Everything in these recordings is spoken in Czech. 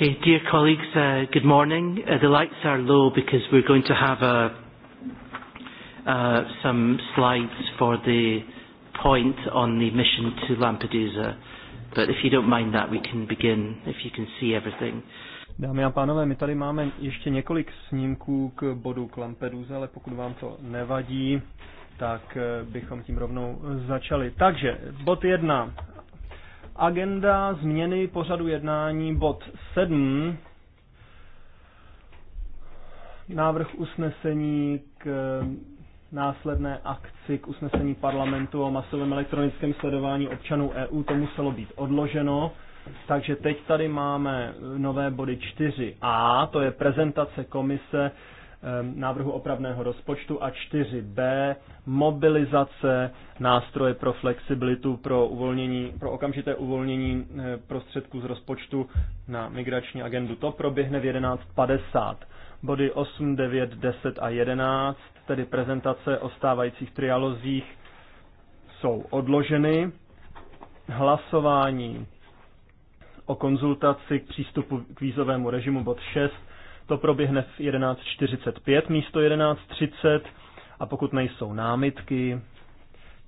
Okay, dear colleagues, uh, good morning. Uh, the lights are low because we're going to have a, uh, uh, some slides for the point on the mission to Lampedusa. But if you don't mind that, we can begin if you can see everything. Dámy a pánové, my tady máme ještě několik snímků k bodu k Lampeduze, ale pokud vám to nevadí, tak eh, bychom tím rovnou začali. Takže, bod jedna. Agenda změny pořadu jednání bod 7. Návrh usnesení k eh, následné akci k usnesení parlamentu o masovém elektronickém sledování občanů EU, to muselo být odloženo. Takže teď tady máme nové body 4a, to je prezentace komise Ehm, návrhu opravného rozpočtu a 4b mobilizace nástroje pro flexibilitu pro uvolnění, pro okamžité uvolnění eh, prostředků z rozpočtu na migrační agendu. To proběhne v 11.50. Body 8, 9, 10 a 11, tedy prezentace o stávajících trialozích, jsou odloženy. Hlasování o konzultaci k přístupu k vízovému režimu bod 6 to proběhne v 11.45 místo 11.30 a pokud nejsou námitky,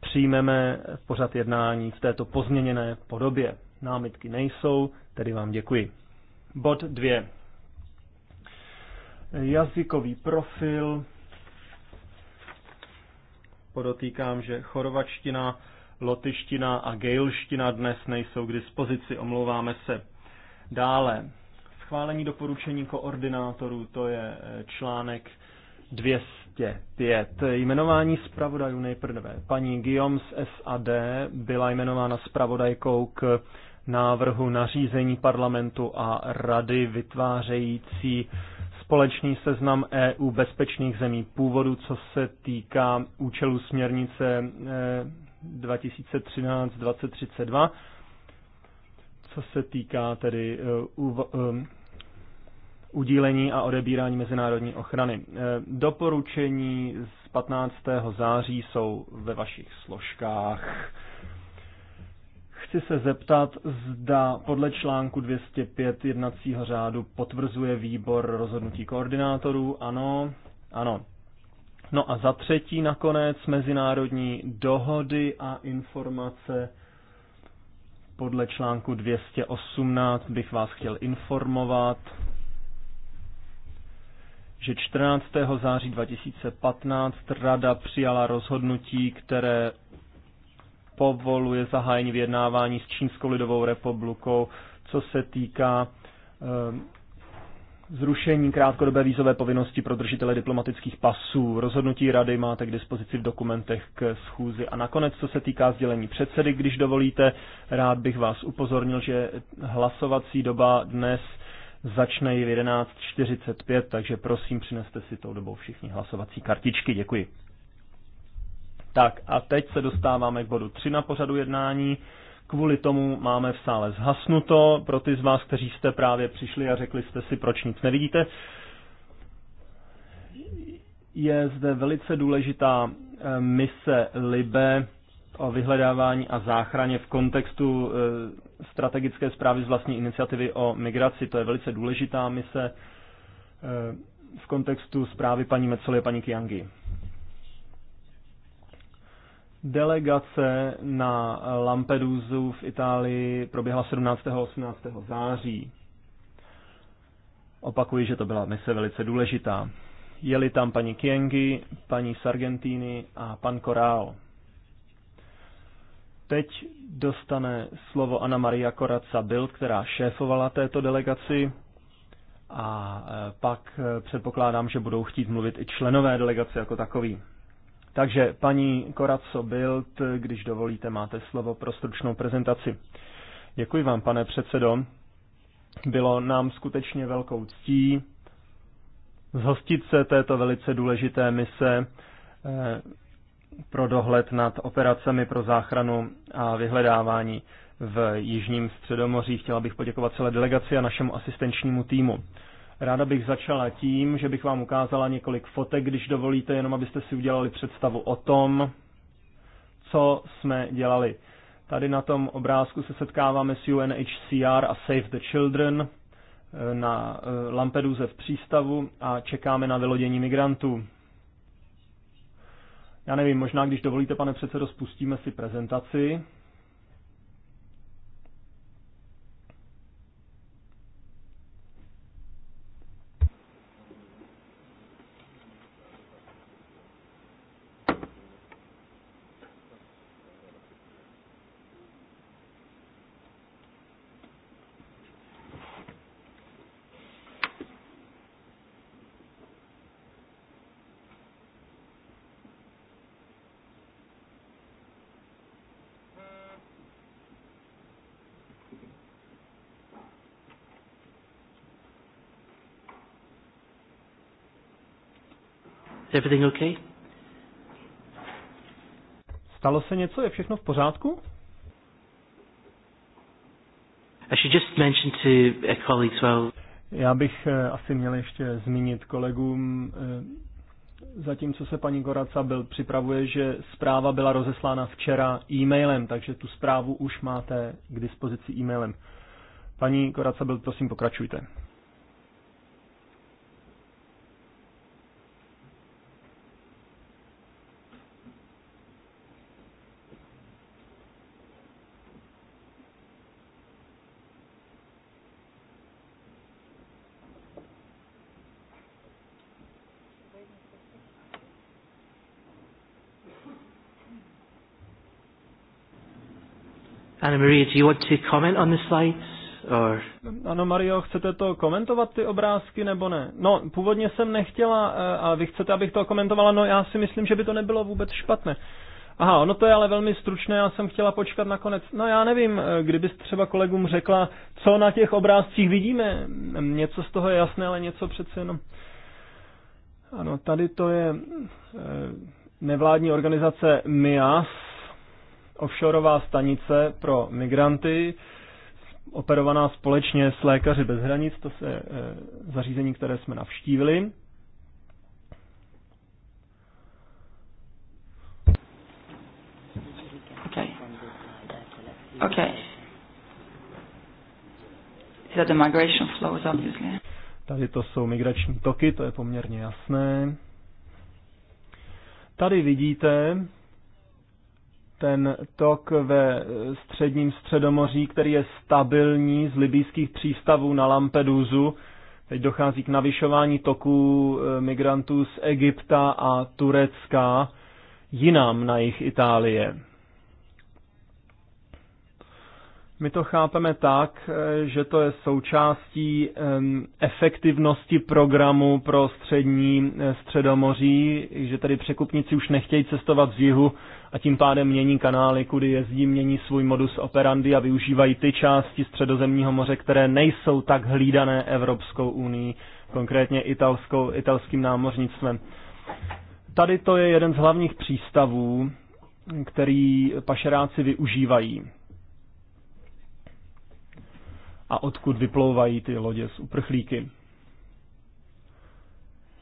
přijmeme pořad jednání v této pozměněné podobě. Námitky nejsou, tedy vám děkuji. Bod 2. Jazykový profil. Podotýkám, že chorvačtina, lotyština a gejlština dnes nejsou k dispozici, omlouváme se. Dále schválení doporučení koordinátorů, to je eh, článek 205. Jmenování zpravodajů nejprve. Paní Guillaume z SAD byla jmenována zpravodajkou k návrhu nařízení parlamentu a rady vytvářející společný seznam EU bezpečných zemí původu, co se týká účelu směrnice 2013-2032, eh, co se týká tedy eh, udílení a odebírání mezinárodní ochrany. Eh, doporučení z 15. září jsou ve vašich složkách. Chci se zeptat, zda podle článku 205 jednacího řádu potvrzuje výbor rozhodnutí koordinátorů. Ano, ano. No a za třetí nakonec mezinárodní dohody a informace podle článku 218 bych vás chtěl informovat, že 14. září 2015 Rada přijala rozhodnutí, které povoluje zahájení vyjednávání s Čínskou lidovou republikou, co se týká ehm, zrušení krátkodobé vízové povinnosti pro držitele diplomatických pasů. Rozhodnutí rady máte k dispozici v dokumentech k schůzi. A nakonec, co se týká sdělení předsedy, když dovolíte, rád bych vás upozornil, že hlasovací doba dnes začne v 11.45, takže prosím přineste si tou dobou všichni hlasovací kartičky. Děkuji. Tak a teď se dostáváme k bodu 3 na pořadu jednání. Kvůli tomu máme v sále zhasnuto. Pro ty z vás, kteří jste právě přišli a řekli jste si, proč nic nevidíte, je zde velice důležitá eh, mise Libe o vyhledávání a záchraně v kontextu e, strategické zprávy z vlastní iniciativy o migraci. To je velice důležitá mise e, v kontextu zprávy paní Mecoli a paní Kiangi. Delegace na Lampedusu v Itálii proběhla 17. a 18. září. Opakuji, že to byla mise velice důležitá. Jeli tam paní Kiengi, paní Sargentini a pan Korál. Teď dostane slovo Anna Maria Koraca Bild, která šéfovala této delegaci a e, pak e, předpokládám, že budou chtít mluvit i členové delegace jako takový. Takže paní Koraco Bild, když dovolíte, máte slovo pro stručnou prezentaci. Děkuji vám, pane předsedo. Bylo nám skutečně velkou ctí zhostit se této velice důležité mise e, pro dohled nad operacemi pro záchranu a vyhledávání v Jižním středomoří. Chtěla bych poděkovat celé delegaci a našemu asistenčnímu týmu. Ráda bych začala tím, že bych vám ukázala několik fotek, když dovolíte, jenom abyste si udělali představu o tom, co jsme dělali. Tady na tom obrázku se setkáváme s UNHCR a Save the Children eh, na eh, Lampeduze v přístavu a čekáme na vylodění migrantů. Já nevím, možná když dovolíte, pane předsedo, spustíme si prezentaci. Is everything okay? Stalo se něco? Je všechno v pořádku? I should just mention to a colleague as well. Já bych eh, asi měl ještě zmínit kolegům, eh, zatímco se paní Goraca byl připravuje, že zpráva byla rozeslána včera e-mailem, takže tu zprávu už máte k dispozici e-mailem. Paní Koraca byl, prosím, pokračujte. Anna Maria, do you want to comment on the slides? Or... Ano, Mario, chcete to komentovat, ty obrázky, nebo ne? No, původně jsem nechtěla, eh, a vy chcete, abych to komentovala, no já si myslím, že by to nebylo vůbec špatné. Aha, ono to je ale velmi stručné, já jsem chtěla počkat na konec. No já nevím, eh, kdybyste třeba kolegům řekla, co na těch obrázcích vidíme. Něco z toho je jasné, ale něco přece jenom. Ano, tady to je eh, nevládní organizace MIAS, offshoreová stanice pro migranty, operovaná společně s Lékaři bez hranic, to se eh, zařízení, které jsme navštívili. Okay. Okay. the migration flows, obviously. Tady to jsou migrační toky, to je poměrně jasné. Tady vidíte ten tok ve středním středomoří, který je stabilní z libýských přístavů na Lampedusu. Teď dochází k navyšování toku eh, migrantů z Egypta a Turecka jinam na jich Itálie. My to chápeme tak, eh, že to je součástí efektivnosti programu pro střední eh, středomoří, že tedy překupníci už nechtějí cestovat z jihu a tím pádem mění kanály, kudy jezdí, mění svůj modus operandi a využívají ty části středozemního moře, které nejsou tak hlídané Evropskou unii, konkrétně italskou, italským námořnictvem. Tady to je jeden z hlavních přístavů, který pašeráci využívají a odkud vyplouvají ty lodě z uprchlíky.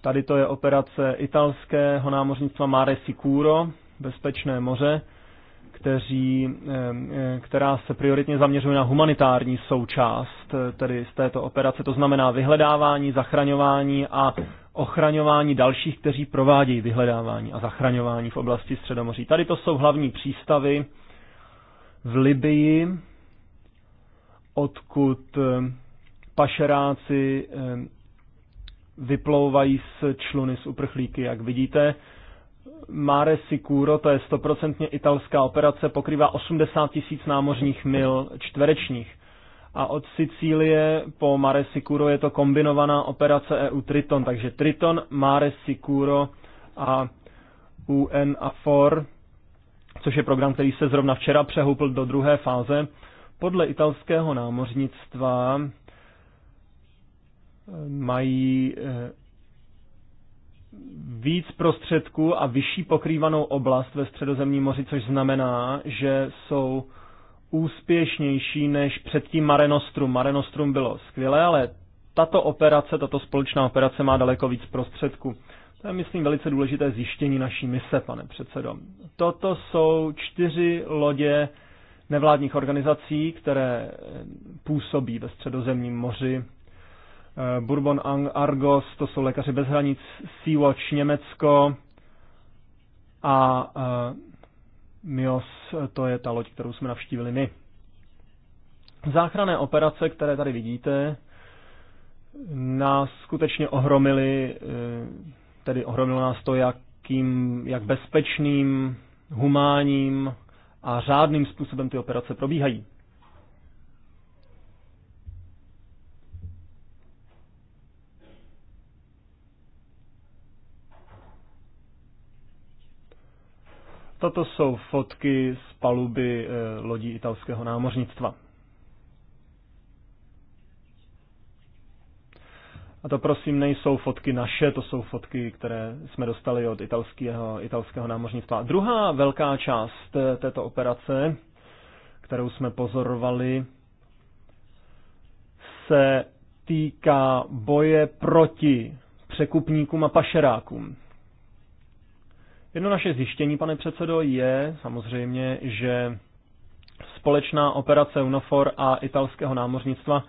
Tady to je operace italského námořnictva Mare Sicuro, bezpečné moře, kteří, eh, která se prioritně zaměřuje na humanitární součást eh, tedy z této operace, to znamená vyhledávání, zachraňování a ochraňování dalších, kteří provádějí vyhledávání a zachraňování v oblasti Středomoří. Tady to jsou hlavní přístavy v Libii, odkud eh, pašeráci vyplouvají z čluny z uprchlíky, jak vidíte. Mare Sicuro, to je stoprocentně italská operace, pokrývá 80 tisíc námořních mil čtverečních. A od Sicílie po Mare Sicuro je to kombinovaná operace EU Triton, takže Triton, Mare Sicuro a UNAFOR, což je program, který se zrovna včera přehoupl do druhé fáze. Podle italského námořnictva eh, mají eh, víc prostředků a vyšší pokrývanou oblast ve Středozemním moři, což znamená, že jsou úspěšnější než předtím Mare Nostrum. Mare Nostrum bylo skvělé, ale tato operace, tato společná operace má daleko víc prostředků. To je, myslím, velice důležité zjištění naší mise, pane předsedo. Toto jsou čtyři lodě nevládních organizací, které působí ve Středozemním moři Eh, Bourbon Argos, to jsou lékaři bez hranic, Sea-Watch Německo a eh, MIOS, to je ta loď, kterou jsme navštívili my. Záchranné operace, které tady vidíte, nás skutečně ohromily, eh, tedy ohromilo nás to, jakým, jak bezpečným, humánním a řádným způsobem ty operace probíhají. Toto jsou fotky z paluby eh, lodí italského námořnictva. A to prosím nejsou fotky naše, to jsou fotky, které jsme dostali od italského, italského námořnictva. Druhá velká část eh, této operace, kterou jsme pozorovali, se týká boje proti překupníkům a pašerákům. Jedno naše zjištění, pane předsedo, je samozřejmě, že společná operace UNOFOR a italského námořnictva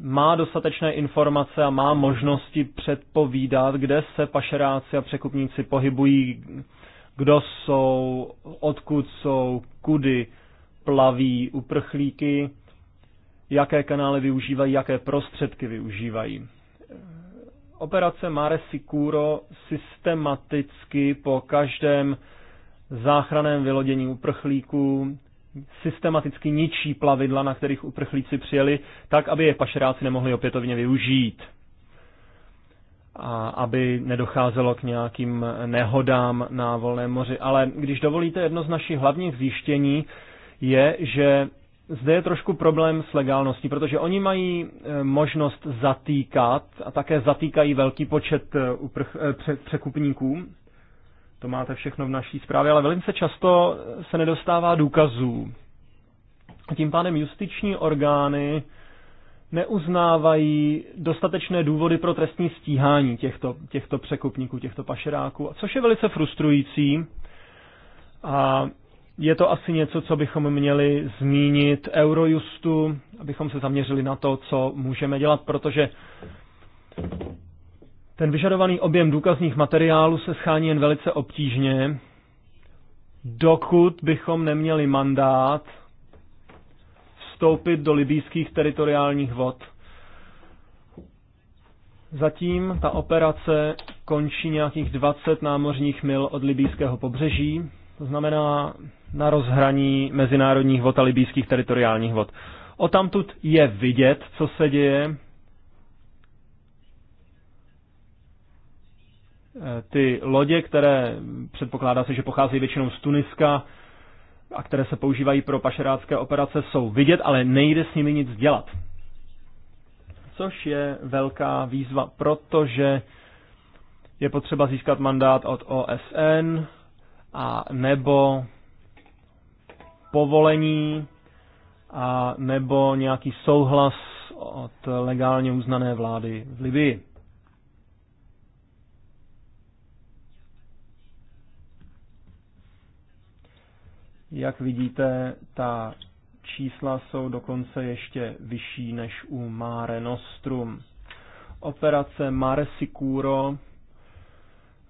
má dostatečné informace a má možnosti předpovídat, kde se pašeráci a překupníci pohybují, kdo jsou, odkud jsou, kudy plaví uprchlíky, jaké kanály využívají, jaké prostředky využívají. Operace Mare Sicuro systematicky po každém záchraném vylodění uprchlíků systematicky ničí plavidla, na kterých uprchlíci přijeli, tak, aby je pašeráci nemohli opětovně využít. A aby nedocházelo k nějakým nehodám na volném moři. Ale když dovolíte, jedno z našich hlavních zjištění je, že zde je trošku problém s legálností, protože oni mají eh, možnost zatýkat a také zatýkají velký počet eh, uprch, eh, překupníků. To máte všechno v naší zprávě, ale velice často se nedostává důkazů. Tím pádem justiční orgány neuznávají dostatečné důvody pro trestní stíhání těchto, těchto překupníků, těchto pašeráků, což je velice frustrující. A je to asi něco, co bychom měli zmínit Eurojustu, abychom se zaměřili na to, co můžeme dělat, protože ten vyžadovaný objem důkazních materiálů se schání jen velice obtížně, dokud bychom neměli mandát vstoupit do libýských teritoriálních vod. Zatím ta operace končí nějakých 20 námořních mil od libýského pobřeží, to znamená na rozhraní mezinárodních vod a libýských teritoriálních vod. O tamtud je vidět, co se děje. E, ty lodě, které předpokládá se, že pocházejí většinou z Tuniska a které se používají pro pašerácké operace, jsou vidět, ale nejde s nimi nic dělat. Což je velká výzva, protože je potřeba získat mandát od OSN, a nebo povolení a nebo nějaký souhlas od legálně uznané vlády v Libii. Jak vidíte, ta čísla jsou dokonce ještě vyšší než u Mare Nostrum. Operace Mare Sicuro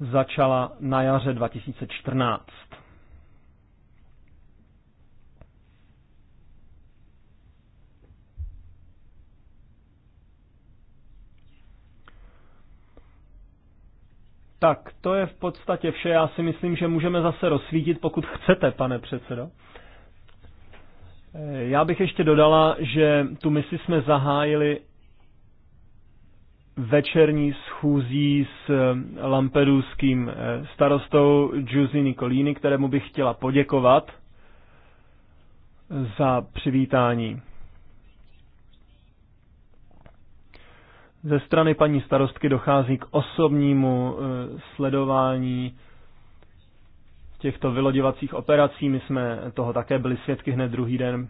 začala na jaře 2014. Tak, to je v podstatě vše. Já si myslím, že můžeme zase rozsvítit, pokud chcete, pane předsedo. Eh, já bych ještě dodala, že tu misi jsme zahájili večerní schůzí s eh, lampeduským eh, starostou Giuse Nicolini, kterému bych chtěla poděkovat za přivítání. Ze strany paní starostky dochází k osobnímu eh, sledování těchto vylodivacích operací. My jsme toho také byli svědky hned druhý den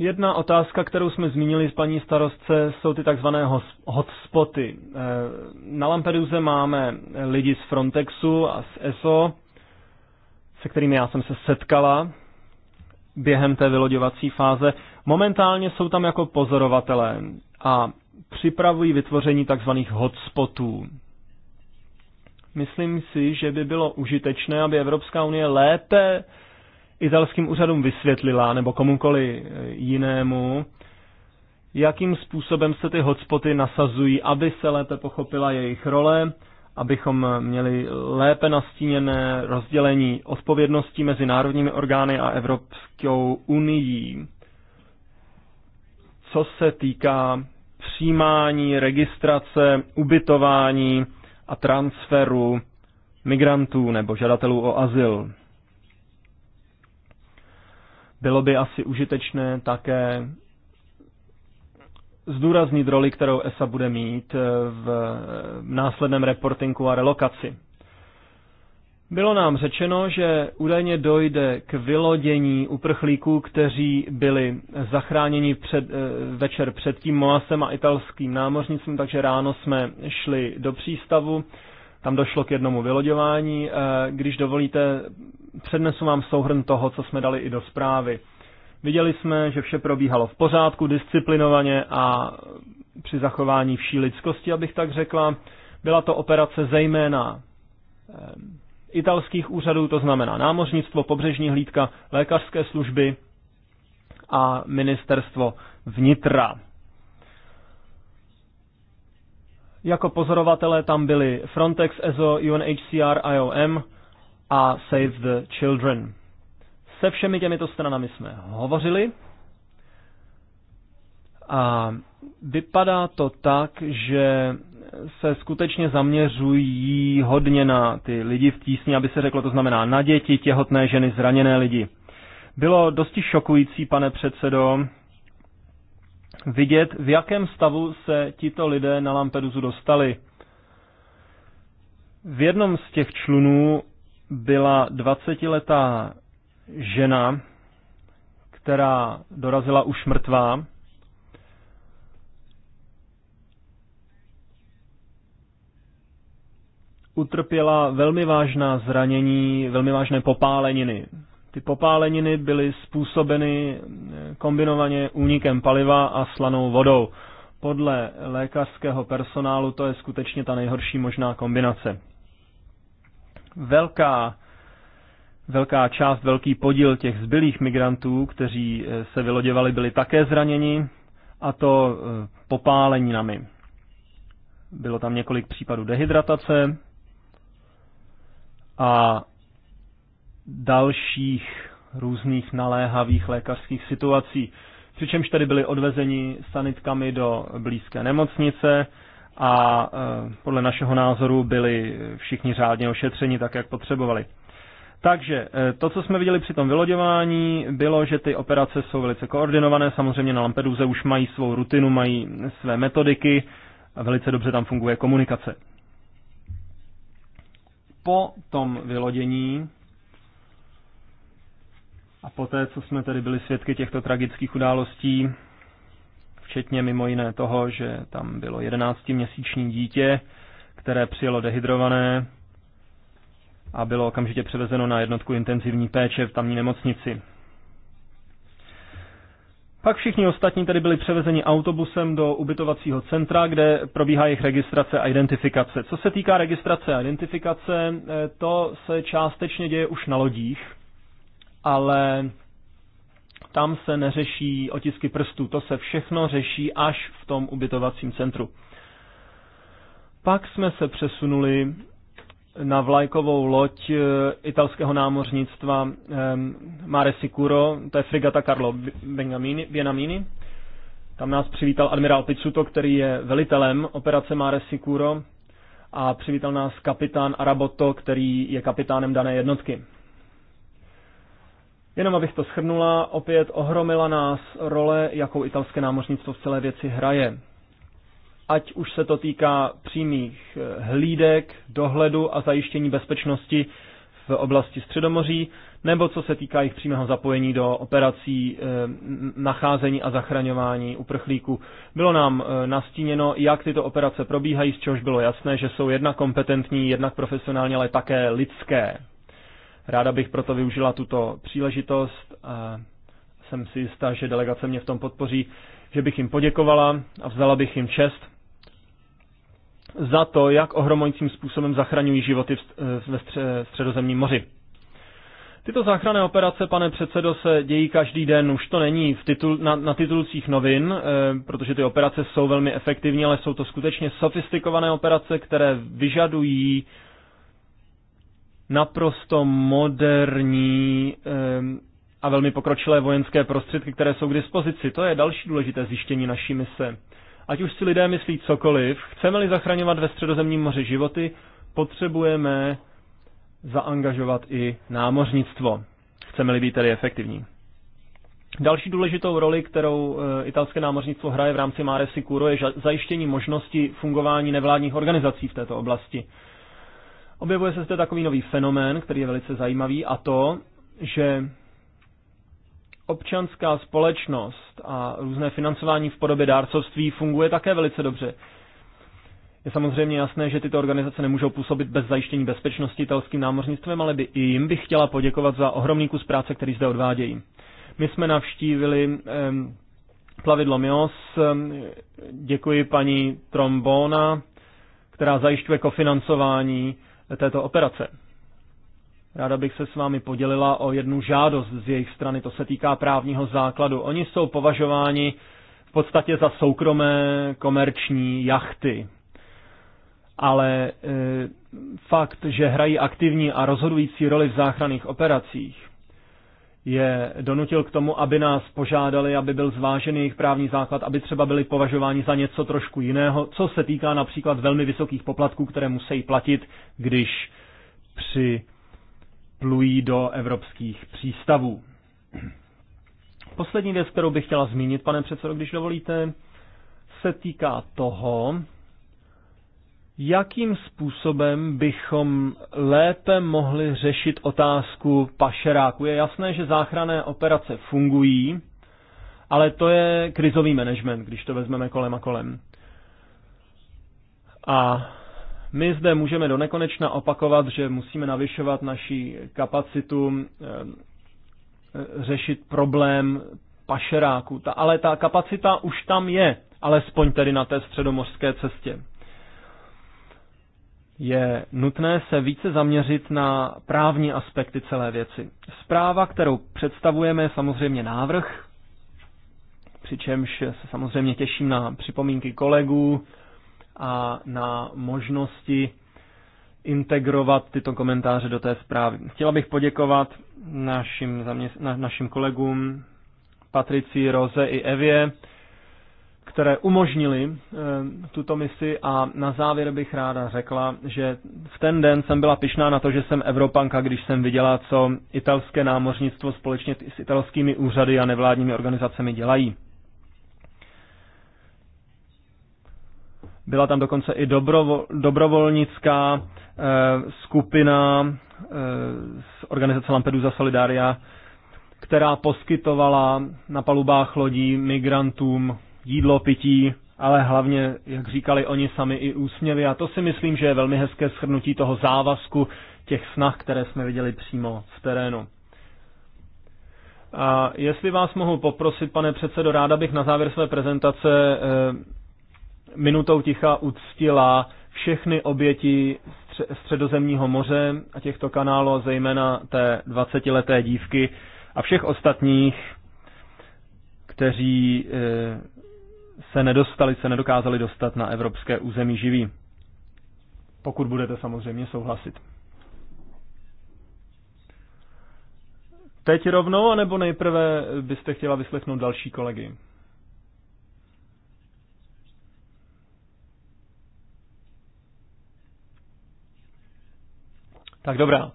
Jedna otázka, kterou jsme zmínili s paní starostce, jsou ty takzvané hotspoty. Eh, na Lampeduze máme lidi z Frontexu a z ESO, se kterými já jsem se setkala během té vyloďovací fáze. Momentálně jsou tam jako pozorovatelé a připravují vytvoření takzvaných hotspotů. Myslím si, že by bylo užitečné, aby Evropská unie lépe italským úřadům vysvětlila, nebo komukoli e, jinému, jakým způsobem se ty hotspoty nasazují, aby se lépe pochopila jejich role, abychom měli lépe nastíněné rozdělení odpovědností mezi národními orgány a Evropskou unii. Co se týká přijímání, registrace, ubytování a transferu migrantů nebo žadatelů o azyl. Bylo by asi užitečné také zdůraznit roli, kterou ESA bude mít eh, v eh, následném reportingu a relokaci. Bylo nám řečeno, že údajně dojde k vylodění uprchlíků, kteří byli zachráněni před, eh, večer před tím Moasem a italským námořnicím, takže ráno jsme šli do přístavu, tam došlo k jednomu vyloďování. Když dovolíte, přednesu vám souhrn toho, co jsme dali i do zprávy. Viděli jsme, že vše probíhalo v pořádku, disciplinovaně a při zachování vší lidskosti, abych tak řekla. Byla to operace zejména eh, italských úřadů, to znamená námořnictvo, pobřežní hlídka, lékařské služby a ministerstvo vnitra. Jako pozorovatelé tam byli Frontex, EZO, UNHCR, IOM, a Save the Children. Se všemi těmito stranami jsme hovořili a vypadá to tak, že se skutečně zaměřují hodně na ty lidi v tísni, aby se řeklo, to znamená na děti, těhotné ženy, zraněné lidi. Bylo dosti šokující, pane předsedo, vidět, v jakém stavu se tito lidé na Lampeduzu dostali. V jednom z těch člunů byla 20-letá žena, která dorazila už mrtvá. Utrpěla velmi vážná zranění, velmi vážné popáleniny. Ty popáleniny byly způsobeny eh, kombinovaně únikem paliva a slanou vodou. Podle lékařského personálu to je skutečně ta nejhorší možná kombinace. Velká, velká část, velký podíl těch zbylých migrantů, kteří eh, se vyloděvali, byli také zraněni, a to eh, popáleninami. Bylo tam několik případů dehydratace a dalších různých naléhavých lékařských situací. Přičemž tedy byli odvezeni sanitkami do blízké nemocnice, a e, podle našeho názoru byli všichni řádně ošetřeni tak, jak potřebovali. Takže e, to, co jsme viděli při tom vyloděvání, bylo, že ty operace jsou velice koordinované. Samozřejmě na Lampeduze už mají svou rutinu, mají své metodiky a velice dobře tam funguje komunikace. Po tom vylodění a poté, co jsme tedy byli svědky těchto tragických událostí, včetně mimo jiné toho, že tam bylo 11-měsíční dítě, které přijelo dehydrované a bylo okamžitě převezeno na jednotku intenzivní péče v tamní nemocnici. Pak všichni ostatní tedy byli převezeni autobusem do ubytovacího centra, kde probíhá jejich registrace a identifikace. Co se týká registrace a identifikace, eh, to se částečně děje už na lodích, ale tam se neřeší otisky prstů, to se všechno řeší až v tom ubytovacím centru. Pak jsme se přesunuli na vlajkovou loď eh, italského námořnictva ehm, Mare Sicuro, to je frigata Carlo Benamini. Tam nás přivítal admirál Picuto, který je velitelem operace Mare Sicuro a přivítal nás kapitán Araboto, který je kapitánem dané jednotky. Jenom abych to shrnula, opět ohromila nás role, jakou italské námořnictvo v celé věci hraje. Ať už se to týká přímých eh, hlídek, dohledu a zajištění bezpečnosti v oblasti Středomoří, nebo co se týká jejich přímého zapojení do operací eh, nacházení a zachraňování uprchlíků. Bylo nám eh, nastíněno, jak tyto operace probíhají, z čehož bylo jasné, že jsou jednak kompetentní, jednak profesionálně, ale také lidské. Ráda bych proto využila tuto příležitost. Jsem si jistá, že delegace mě v tom podpoří, že bych jim poděkovala a vzala bych jim čest za to, jak ohromujícím způsobem zachraňují životy eh, ve středozemním moři. Tyto záchranné operace, pane předsedo, se dějí každý den. Už to není v titul, na, na titulcích novin, e, protože ty operace jsou velmi efektivní, ale jsou to skutečně sofistikované operace, které vyžadují naprosto moderní a velmi pokročilé vojenské prostředky, které jsou k dispozici. To je další důležité zjištění naší mise. Ať už si lidé myslí cokoliv, chceme-li zachraňovat ve středozemním moři životy, potřebujeme zaangažovat i námořnictvo. Chceme-li být tedy efektivní. Další důležitou roli, kterou eh, italské námořnictvo hraje v rámci Mare Sicuro, je zajištění možnosti fungování nevládních organizací v této oblasti. Objevuje se zde takový nový fenomén, který je velice zajímavý, a to, že občanská společnost a různé financování v podobě dárcovství funguje také velice dobře. Je samozřejmě jasné, že tyto organizace nemůžou působit bez zajištění bezpečnosti italským námořnictvem, ale by i jim bych chtěla poděkovat za ohromný kus práce, který zde odvádějí. My jsme navštívili eh, plavidlo Mios, děkuji paní Trombona, která zajišťuje kofinancování této operace. Ráda bych se s vámi podělila o jednu žádost z jejich strany, to se týká právního základu. Oni jsou považováni v podstatě za soukromé komerční jachty. Ale e, fakt, že hrají aktivní a rozhodující roli v záchranných operacích, je donutil k tomu, aby nás požádali, aby byl zvážen jejich právní základ, aby třeba byli považováni za něco trošku jiného, co se týká například velmi vysokých poplatků, které musí platit, když připlují do evropských přístavů. Poslední věc, kterou bych chtěla zmínit, pane předsedo, když dovolíte, se týká toho, jakým způsobem bychom lépe mohli řešit otázku pašeráku. Je jasné, že záchranné operace fungují, ale to je krizový management, když to vezmeme kolem a kolem. A my zde můžeme do nekonečna opakovat, že musíme navyšovat naši kapacitu eh, eh, řešit problém pašeráku. Ta, ale ta kapacita už tam je, alespoň tedy na té středomořské cestě je nutné se více zaměřit na právní aspekty celé věci. Zpráva, kterou představujeme, je samozřejmě návrh, přičemž se samozřejmě těším na připomínky kolegů a na možnosti integrovat tyto komentáře do té zprávy. Chtěla bych poděkovat našim, zaměst... na, našim kolegům Patrici, Roze i Evě které umožnili eh, tuto misi a na závěr bych ráda řekla, že v ten den jsem byla pišná na to, že jsem Evropanka, když jsem viděla, co italské námořnictvo společně s italskými úřady a nevládními organizacemi dělají. Byla tam dokonce i dobrovo, dobrovolnická eh, skupina eh, z organizace Lampedusa Solidaria, která poskytovala na palubách lodí migrantům jídlo, pití, ale hlavně, jak říkali oni sami, i úsměvy. A to si myslím, že je velmi hezké shrnutí toho závazku těch snah, které jsme viděli přímo v terénu. A jestli vás mohu poprosit, pane předsedo, ráda bych na závěr své prezentace eh, minutou ticha uctila všechny oběti středozemního moře a těchto kanálů, zejména té 20-leté dívky a všech ostatních, kteří eh, se nedostali, se nedokázali dostat na evropské území živí. Pokud budete samozřejmě souhlasit. Teď rovnou, anebo nejprve byste chtěla vyslechnout další kolegy? Tak dobrá.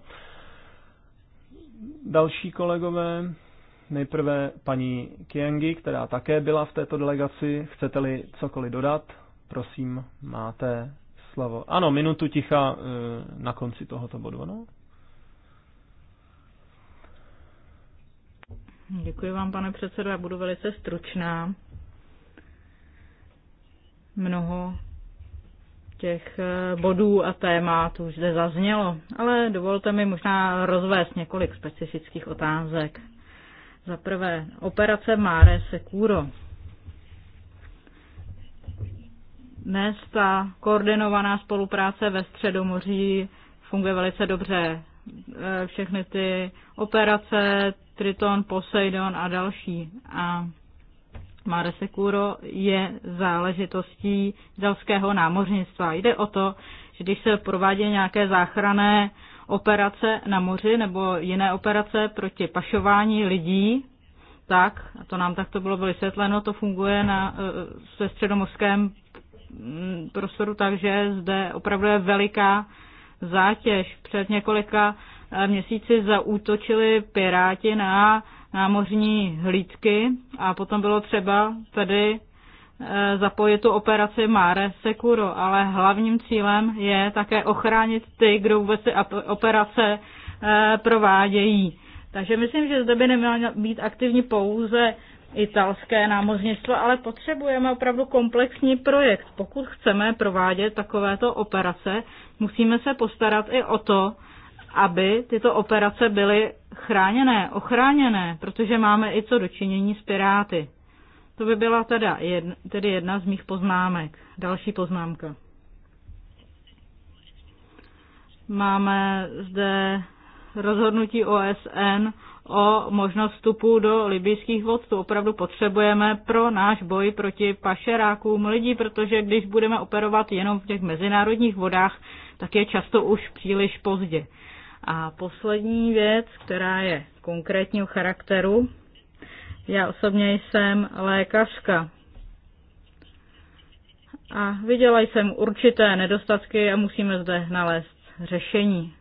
Další kolegové. Nejprve paní Kiengi, která také byla v této delegaci. Chcete-li cokoliv dodat? Prosím, máte slovo. Ano, minutu ticha eh, na konci tohoto bodu, ano? Děkuji vám, pane předsedo, já budu velice stručná. Mnoho těch eh, bodů a témat už zde zaznělo, ale dovolte mi možná rozvést několik specifických otázek. Za prvé, operace Mare Securo. Dnes ta koordinovaná spolupráce ve Středomoří funguje velice dobře. E, všechny ty operace, Triton, Poseidon a další. A Mare Securo je záležitostí dalského námořnictva. Jde o to, že když se provádí nějaké záchrané operace na moři nebo jiné operace proti pašování lidí, tak, a to nám takto bylo vysvětleno, to funguje na, ve středomorském mm, prostoru takže zde opravdu je veliká zátěž. Před několika e, měsíci zaútočili piráti na námořní hlídky a potom bylo třeba tedy Eh, zapojit tu operaci Mare Securo, ale hlavním cílem je také ochránit ty, kdo vůbec ty operace eh, provádějí. Takže myslím, že zde by nemělo být aktivní pouze italské námořnictvo, ale potřebujeme opravdu komplexní projekt. Pokud chceme provádět takovéto operace, musíme se postarat i o to, aby tyto operace byly chráněné, ochráněné, protože máme i co dočinění s piráty. To by byla teda jedna, tedy jedna z mých poznámek. Další poznámka. Máme zde rozhodnutí OSN o možnost vstupu do libijských vod. To opravdu potřebujeme pro náš boj proti pašerákům lidí, protože když budeme operovat jenom v těch mezinárodních vodách, tak je často už příliš pozdě. A poslední věc, která je konkrétního charakteru, já osobně jsem lékařka. A viděla jsem určité nedostatky a musíme zde nalézt řešení.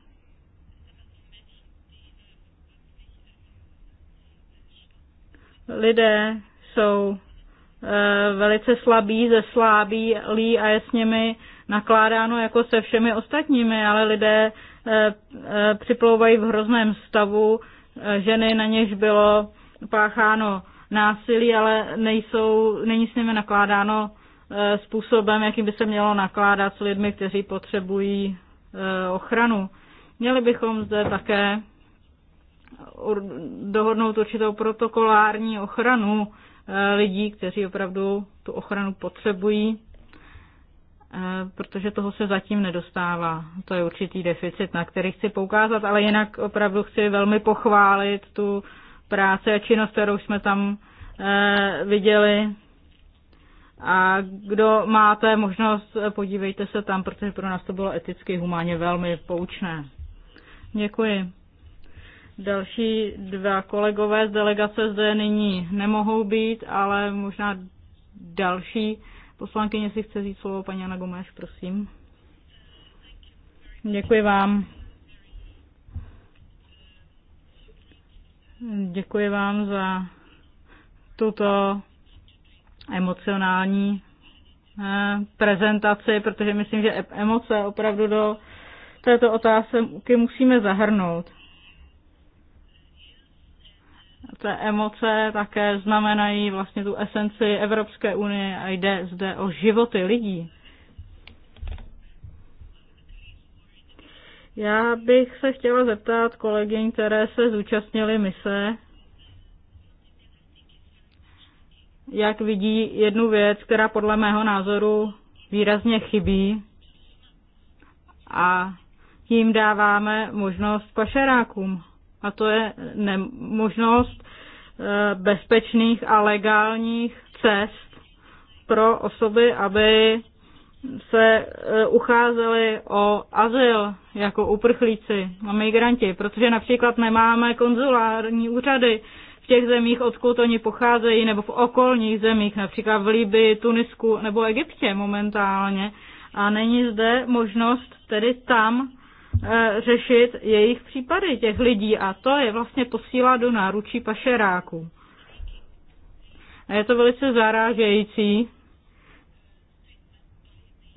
Lidé jsou eh, velice slabí, ze slábí, lí a je s nimi nakládáno jako se všemi ostatními, ale lidé eh, eh, připlouvají v hrozném stavu, ženy na něž bylo pácháno násilí, ale nejsou, není s nimi nakládáno eh, způsobem, jakým by se mělo nakládat s lidmi, kteří potřebují eh, ochranu. Měli bychom zde také dohodnout určitou protokolární ochranu eh, lidí, kteří opravdu tu ochranu potřebují, protože toho se zatím nedostává. To je určitý deficit, na který chci poukázat, ale jinak opravdu chci velmi pochválit tu práce a činnost, kterou jsme tam eh, viděli. A kdo máte možnost, eh, podívejte se tam, protože pro nás to bylo eticky humánně velmi poučné. Děkuji. Další dva kolegové z delegace zde nyní nemohou být, ale možná další poslankyně si chce říct slovo, paní Ana Gomeš, prosím. Děkuji vám. Děkuji vám za tuto emocionální eh, prezentaci, protože myslím, že emoce opravdu do této otázky musíme zahrnout. Ty emoce také znamenají vlastně tu esenci Evropské unie a jde zde o životy lidí. Já bych se chtěla zeptat kolegyň, které se zúčastnily mise, jak vidí jednu věc, která podle mého názoru výrazně chybí a tím dáváme možnost pašerákům. A to je ne- možnost eh, bezpečných a legálních cest pro osoby, aby se e, ucházeli o azyl jako uprchlíci a migranti, protože například nemáme konzulární úřady v těch zemích, odkud oni pocházejí, nebo v okolních zemích, například v Libii, Tunisku nebo Egyptě momentálně. A není zde možnost tedy tam e, řešit jejich případy těch lidí a to je vlastně posílá do náručí pašeráků. A je to velice zarážející,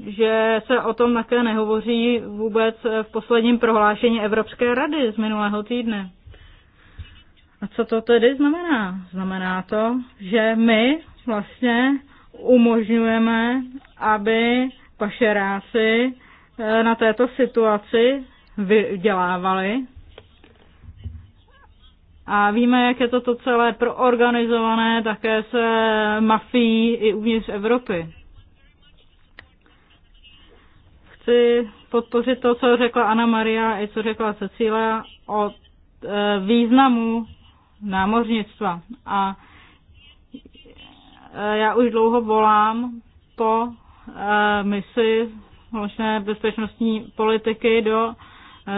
že se o tom také nehovoří vůbec v posledním prohlášení Evropské rady z minulého týdne. A co to tedy znamená? Znamená to, že my vlastně umožňujeme, aby pašeráci eh, na této situaci vydělávali. A víme, jak je toto celé proorganizované také se mafií i uvnitř Evropy. chci podpořit to, co řekla Anna Maria i co řekla Cecília o e, významu námořnictva. A e, já už dlouho volám po e, misi možné bezpečnostní politiky do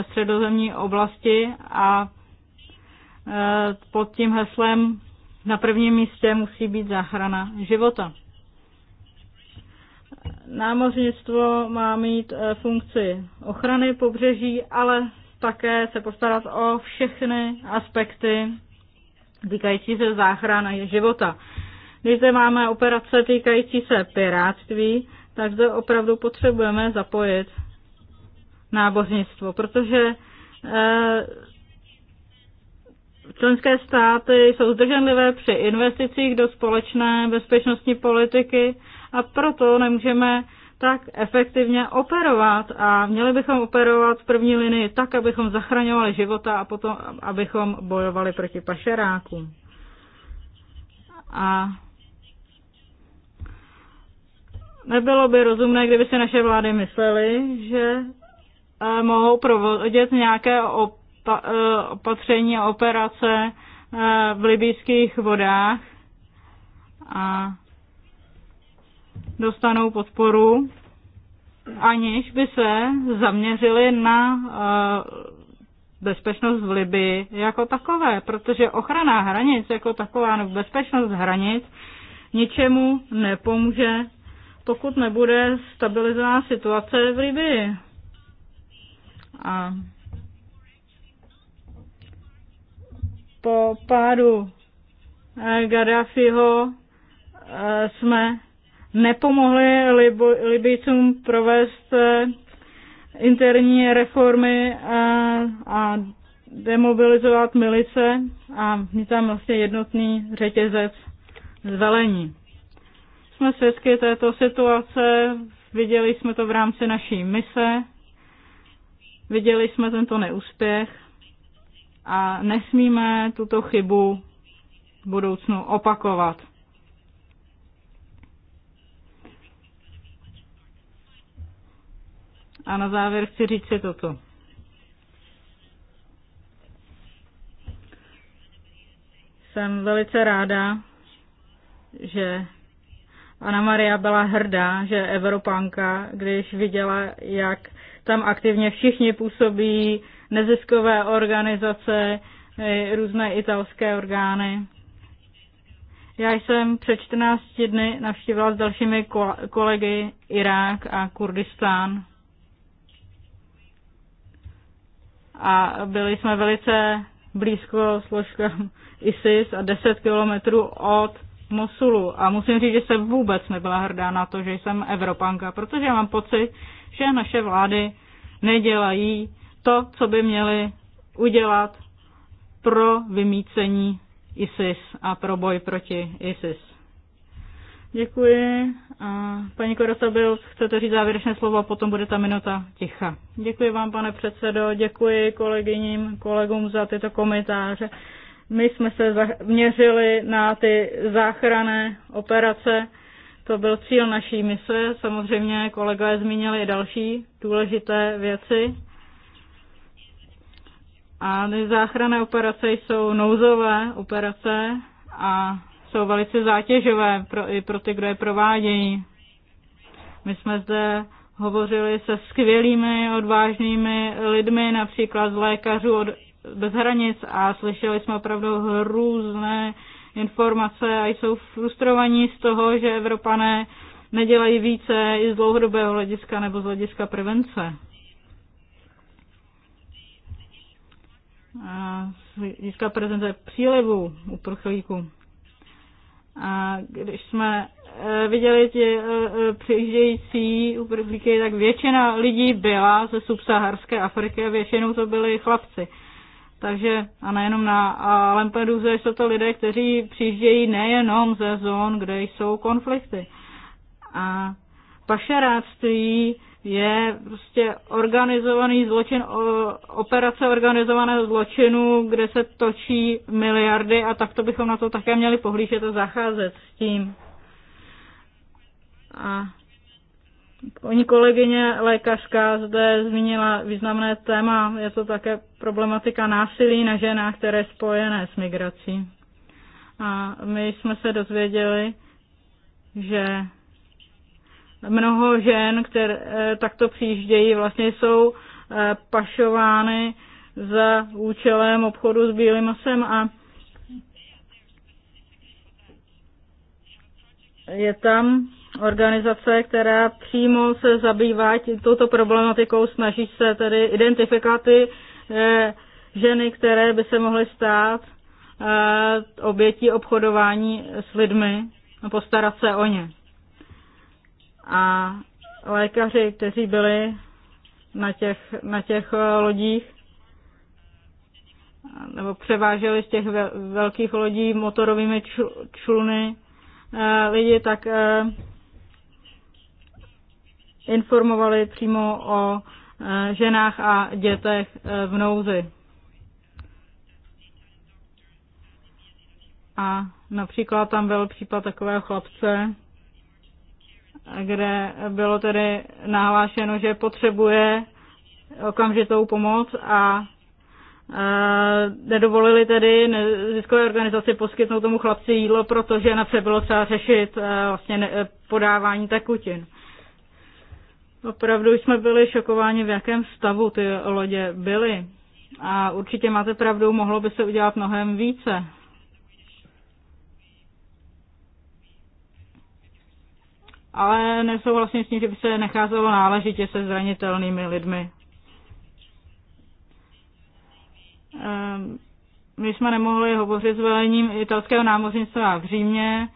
středozemní oblasti a pod tím heslem na prvním místě musí být záchrana života námořnictvo má mít e, funkci ochrany pobřeží, ale také se postarat o všechny aspekty týkající se záchrany života. Když zde máme operace týkající se pirátství, tak zde opravdu potřebujeme zapojit náboženstvo, protože e, členské státy jsou zdrženlivé při investicích do společné bezpečnostní politiky a proto nemůžeme tak efektivně operovat a měli bychom operovat v první linii tak, abychom zachraňovali života a potom, abychom bojovali proti pašerákům. A nebylo by rozumné, kdyby si naše vlády myslely, že eh, mohou provodit nějaké opa- eh, opatření a operace eh, v libýských vodách a dostanou podporu, aniž by se zaměřili na eh, bezpečnost v Libii jako takové, protože ochrana hranic jako taková, nebo bezpečnost hranic ničemu nepomůže, pokud nebude stabilizovaná situace v Libii. A po pádu Gaddafiho eh, jsme nepomohly Libijcům provést eh, interní reformy a demobilizovat milice a mít tam vlastně jednotný řetězec zvelení. Jsme svědky této situace, viděli jsme to v rámci naší mise, viděli jsme tento neúspěch a nesmíme tuto chybu v budoucnu opakovat. A na závěr chci říct si toto. Jsem velice ráda, že Anna Maria byla hrdá, že je Evropanka, když viděla, jak tam aktivně všichni působí, neziskové organizace, eh, různé italské orgány. Já jsem před 14 dny navštívila s dalšími kolegy Irák a Kurdistán. a byli jsme velice blízko složkám ISIS a 10 kilometrů od Mosulu. A musím říct, že jsem vůbec nebyla hrdá na to, že jsem Evropanka, protože mám pocit, že naše vlády nedělají to, co by měly udělat pro vymícení ISIS a pro boj proti ISIS. Děkuji. A paní Korosabil, chcete říct závěrečné slovo a potom bude ta minuta ticha. Děkuji vám, pane předsedo, děkuji kolegyním, kolegům za tyto komentáře. My jsme se měřili na ty záchrané operace. To byl cíl naší mise. Samozřejmě kolegové zmínili i další důležité věci. A ty záchranné operace jsou nouzové operace a jsou velice zátěžové pro, i pro ty, kdo je provádějí. My jsme zde hovořili se skvělými, odvážnými lidmi, například z lékařů od, bez hranic a slyšeli jsme opravdu různé informace a jsou frustrovaní z toho, že Evropané nedělají více i z dlouhodobého hlediska nebo z hlediska prevence. A z hlediska prevence přílivu uprchlíků. A když jsme eh, viděli ti eh, eh, přijíždějící uprchlíky, tak většina lidí byla ze subsaharské Afriky a většinou to byli chlapci. Takže a nejenom na Lampeduze jsou to lidé, kteří přijíždějí nejenom ze zón, kde jsou konflikty. A pašeráctví je prostě organizovaný zločin, operace organizovaného zločinu, kde se točí miliardy a takto bychom na to také měli pohlížet a zacházet s tím. A Oni kolegyně lékařka zde zmínila významné téma, je to také problematika násilí na ženách, které je spojené s migrací. A my jsme se dozvěděli, že mnoho žen, které eh, takto přijíždějí, vlastně jsou eh, pašovány za účelem obchodu s bílým masem a je tam organizace, která přímo se zabývá touto problematikou, snaží se tedy identifikovat ty eh, ženy, které by se mohly stát obětí obchodování s lidmi a postarat se o ně. A lékaři, kteří byli na těch, na těch eh, lodích, nebo převáželi z těch velkých lodí motorovými čluny eh, lidi, tak eh, informovali přímo o ženách a dětech v nouzi. A například tam byl případ takového chlapce, kde bylo tedy nahlášeno, že potřebuje okamžitou pomoc a e, nedovolili tedy ziskové organizaci poskytnout tomu chlapci jídlo, protože na bylo třeba řešit e, vlastně e, podávání tekutin. Opravdu jsme byli šokováni, v jakém stavu ty lodě byly. A určitě máte pravdu, mohlo by se udělat mnohem více. ale nesouhlasím s tím, že by se necházelo náležitě se zranitelnými lidmi. Ehm, my jsme nemohli hovořit s velením italského námořnictva v Římě,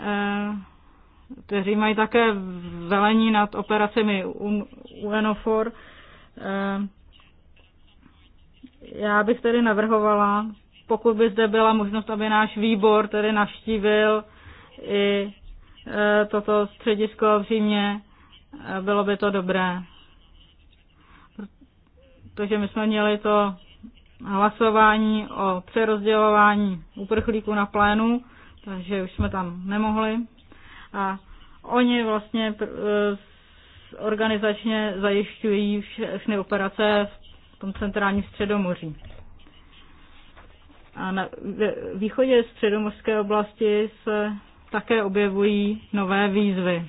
ehm, kteří mají také velení nad operacemi UNOFOR. Ehm, já bych tedy navrhovala, pokud by zde byla možnost, aby náš výbor tedy navštívil i Eh, toto středisko v Římě, eh, bylo by to dobré. Protože my jsme měli to hlasování o přerozdělování uprchlíků na plénu, takže už jsme tam nemohli. A oni vlastně eh, organizačně zajišťují všechny operace v tom centrálním středomoří. A na východě středomořské oblasti se také objevují nové výzvy.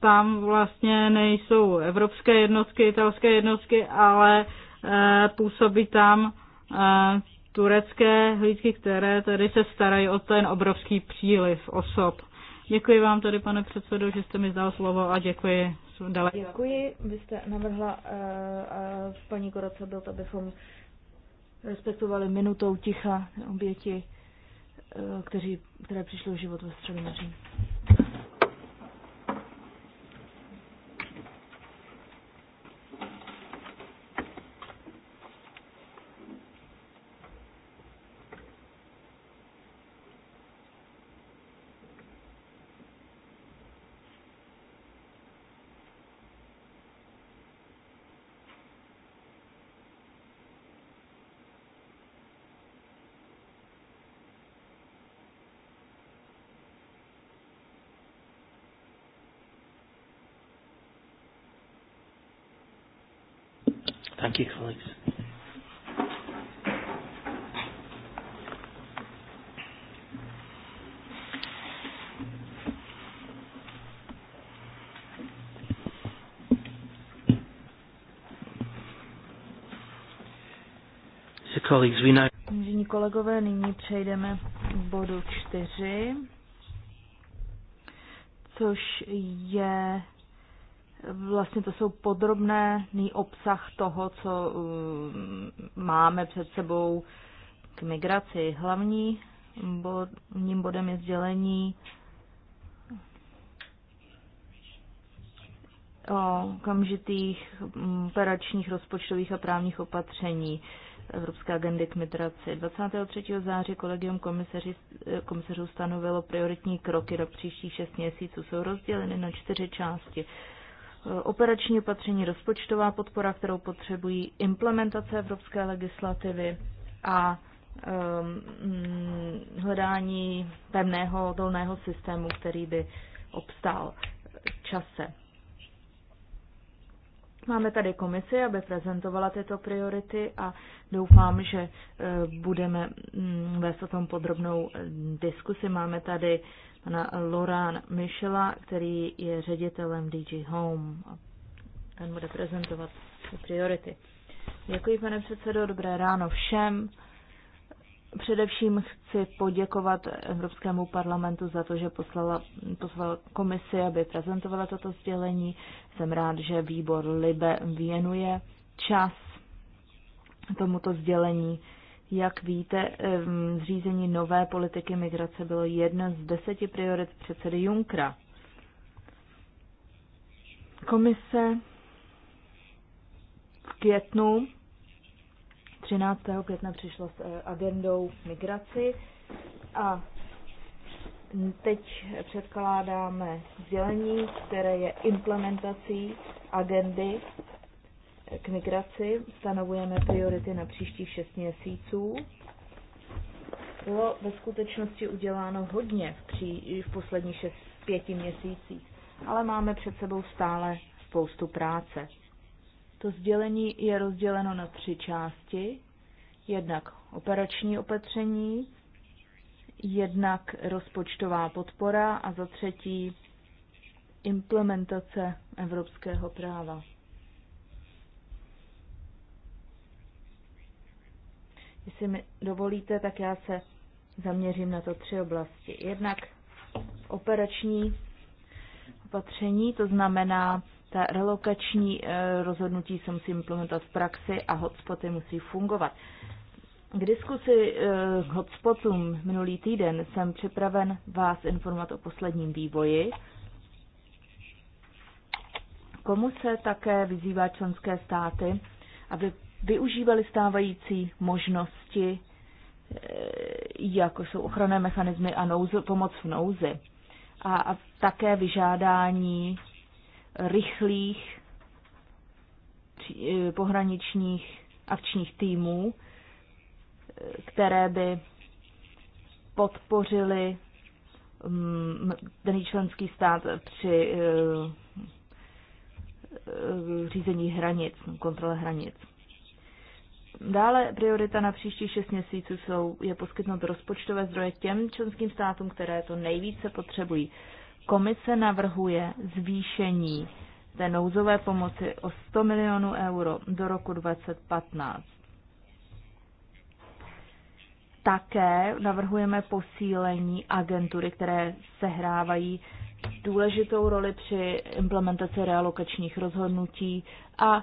Tam vlastně nejsou evropské jednotky, italské jednotky, ale e, působí tam e, turecké hlídky, které tedy se starají o ten obrovský příliv osob. Děkuji vám tady pane předsedo, že jste mi dal slovo a děkuji. Dala. Děkuji. Vy jste navrhla uh, uh, paní Koroce, byl, abychom respektovali minutou ticha oběti, uh, kteří, které přišly v život ve středu Thank you, colleagues. Vážení kolegové, nyní přejdeme k bodu čtyři, což je vlastně to jsou podrobné obsah toho, co mm, máme před sebou k migraci. Hlavní bod, ním bodem je sdělení o okamžitých mm, operačních rozpočtových a právních opatření Evropské agendy k migraci. 23. září kolegium eh, komisařů stanovilo prioritní kroky do příštích šest měsíců. Jsou rozděleny na čtyři části operační opatření, rozpočtová podpora, kterou potřebují, implementace evropské legislativy a um, mm, hledání pevného dolného systému, který by obstál v čase. Máme tady komisi, aby prezentovala tyto priority a doufám, že eh, budeme mm, vést o tom podrobnou eh, diskusi. Máme tady pana Loran Michela, který je ředitelem DG Home. Ten bude prezentovat priority. Děkuji, pane předsedo, dobré ráno všem. Především chci poděkovat Evropskému parlamentu za to, že poslala, poslala komisi, aby prezentovala toto sdělení. Jsem rád, že výbor LIBE věnuje čas tomuto sdělení jak víte, zřízení nové politiky migrace bylo jedna z deseti priorit předsedy Junkra. Komise v květnu 13. května přišla s eh, agendou migraci a teď předkládáme sdělení, které je implementací agendy k migraci stanovujeme priority na příštích šest měsíců. Bylo ve skutečnosti uděláno hodně v, pří, v posledních šest, pěti měsících, ale máme před sebou stále spoustu práce. To sdělení je rozděleno na tři části. Jednak operační opatření, jednak rozpočtová podpora a za třetí implementace evropského práva. Jestli mi dovolíte, tak já se zaměřím na to tři oblasti. Jednak operační opatření, to znamená, ta relokační eh, rozhodnutí se musí implementovat v praxi a hotspoty musí fungovat. K diskusi eh, k hotspotům minulý týden jsem připraven vás informovat o posledním vývoji. Komu se také vyzývá členské státy, aby využívali stávající možnosti, eh, jako jsou ochranné mechanismy a nouze, pomoc v nouzi. A, a také vyžádání rychlých eh, pohraničních akčních týmů, eh, které by podpořili mm, daný členský stát při řízení hranic, kontrole hranic. Dále priorita na příští šest měsíců jsou, je poskytnout rozpočtové zdroje těm členským státům, které to nejvíce potřebují. Komise navrhuje zvýšení té nouzové pomoci o 100 milionů euro do roku 2015. Také navrhujeme posílení agentury, které sehrávají důležitou roli při implementaci realokačních rozhodnutí a e,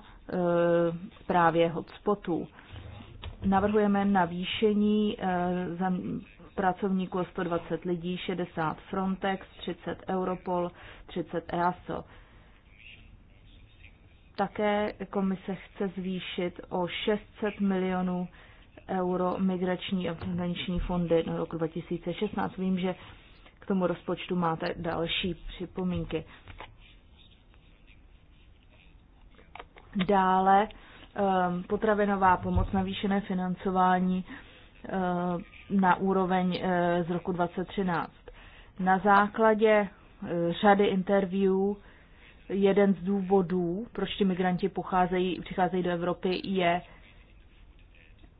právě hotspotů. Navrhujeme navýšení eh, za pracovníků o 120 lidí, 60 Frontex, 30 Europol, 30 EASO. Také komise chce zvýšit o 600 milionů euro migrační a finanční fondy na roku 2016. Vím, že k tomu rozpočtu máte další připomínky. Dále Ehm, potravinová pomoc, navýšené financování ehm, na úroveň eh, z roku 2013. Na základě eh, řady interviewů jeden z důvodů, proč ti migranti pocházejí, přicházejí do Evropy, je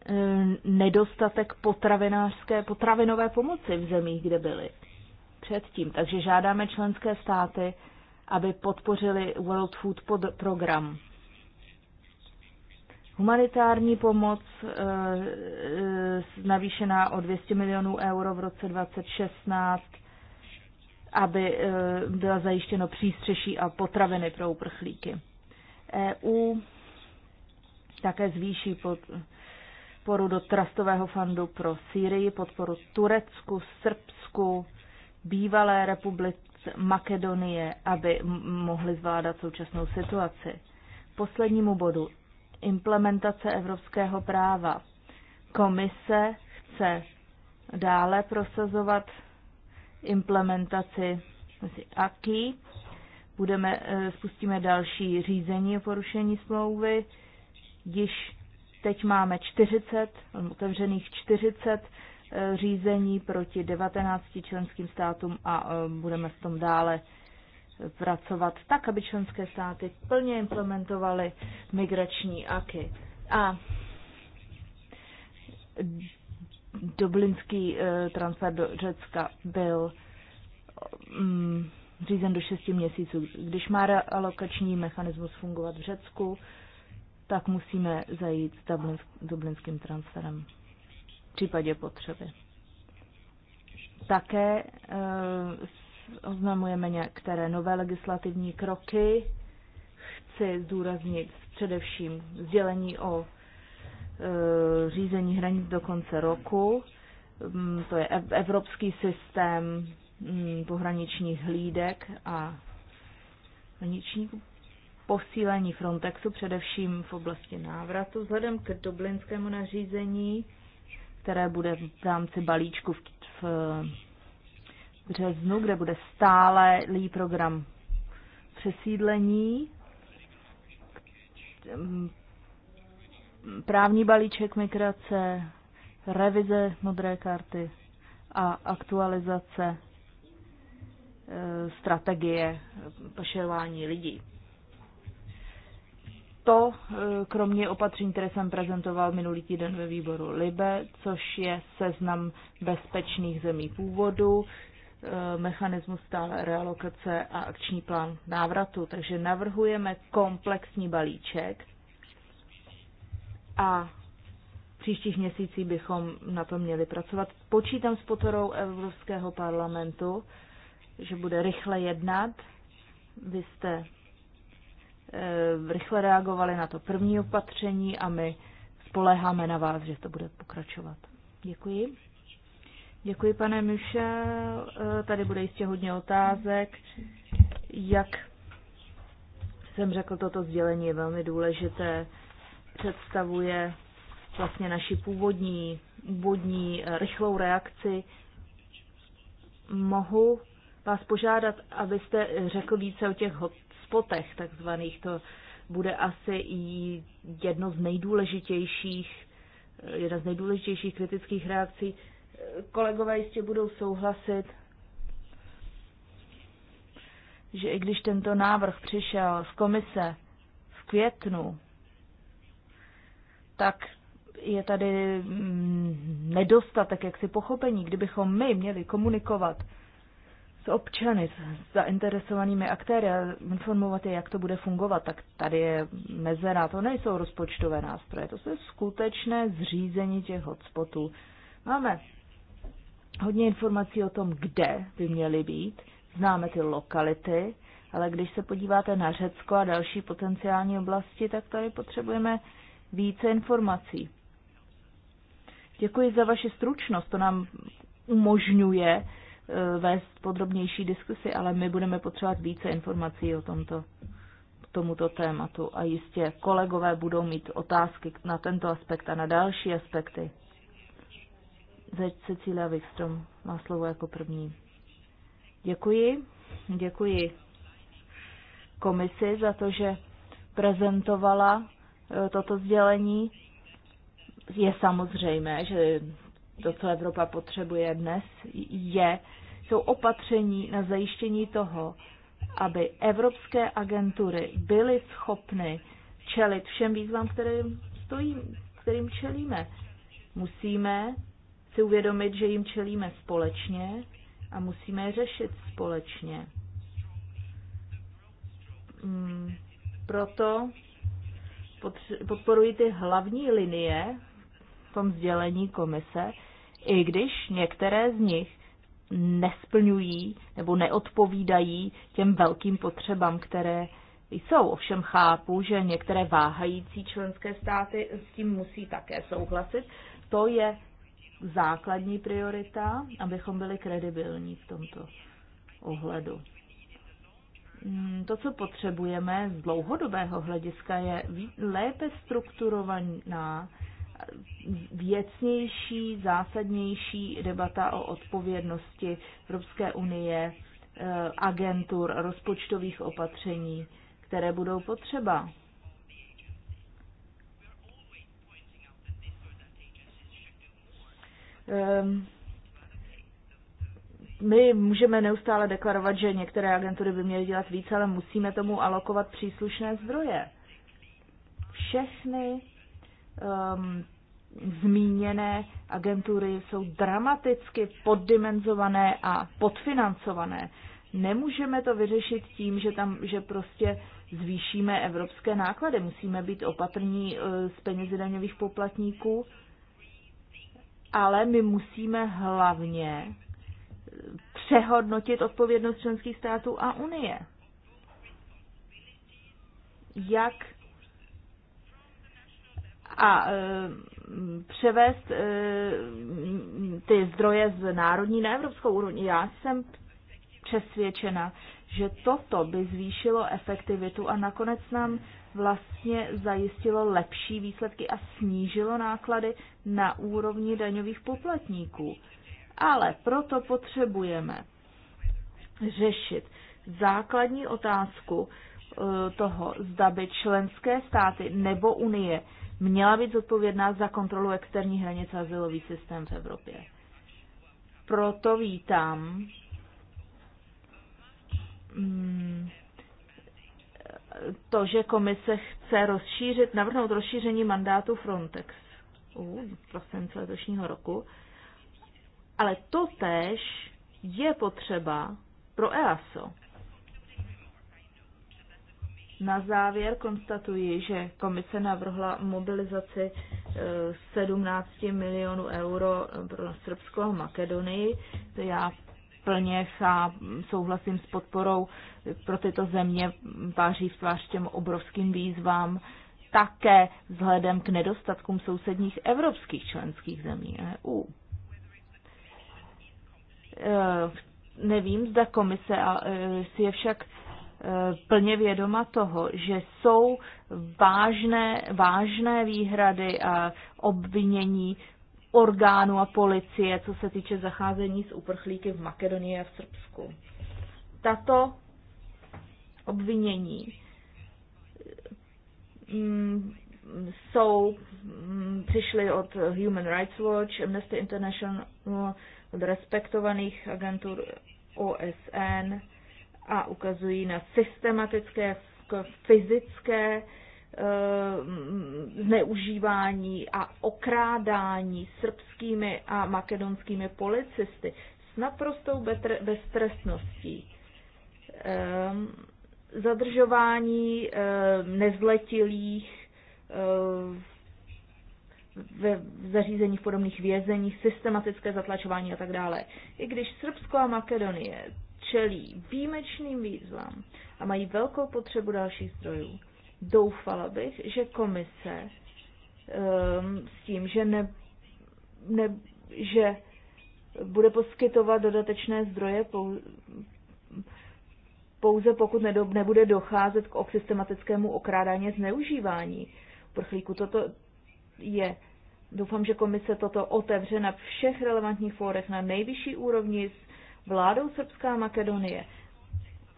ehm, nedostatek potravinářské, potravinové pomoci v zemích, kde byli předtím. Takže žádáme členské státy, aby podpořili World Food program Humanitární pomoc eh, eh, navýšená o 200 milionů euro v roce 2016, aby eh, byla zajištěno přístřeší a potraviny pro uprchlíky. EU také zvýší podporu do Trastového fondu pro Sýrii, podporu Turecku, Srbsku, bývalé republice Makedonie, aby mohli zvládat současnou situaci. Poslednímu bodu implementace evropského práva. Komise chce dále prosazovat implementaci AKI, budeme, eh, spustíme další řízení o porušení smlouvy, již teď máme 40, otevřených 40 eh, řízení proti 19 členským státům a eh, budeme v tom dále pracovat tak, aby členské státy plně implementovaly migrační aky. A dublinský eh, transfer do Řecka byl mm, řízen do 6 měsíců. Když má alokační mechanismus fungovat v Řecku, tak musíme zajít s dublinským transferem v případě potřeby. Také eh, oznamujeme některé nové legislativní kroky. Chci zdůraznit především sdělení o e, řízení hranic do konce roku. Mm, to je evropský systém mm, pohraničních hlídek a hraničníků posílení Frontexu, především v oblasti návratu, vzhledem k dublinskému nařízení, které bude v rámci balíčku v, v březnu, kde bude stálý program přesídlení, právní balíček migrace, revize modré karty a aktualizace e, strategie pašerování lidí. To, e, kromě opatření, které jsem prezentoval minulý týden ve výboru LIBE, což je seznam bezpečných zemí původu, Eh, mechanismus stále realokace a akční plán návratu. Takže navrhujeme komplexní balíček a v příštích měsících bychom na to měli pracovat. Počítám s potorou Evropského parlamentu, že bude rychle jednat. Vy jste eh, rychle reagovali na to první opatření a my spoleháme na vás, že to bude pokračovat. Děkuji. Děkuji, pane Michel. Eh, tady bude jistě hodně otázek. Jak jsem řekl, toto sdělení je velmi důležité. Představuje vlastně naši původní, původní eh, rychlou reakci. Mohu vás požádat, abyste eh, řekl více o těch hotspotech takzvaných. To bude asi i jedno z nejdůležitějších, jedna z nejdůležitějších kritických reakcí kolegové jistě budou souhlasit, že i když tento návrh přišel z komise v květnu, tak je tady mm, nedostatek jaksi pochopení. Kdybychom my měli komunikovat s občany, s zainteresovanými aktéry a informovat je, jak to bude fungovat, tak tady je mezera. To nejsou rozpočtové nástroje, to jsou skutečné zřízení těch hotspotů. Máme hodně informací o tom, kde by měly být. Známe ty lokality, ale když se podíváte na Řecko a další potenciální oblasti, tak tady potřebujeme více informací. Děkuji za vaši stručnost, to nám umožňuje eh, vést podrobnější diskusy, ale my budeme potřebovat více informací o tomto, tomuto tématu a jistě kolegové budou mít otázky na tento aspekt a na další aspekty. Zeď Cecília Wikström má slovo jako první. Děkuji. Děkuji komisi za to, že prezentovala e, toto sdělení. Je samozřejmé, že to, co Evropa potřebuje dnes, je, jsou opatření na zajištění toho, aby evropské agentury byly schopny čelit všem výzvám, kterým, stojí, kterým čelíme. Musíme si uvědomit, že jim čelíme společně a musíme je řešit společně. Mm, proto podporuji ty hlavní linie v tom sdělení komise, i když některé z nich nesplňují nebo neodpovídají těm velkým potřebám, které jsou. Ovšem chápu, že některé váhající členské státy s tím musí také souhlasit. To je základní priorita, abychom byli kredibilní v tomto ohledu. Mm, to, co potřebujeme z dlouhodobého hlediska, je lépe strukturovaná, věcnější, zásadnější debata o odpovědnosti Evropské unie, eh, agentur, rozpočtových opatření, které budou potřeba Ehm, my můžeme neustále deklarovat, že některé agentury by měly dělat více, ale musíme tomu alokovat příslušné zdroje. Všechny um, zmíněné agentury jsou dramaticky poddimenzované a podfinancované. Nemůžeme to vyřešit tím, že tam, že prostě zvýšíme evropské náklady. Musíme být opatrní z eh, penězi daňových poplatníků ale my musíme hlavně přehodnotit odpovědnost členských států a Unie. Jak a e, převést e, ty zdroje z národní na evropskou úrovni. Já jsem přesvědčena, že toto by zvýšilo efektivitu a nakonec nám vlastně zajistilo lepší výsledky a snížilo náklady na úrovni daňových poplatníků. Ale proto potřebujeme řešit základní otázku e, toho, zda by členské státy nebo Unie měla být zodpovědná za kontrolu externí hranic a azylový systém v Evropě. Proto vítám hmm, to, že komise chce rozšířit, navrhnout rozšíření mandátu Frontex v prosinci letošního roku, ale to tež je potřeba pro EASO. Na závěr konstatuji, že komise navrhla mobilizaci 17 eh, milionů euro pro Srbsko a Makedonii. To já plně a souhlasím s podporou pro tyto země tváří v tvář těm obrovským výzvám, také vzhledem k nedostatkům sousedních evropských členských zemí EU. E, nevím, zda komise e, si je však e, plně vědoma toho, že jsou vážné, vážné výhrady a obvinění orgánů a policie, co se týče zacházení s uprchlíky v Makedonii a v Srbsku. Tato obvinění mm, jsou, mm, přišly od Human Rights Watch, Amnesty International, od respektovaných agentur OSN a ukazují na systematické jako fyzické Eh, zneužívání a okrádání srbskými a makedonskými policisty s naprostou beztrestností. Eh, zadržování eh, nezletilých ve zařízeních podobných vězeních, systematické zatlačování a tak dále. I když Srbsko a Makedonie čelí výjimečným výzvám a mají velkou potřebu dalších zdrojů, Doufala bych, že komise um, s tím, že, ne, ne, že bude poskytovat dodatečné zdroje pou, pouze pokud nedo, nebude docházet k systematickému okrádání zneužívání uprchlíků. Toto je. Doufám, že komise toto otevře na všech relevantních fórech na nejvyšší úrovni s vládou Srbská Makedonie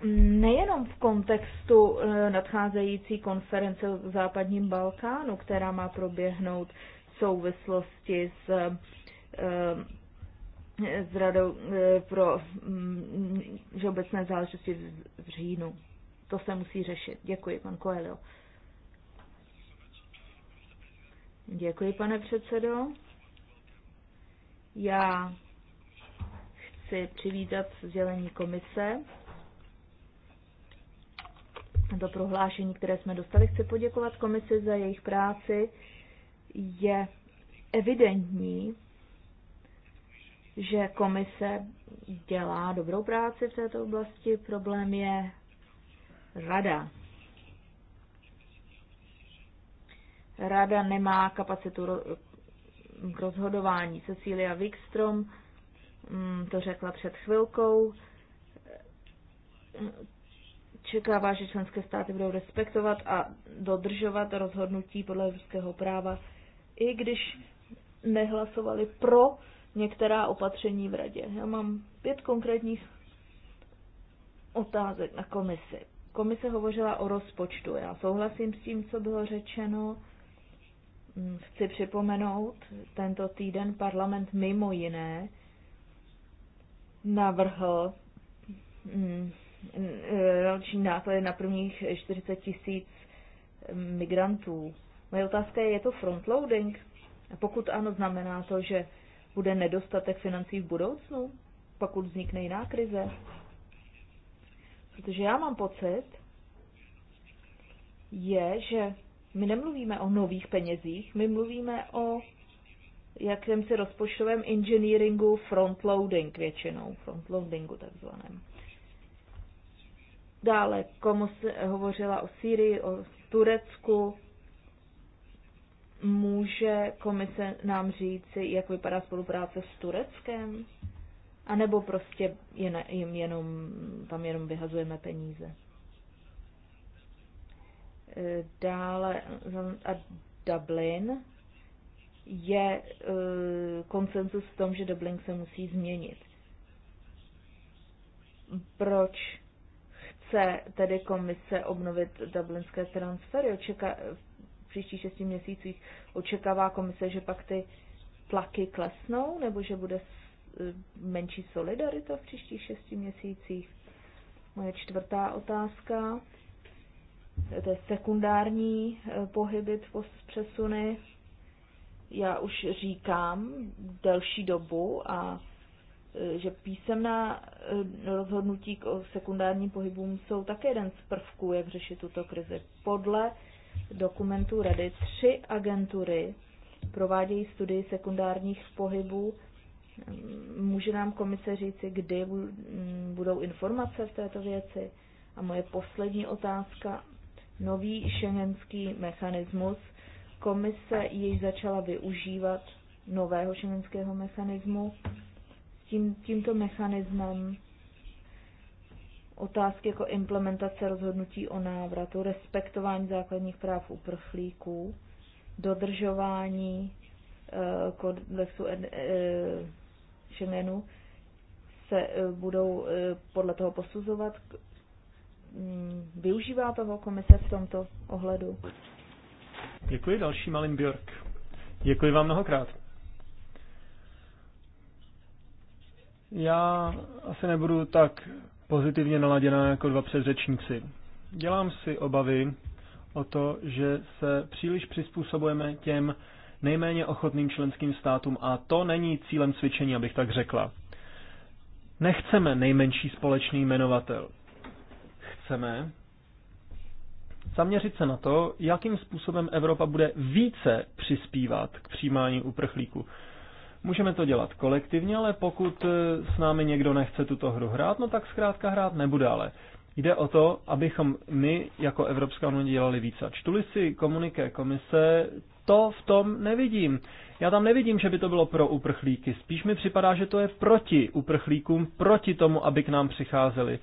nejenom v kontextu eh, nadcházející konference o západním Balkánu, která má proběhnout v souvislosti s, eh, s Radou eh, pro mm, obecné záležitosti v říjnu. To se musí řešit. Děkuji, pan Coelho. Děkuji, pane předsedo. Já chci přivítat sdělení komise to prohlášení, které jsme dostali. Chci poděkovat komisi za jejich práci. Je evidentní, že komise dělá dobrou práci v této oblasti. Problém je rada. Rada nemá kapacitu k rozhodování. Cecilia Wikstrom mm, to řekla před chvilkou očekává, že členské státy budou respektovat a dodržovat rozhodnutí podle evropského práva, i když nehlasovali pro některá opatření v radě. Já mám pět konkrétních otázek na komisi. Komise hovořila o rozpočtu. Já souhlasím s tím, co bylo řečeno. Mm, chci připomenout, tento týden parlament mimo jiné navrhl mm, roční eh, náklady na prvních 40 tisíc eh, migrantů. Moje otázka je, je to frontloading? Pokud ano, znamená to, že bude nedostatek financí v budoucnu, pokud vznikne jiná krize? Protože já mám pocit, je, že my nemluvíme o nových penězích, my mluvíme o jakémsi rozpočtovém engineeringu frontloading většinou, frontloadingu takzvaném. Dále, komu se hovořila o Sýrii, o Turecku, může komise nám říci, jak vypadá spolupráce s Tureckem? A nebo prostě jen, jim jenom, tam jenom vyhazujeme peníze? Eh, dále a Dublin je eh, konsensus v tom, že Dublin se musí změnit. Proč chce tedy komise obnovit dublinské transfery. Očeka, v příštích šesti měsících očekává komise, že pak ty tlaky klesnou, nebo že bude eh, menší solidarita v příštích šesti měsících? Moje čtvrtá otázka. To je sekundární eh, pohyby, přesuny. Já už říkám delší dobu a Eh, že písemná eh, rozhodnutí k sekundárním pohybům jsou také jeden z prvků, jak řešit tuto krizi. Podle dokumentů Rady tři agentury provádějí studii sekundárních pohybů. Mm, může nám komise říci, kdy mm, budou informace v této věci? A moje poslední otázka. Nový šengenský mechanismus. Komise jej začala využívat nového šengenského mechanismu tím, tímto mechanismem otázky jako implementace rozhodnutí o návratu, respektování základních práv uprchlíků, dodržování eh, kodexu eh, Schengenu se eh, budou eh, podle toho posuzovat. Mm, využívá toho komise v tomto ohledu? Děkuji další Malin Björk. Děkuji vám mnohokrát. Já asi nebudu tak pozitivně naladěná jako dva předřečníci. Dělám si obavy o to, že se příliš přizpůsobujeme těm nejméně ochotným členským státům a to není cílem cvičení, abych tak řekla. Nechceme nejmenší společný jmenovatel. Chceme zaměřit se na to, jakým způsobem Evropa bude více přispívat k přijímání uprchlíků. Můžeme to dělat kolektivně, ale pokud eh, s námi někdo nechce tuto hru hrát, no tak zkrátka hrát nebude, ale jde o to, abychom my jako Evropská unie dělali více. A čtuli si komuniké komise, to v tom nevidím. Já tam nevidím, že by to bylo pro uprchlíky. Spíš mi připadá, že to je proti uprchlíkům, proti tomu, aby k nám přicházeli.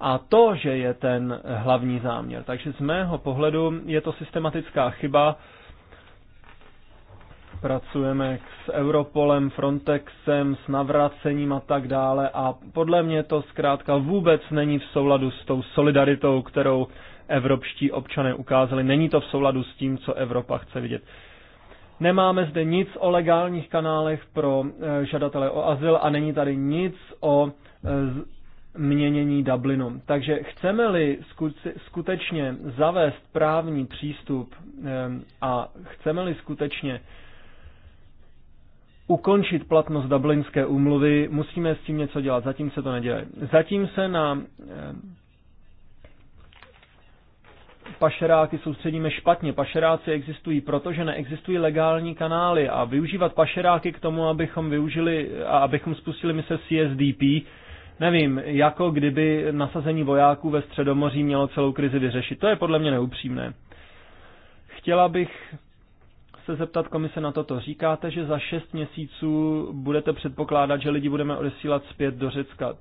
A to, že je ten hlavní záměr. Takže z mého pohledu je to systematická chyba, pracujeme s Europolem, Frontexem, s navracením a tak dále a podle mě to zkrátka vůbec není v souladu s tou solidaritou, kterou evropští občané ukázali. Není to v souladu s tím, co Evropa chce vidět. Nemáme zde nic o legálních kanálech pro eh, žadatele o azyl a není tady nic o eh, měnění Dublinu. Takže chceme-li skutečně zavést právní přístup eh, a chceme-li skutečně ukončit platnost Dublinské úmluvy, musíme s tím něco dělat. Zatím se to neděje. Zatím se na eh, pašeráky soustředíme špatně. Pašeráci existují, protože neexistují legální kanály a využívat pašeráky k tomu, abychom využili a abychom spustili mise CSDP, nevím, jako kdyby nasazení vojáků ve Středomoří mělo celou krizi vyřešit. To je podle mě neupřímné. Chtěla bych se zeptat komise na toto. Říkáte, že za šest měsíců budete předpokládat, že lidi budeme odesílat zpět do Řecka.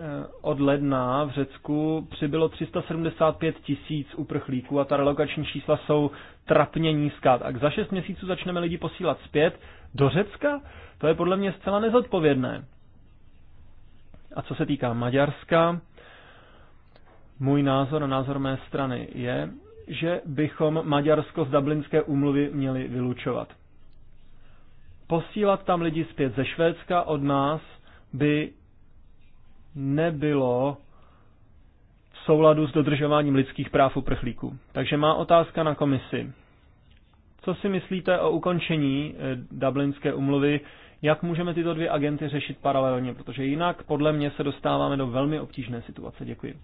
Eh, od ledna v Řecku přibylo 375 tisíc uprchlíků a ta relokační čísla jsou trapně nízká. Tak za šest měsíců začneme lidi posílat zpět do Řecka? To je podle mě zcela nezodpovědné. A co se týká Maďarska, můj názor a názor mé strany je, že bychom Maďarsko z Dublinské úmluvy měli vylučovat. Posílat tam lidi zpět ze Švédska od nás by nebylo v souladu s dodržováním lidských práv uprchlíků. Takže má otázka na komisi. Co si myslíte o ukončení eh, Dublinské umluvy? Jak můžeme tyto dvě agenty řešit paralelně? Protože jinak podle mě se dostáváme do velmi obtížné situace. Děkuji.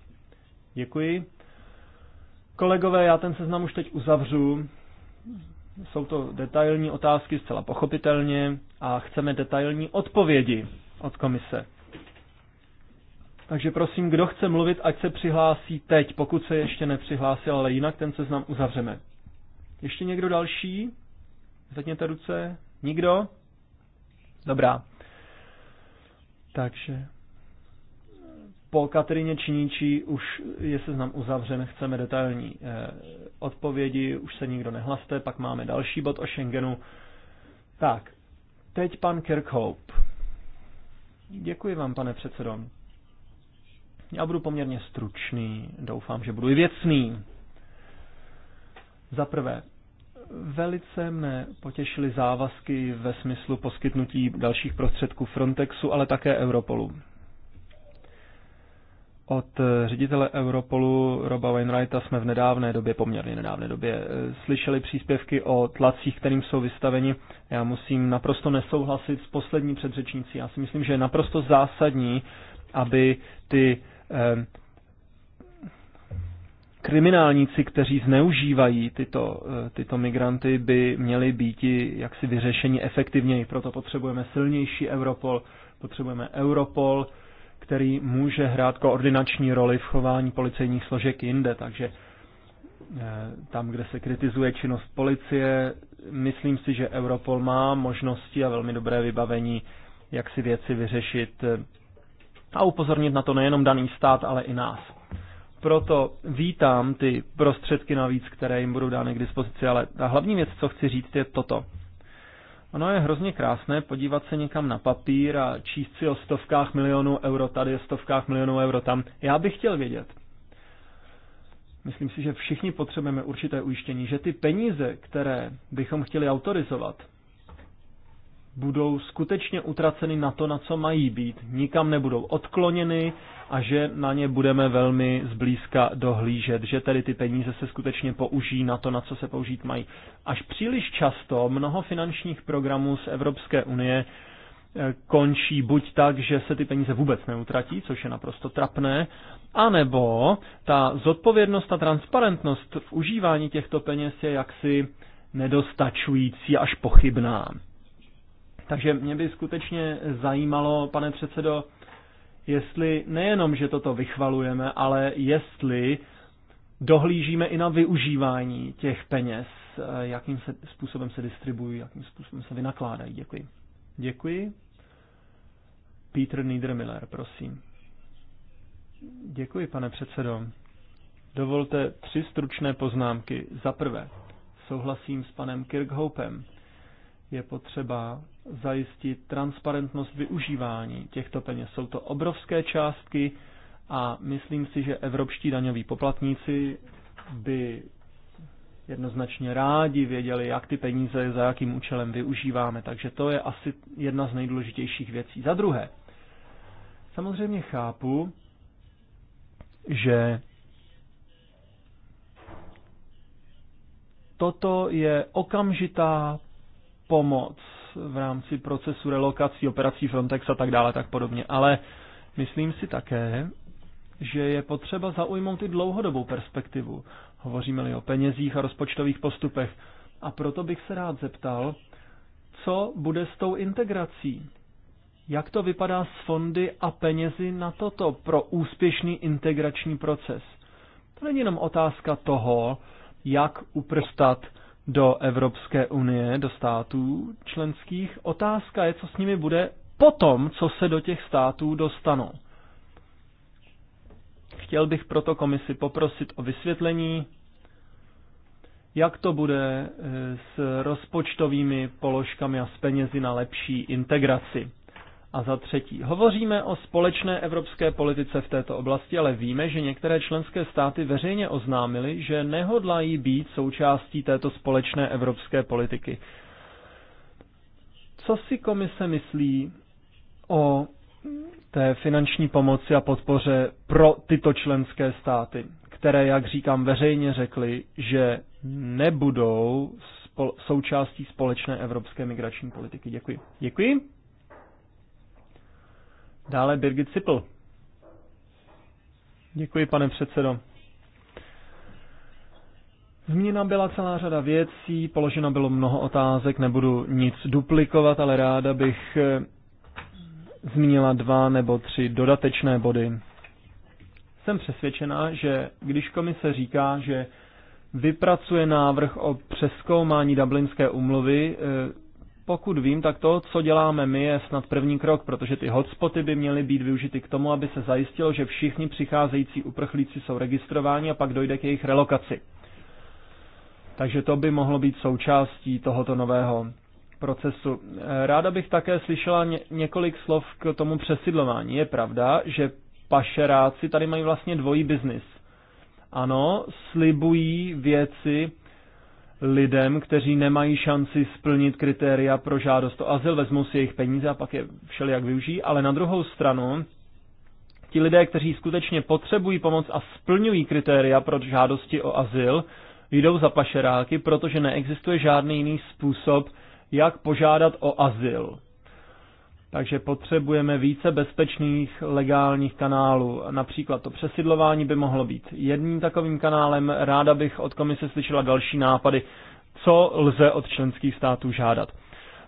Děkuji. Kolegové, já ten seznam už teď uzavřu. Jsou to detailní otázky, zcela pochopitelně, a chceme detailní odpovědi od komise. Takže prosím, kdo chce mluvit, ať se přihlásí teď, pokud se ještě nepřihlásil, ale jinak ten seznam uzavřeme. Ještě někdo další? Zvedněte ruce. Nikdo? Dobrá. Takže po Katrině Činíčí už je seznam uzavřen, chceme detailní eh, odpovědi, už se nikdo nehlaste, pak máme další bod o Schengenu. Tak, teď pan Kirkhope. Děkuji vám, pane předsedo. Já budu poměrně stručný, doufám, že budu i věcný. Za prvé, velice mne potěšily závazky ve smyslu poskytnutí dalších prostředků Frontexu, ale také Europolu. Od eh, ředitele Europolu Roba Wainwrighta jsme v nedávné době, poměrně nedávné době, eh, slyšeli příspěvky o tlacích, kterým jsou vystaveni. Já musím naprosto nesouhlasit s poslední předřečnící. Já si myslím, že je naprosto zásadní, aby ty eh, kriminálníci, kteří zneužívají tyto, eh, tyto migranty, by měli být jaksi vyřešeni efektivněji. Proto potřebujeme silnější Europol, potřebujeme Europol, eh, který může hrát koordinační roli v chování policejních složek jinde, takže eh, tam, kde se kritizuje činnost policie, myslím si, že Europol má možnosti a velmi dobré vybavení, jak si věci vyřešit eh, a upozornit na to nejenom daný stát, ale i nás. Proto vítám ty prostředky navíc, které jim budou dány k dispozici, ale ta hlavní věc, co chci říct, je toto. Ono je hrozně krásné podívat se někam na papír a číst si o stovkách milionů euro tady, o stovkách milionů euro tam. Já bych chtěl vědět. Myslím si, že všichni potřebujeme určité ujištění, že ty peníze, které bychom chtěli autorizovat, budou skutečně utraceny na to, na co mají být, nikam nebudou odkloněny a že na ně budeme velmi zblízka dohlížet, že tedy ty peníze se skutečně použijí na to, na co se použít mají. Až příliš často mnoho finančních programů z Evropské unie eh, končí buď tak, že se ty peníze vůbec neutratí, což je naprosto trapné, anebo ta zodpovědnost a transparentnost v užívání těchto peněz je jaksi nedostačující až pochybná. Takže mě by skutečně zajímalo, pane předsedo, jestli nejenom, že toto vychvalujeme, ale jestli dohlížíme i na využívání těch peněz, eh, jakým se, způsobem se distribuují, jakým způsobem se vynakládají. Děkuji. Děkuji. Peter Niedermiller, prosím. Děkuji, pane předsedo. Dovolte tři stručné poznámky. Za prvé, souhlasím s panem Kirkhopem. Je potřeba zajistit transparentnost využívání těchto peněz. Jsou to obrovské částky a myslím si, že evropští daňoví poplatníci by jednoznačně rádi věděli, jak ty peníze za jakým účelem využíváme. Takže to je asi jedna z nejdůležitějších věcí. Za druhé, samozřejmě chápu, že toto je okamžitá pomoc v rámci procesu relokací, operací Frontex a tak dále, tak podobně. Ale myslím si také, že je potřeba zaujmout i dlouhodobou perspektivu. Hovoříme-li o penězích a rozpočtových postupech. A proto bych se rád zeptal, co bude s tou integrací? Jak to vypadá s fondy a penězi na toto pro úspěšný integrační proces? To není jenom otázka toho, jak uprstat do Evropské unie, do států členských. Otázka je, co s nimi bude potom, co se do těch států dostanou. Chtěl bych proto komisi poprosit o vysvětlení, jak to bude eh, s rozpočtovými položkami a s penězi na lepší integraci. A za třetí, hovoříme o společné evropské politice v této oblasti, ale víme, že některé členské státy veřejně oznámily, že nehodlají být součástí této společné evropské politiky. Co si komise myslí o té finanční pomoci a podpoře pro tyto členské státy, které, jak říkám, veřejně řekly, že nebudou spol- součástí společné evropské migrační politiky? Děkuji. Děkuji. Dále Birgit Sipl. Děkuji, pane předsedo. Změna byla celá řada věcí, položeno bylo mnoho otázek, nebudu nic duplikovat, ale ráda bych eh, zmínila dva nebo tři dodatečné body. Jsem přesvědčená, že když komise říká, že vypracuje návrh o přeskoumání Dublinské umluvy, eh, pokud vím, tak to, co děláme my, je snad první krok, protože ty hotspoty by měly být využity k tomu, aby se zajistilo, že všichni přicházející uprchlíci jsou registrováni a pak dojde k jejich relokaci. Takže to by mohlo být součástí tohoto nového procesu. Ráda bych také slyšela ně, několik slov k tomu přesidlování. Je pravda, že pašeráci tady mají vlastně dvojí biznis. Ano, slibují věci, lidem, kteří nemají šanci splnit kritéria pro žádost o azyl, vezmou si jejich peníze a pak je všelijak využijí, ale na druhou stranu ti lidé, kteří skutečně potřebují pomoc a splňují kritéria pro žádosti o azyl, jdou za pašeráky, protože neexistuje žádný jiný způsob, jak požádat o azyl. Takže potřebujeme více bezpečných legálních kanálů. Například to přesidlování by mohlo být jedním takovým kanálem. Ráda bych od komise slyšela další nápady, co lze od členských států žádat.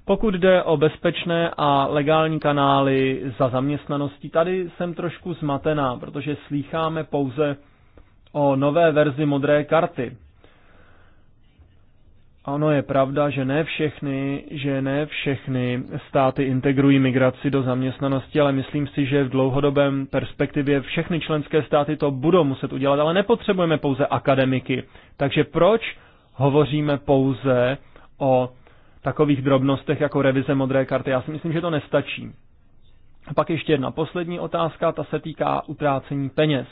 Pokud jde o bezpečné a legální kanály za zaměstnaností, tady jsem trošku zmatená, protože slýcháme pouze o nové verzi modré karty. Ano, je pravda, že ne všechny, že ne všechny státy integrují migraci do zaměstnanosti, ale myslím si, že v dlouhodobém perspektivě všechny členské státy to budou muset udělat, ale nepotřebujeme pouze akademiky. Takže proč hovoříme pouze o takových drobnostech jako revize modré karty? Já si myslím, že to nestačí. A pak ještě jedna poslední otázka, ta se týká utrácení peněz.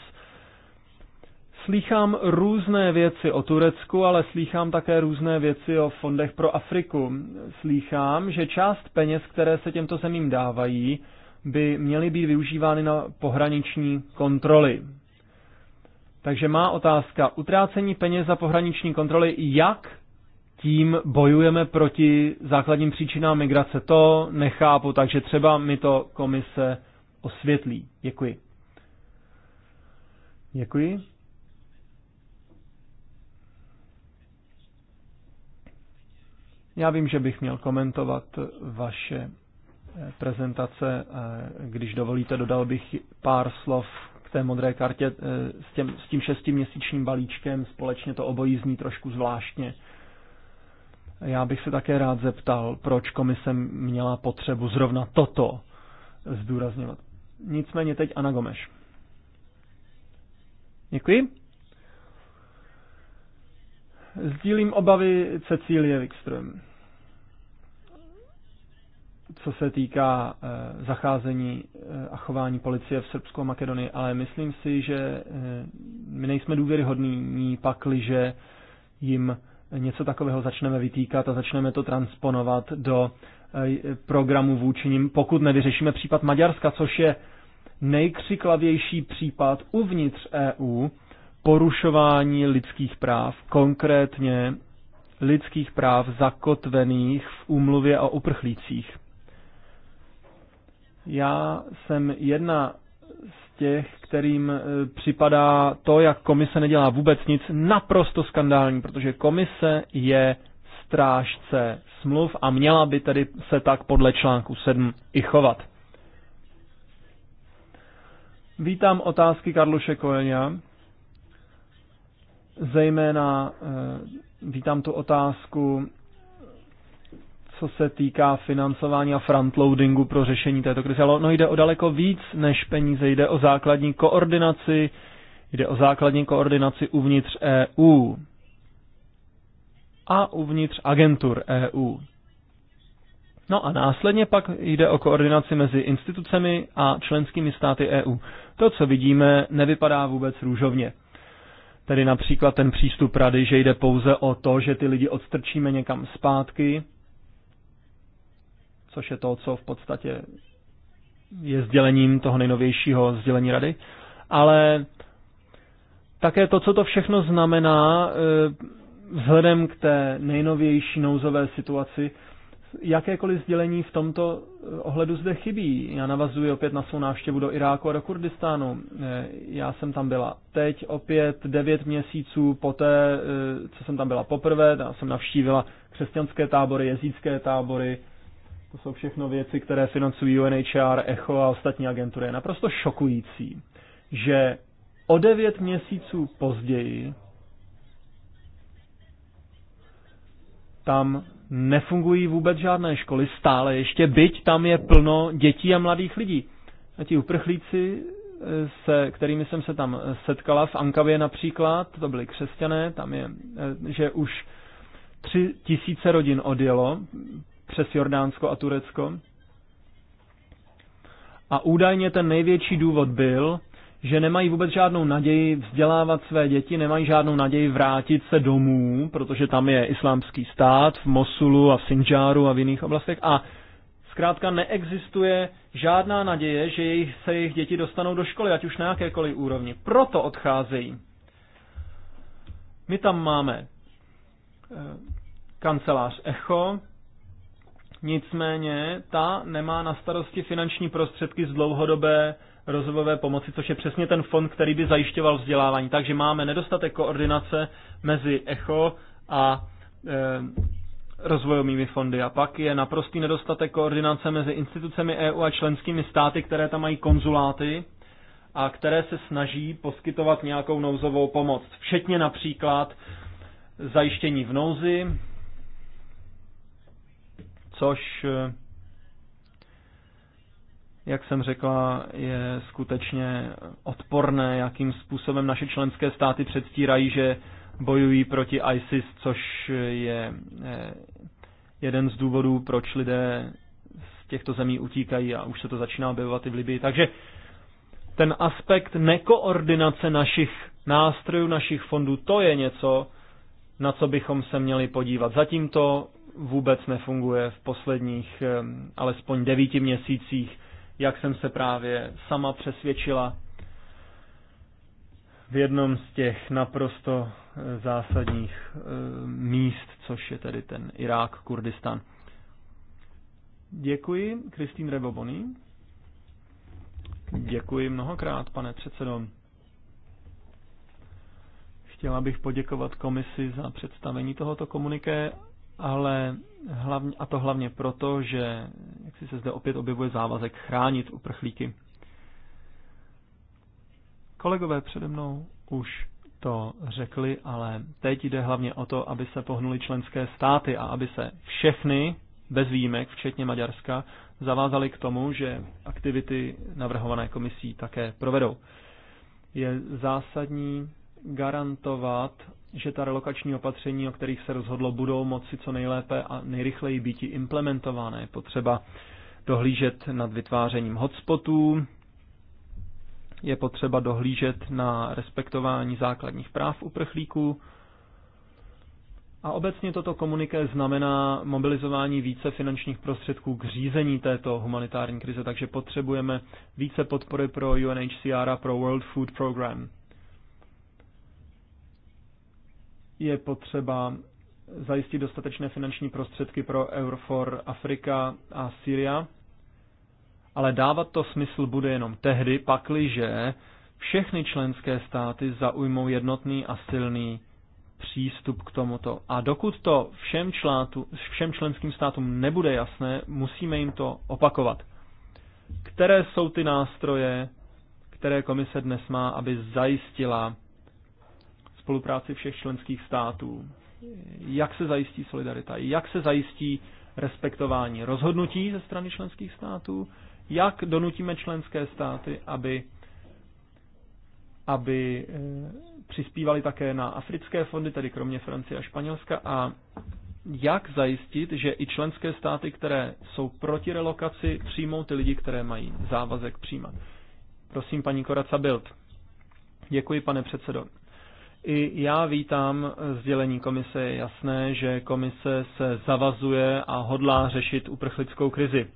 Slýchám různé věci o Turecku, ale slýchám také různé věci o fondech pro Afriku. Slýchám, že část peněz, které se těmto zemím dávají, by měly být využívány na pohraniční kontroly. Takže má otázka, utrácení peněz za pohraniční kontroly, jak tím bojujeme proti základním příčinám migrace? To nechápu, takže třeba mi to komise osvětlí. Děkuji. Děkuji. Já vím, že bych měl komentovat vaše eh, prezentace. Eh, když dovolíte, dodal bych pár slov k té modré kartě eh, s, těm, s tím šestiměsíčním balíčkem. Společně to obojí zní trošku zvláštně. Já bych se také rád zeptal, proč komise měla potřebu zrovna toto zdůrazňovat. Nicméně teď Ana Gomeš. Děkuji. Sdílím obavy Cecílie Wikström, co se týká eh, zacházení eh, a chování policie v Srbsku a Makedonii, ale myslím si, že eh, my nejsme důvěryhodní, pakliže jim něco takového začneme vytýkat a začneme to transponovat do programu vůči nim, pokud nevyřešíme případ Maďarska, což je nejkřiklavější případ uvnitř EU, porušování lidských práv, konkrétně lidských práv zakotvených v úmluvě a uprchlících. Já jsem jedna z těch, kterým e, připadá to, jak komise nedělá vůbec nic, naprosto skandální, protože komise je strážce smluv a měla by tedy se tak podle článku 7 i chovat. Vítám otázky Karluše Koenia Zejména eh, vítám tu otázku, co se týká financování a frontloadingu pro řešení této krize. Ale ono jde o daleko víc než peníze, jde o základní koordinaci, jde o základní koordinaci uvnitř EU a uvnitř agentur EU. No a následně pak jde o koordinaci mezi institucemi a členskými státy EU. To, co vidíme, nevypadá vůbec růžovně. Tedy například ten přístup rady, že jde pouze o to, že ty lidi odstrčíme někam zpátky, což je to, co v podstatě je sdělením toho nejnovějšího sdělení rady, ale také to, co to všechno znamená eh, vzhledem k té nejnovější nouzové situaci, jakékoliv sdělení v tomto eh, ohledu zde chybí. Já navazuji opět na svou návštěvu do Iráku a do Kurdistánu. Eh, já jsem tam byla teď opět devět měsíců poté, eh, co jsem tam byla poprvé. Já jsem navštívila křesťanské tábory, jezícké tábory. To jsou všechno věci, které financují UNHR, ECHO a ostatní agentury. Je naprosto šokující, že o devět měsíců později tam nefungují vůbec žádné školy stále ještě, byť tam je plno dětí a mladých lidí. A ti uprchlíci, eh, se, kterými jsem se tam eh, setkala, v Ankavě například, to byli křesťané, tam je, eh, že už tři tisíce rodin odjelo přes Jordánsko a Turecko. A údajně ten největší důvod byl, že nemají vůbec žádnou naději vzdělávat své děti, nemají žádnou naději vrátit se domů, protože tam je islámský stát v Mosulu a v Sinjaru a v jiných oblastech a zkrátka neexistuje žádná naděje, že jejich, se jejich děti dostanou do školy, ať už na jakékoliv úrovni. Proto odcházejí. My tam máme eh, kancelář Echo, nicméně ta nemá na starosti finanční prostředky z dlouhodobé rozvojové pomoci, což je přesně ten fond, který by zajišťoval vzdělávání. Takže máme nedostatek koordinace mezi ECHO a e, rozvojovými fondy. A pak je naprostý nedostatek koordinace mezi institucemi EU a členskými státy, které tam mají konzuláty a které se snaží poskytovat nějakou nouzovou pomoc. Včetně například zajištění v nouzi, což e, jak jsem řekla, je skutečně odporné, jakým způsobem naše členské státy předstírají, že bojují proti ISIS, což je eh, jeden z důvodů, proč lidé z těchto zemí utíkají a už se to začíná objevovat i v Libii. Takže ten aspekt nekoordinace našich nástrojů, našich fondů, to je něco, na co bychom se měli podívat. Zatím to vůbec nefunguje v posledních eh, alespoň devíti měsících jak jsem se právě sama přesvědčila v jednom z těch naprosto eh, zásadních eh, míst, což je tedy ten Irák, Kurdistan. Děkuji, Kristýn Reboboný. Děkuji mnohokrát, pane předsedo. Chtěla bych poděkovat komisi za představení tohoto komuniké ale hlavně, a to hlavně proto, že jak si se zde opět objevuje závazek chránit uprchlíky. Kolegové přede mnou už to řekli, ale teď jde hlavně o to, aby se pohnuli členské státy a aby se všechny, bez výjimek, včetně Maďarska, zavázali k tomu, že aktivity navrhované komisí také provedou. Je zásadní, garantovat, že ta relokační opatření, o kterých se rozhodlo, budou moci co nejlépe a nejrychleji být implementované. Je potřeba dohlížet nad vytvářením hotspotů, je potřeba dohlížet na respektování základních práv uprchlíků, a obecně toto komuniké znamená mobilizování více finančních prostředků k řízení této humanitární krize, takže potřebujeme více podpory pro UNHCR a pro World Food Program. je potřeba zajistit dostatečné finanční prostředky pro Eurofor Afrika a Syria, ale dávat to smysl bude jenom tehdy, pakliže všechny členské státy zaujmou jednotný a silný přístup k tomuto. A dokud to všem, člátu, všem členským státům nebude jasné, musíme jim to opakovat. Které jsou ty nástroje, které komise dnes má, aby zajistila spolupráci všech členských států. Jak se zajistí solidarita? Jak se zajistí respektování rozhodnutí ze strany členských států? Jak donutíme členské státy, aby, aby eh, přispívali také na africké fondy, tedy kromě Francie a Španělska? A jak zajistit, že i členské státy, které jsou proti relokaci, přijmou ty lidi, které mají závazek přijímat? Prosím, paní Koraca Bild. Děkuji, pane předsedo. I já vítám sdělení komise. Je jasné, že komise se zavazuje a hodlá řešit uprchlickou krizi.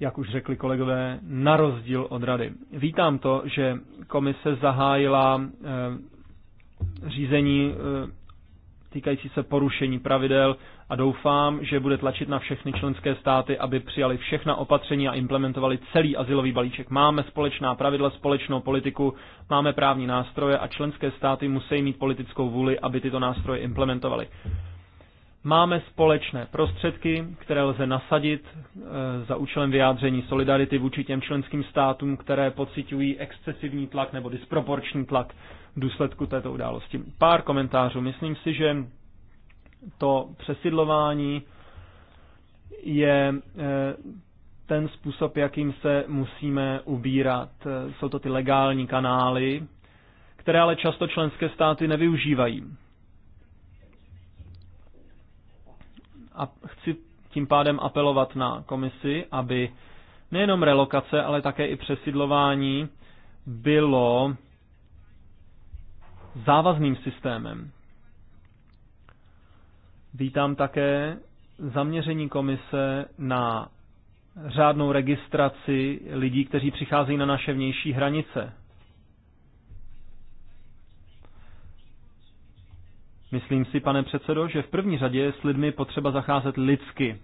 Jak už řekli kolegové, na rozdíl od rady. Vítám to, že komise zahájila eh, řízení eh, týkající se porušení pravidel a doufám, že bude tlačit na všechny členské státy, aby přijali všechna opatření a implementovali celý asilový balíček. Máme společná pravidla, společnou politiku, máme právní nástroje a členské státy musí mít politickou vůli, aby tyto nástroje implementovaly. Máme společné prostředky, které lze nasadit eh, za účelem vyjádření solidarity vůči těm členským státům, které pocitují excesivní tlak nebo disproporční tlak v důsledku této události. Pár komentářů. Myslím si, že to přesidlování je eh, ten způsob, jakým se musíme ubírat. Eh, jsou to ty legální kanály, které ale často členské státy nevyužívají. A chci tím pádem apelovat na komisi, aby nejenom relokace, ale také i přesidlování bylo závazným systémem. Vítám také zaměření komise na řádnou registraci lidí, kteří přicházejí na naše vnější hranice. Myslím si, pane předsedo, že v první řadě je s lidmi potřeba zacházet lidsky.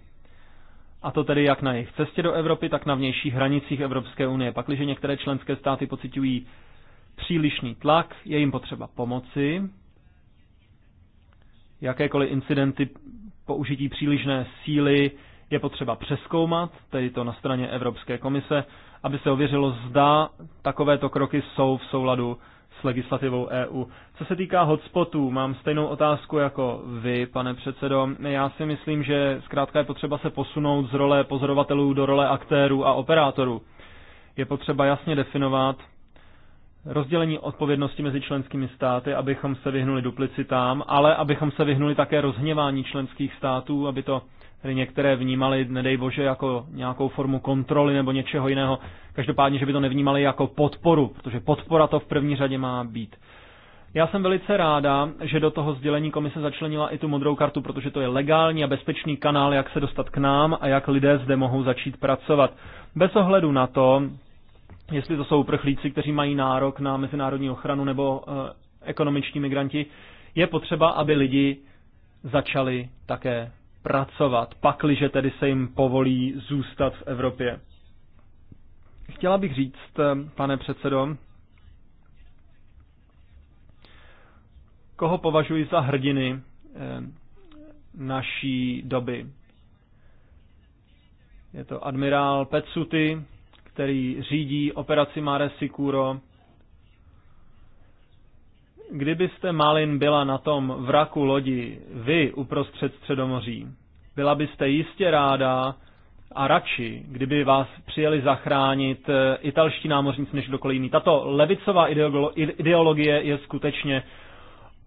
A to tedy jak na jejich cestě do Evropy, tak na vnějších hranicích Evropské unie. Pakliže některé členské státy pocitují přílišný tlak, je jim potřeba pomoci, Jakékoliv incidenty použití přílišné síly je potřeba přeskoumat, tedy to na straně Evropské komise, aby se ověřilo, zda takovéto kroky jsou v souladu s legislativou EU. Co se týká hotspotů, mám stejnou otázku jako vy, pane předsedo. Já si myslím, že zkrátka je potřeba se posunout z role pozorovatelů do role aktérů a operátorů. Je potřeba jasně definovat, rozdělení odpovědnosti mezi členskými státy, abychom se vyhnuli duplicitám, ale abychom se vyhnuli také rozhněvání členských států, aby to tedy některé vnímali, nedej bože, jako nějakou formu kontroly nebo něčeho jiného. Každopádně, že by to nevnímali jako podporu, protože podpora to v první řadě má být. Já jsem velice ráda, že do toho sdělení komise začlenila i tu modrou kartu, protože to je legální a bezpečný kanál, jak se dostat k nám a jak lidé zde mohou začít pracovat. Bez ohledu na to, jestli to jsou uprchlíci, kteří mají nárok na mezinárodní ochranu nebo eh, ekonomiční migranti, je potřeba, aby lidi začali také pracovat, pakliže tedy se jim povolí zůstat v Evropě. Chtěla bych říct, eh, pane předsedo, koho považuji za hrdiny eh, naší doby. Je to admirál Petsuty, který řídí operaci Mare Sicuro. Kdybyste Malin byla na tom vraku lodi, vy uprostřed Středomoří, byla byste jistě ráda a radši, kdyby vás přijeli zachránit eh, italští námořníci než kdokoliv jiný. Tato levicová ideologie je skutečně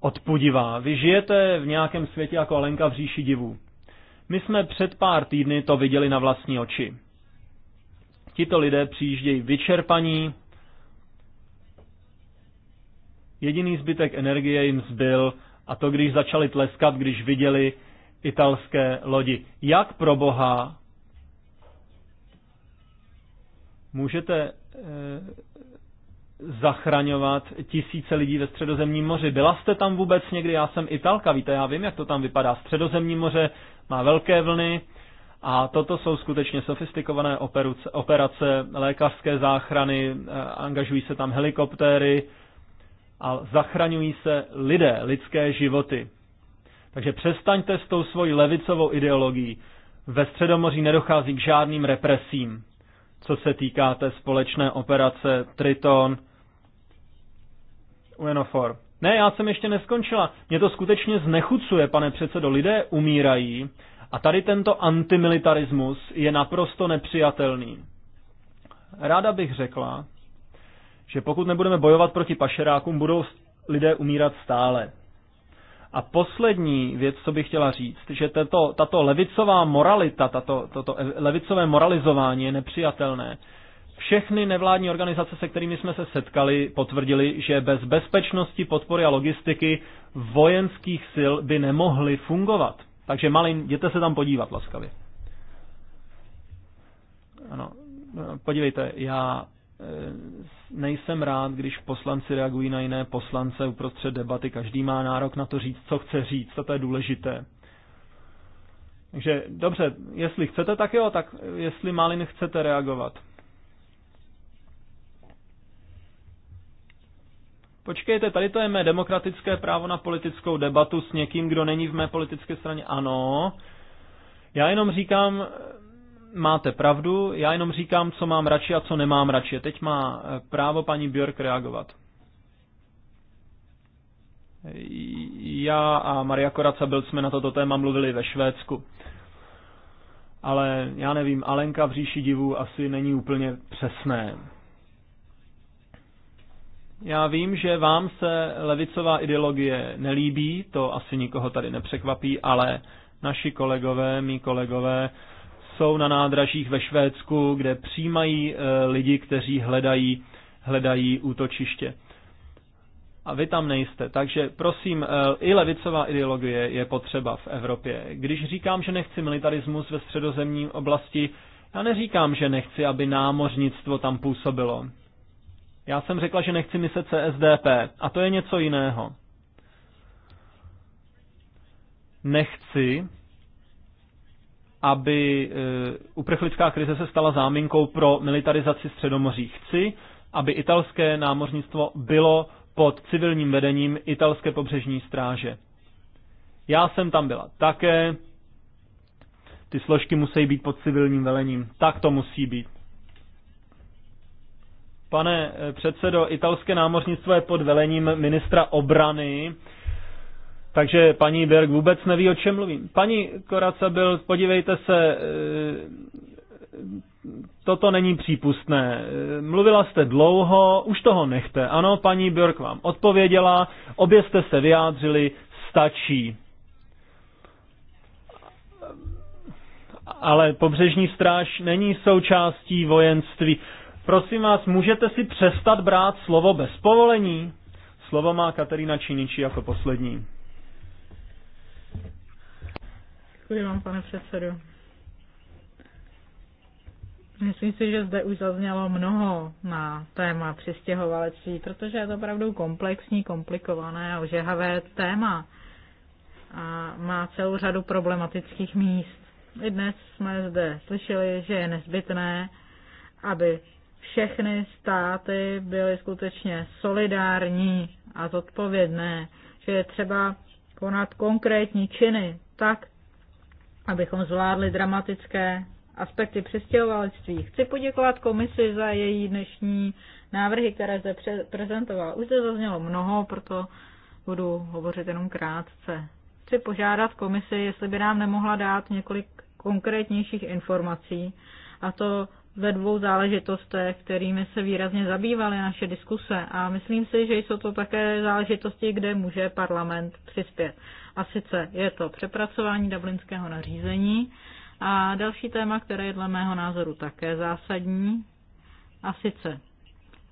odpudivá. Vy žijete v nějakém světě jako Lenka v říši divů. My jsme před pár týdny to viděli na vlastní oči. Tito lidé přijíždějí vyčerpaní, jediný zbytek energie jim zbyl a to, když začali tleskat, když viděli italské lodi. Jak pro boha můžete eh, zachraňovat tisíce lidí ve středozemním moři. Byla jste tam vůbec někdy? Já jsem Italka, víte, já vím, jak to tam vypadá. Středozemní moře má velké vlny, a toto jsou skutečně sofistikované operace, operace lékařské záchrany, e, angažují se tam helikoptéry a zachraňují se lidé, lidské životy. Takže přestaňte s tou svojí levicovou ideologií. Ve Středomoří nedochází k žádným represím, co se týká té společné operace Triton, UNOFOR. Ne, já jsem ještě neskončila. Mě to skutečně znechucuje, pane předsedo. Lidé umírají a tady tento antimilitarismus je naprosto nepřijatelný. Ráda bych řekla, že pokud nebudeme bojovat proti pašerákům, budou lidé umírat stále. A poslední věc, co bych chtěla říct, že tato, tato levicová moralita, tato, toto levicové moralizování je nepřijatelné. Všechny nevládní organizace, se kterými jsme se setkali, potvrdili, že bez bezpečnosti, podpory a logistiky vojenských sil by nemohly fungovat. Takže Malin, jděte se tam podívat laskavě. Ano, podívejte, já eh, nejsem rád, když poslanci reagují na jiné poslance uprostřed debaty. Každý má nárok na to říct, co chce říct, a to je důležité. Takže dobře, jestli chcete, tak jo, tak jestli Malin chcete reagovat. Počkejte, tady to je mé demokratické právo na politickou debatu s někým, kdo není v mé politické straně. Ano, já jenom říkám, máte pravdu, já jenom říkám, co mám radši a co nemám radši. Teď má eh, právo paní Björk reagovat. Já a Maria Koraca byl jsme na toto téma mluvili ve Švédsku. Ale já nevím, Alenka v říši divů asi není úplně přesné. Já vím, že vám se levicová ideologie nelíbí, to asi nikoho tady nepřekvapí, ale naši kolegové, mý kolegové, jsou na nádražích ve Švédsku, kde přijímají e, lidi, kteří hledají, hledají útočiště. A vy tam nejste. Takže prosím, e, i levicová ideologie je potřeba v Evropě. Když říkám, že nechci militarismus ve středozemní oblasti, já neříkám, že nechci, aby námořnictvo tam působilo. Já jsem řekla, že nechci myslet CSDP a to je něco jiného. Nechci, aby eh, uprchlická krize se stala záminkou pro militarizaci Středomoří. Chci, aby italské námořnictvo bylo pod civilním vedením italské pobřežní stráže. Já jsem tam byla také. Ty složky musí být pod civilním velením. Tak to musí být. Pane eh, předsedo, italské námořnictvo je pod velením ministra obrany, takže paní Berg vůbec neví, o čem mluvím. Paní Koraca byl, podívejte se, eh, toto není přípustné. Eh, mluvila jste dlouho, už toho nechte. Ano, paní Björk vám odpověděla, obě jste se vyjádřili, stačí. Ale pobřežní stráž není součástí vojenství. Prosím vás, můžete si přestat brát slovo bez povolení? Slovo má Katerina Činiči jako poslední. Děkuji vám, pane předsedo. Myslím si, že zde už zaznělo mnoho na téma přistěhovalectví, protože je to opravdu komplexní, komplikované a ožehavé téma a má celou řadu problematických míst. I dnes jsme zde slyšeli, že je nezbytné, aby všechny státy byly skutečně solidární a zodpovědné, že je třeba konat konkrétní činy tak, abychom zvládli dramatické aspekty přistěhovalectví. Chci poděkovat komisi za její dnešní návrhy, které zde prezentovala. Už zde zaznělo mnoho, proto budu hovořit jenom krátce. Chci požádat komisi, jestli by nám nemohla dát několik konkrétnějších informací, a to ve dvou záležitostech, kterými se výrazně zabývaly naše diskuse a myslím si, že jsou to také záležitosti, kde může parlament přispět. A sice je to přepracování dublinského nařízení a další téma, které je dle mého názoru také zásadní, a sice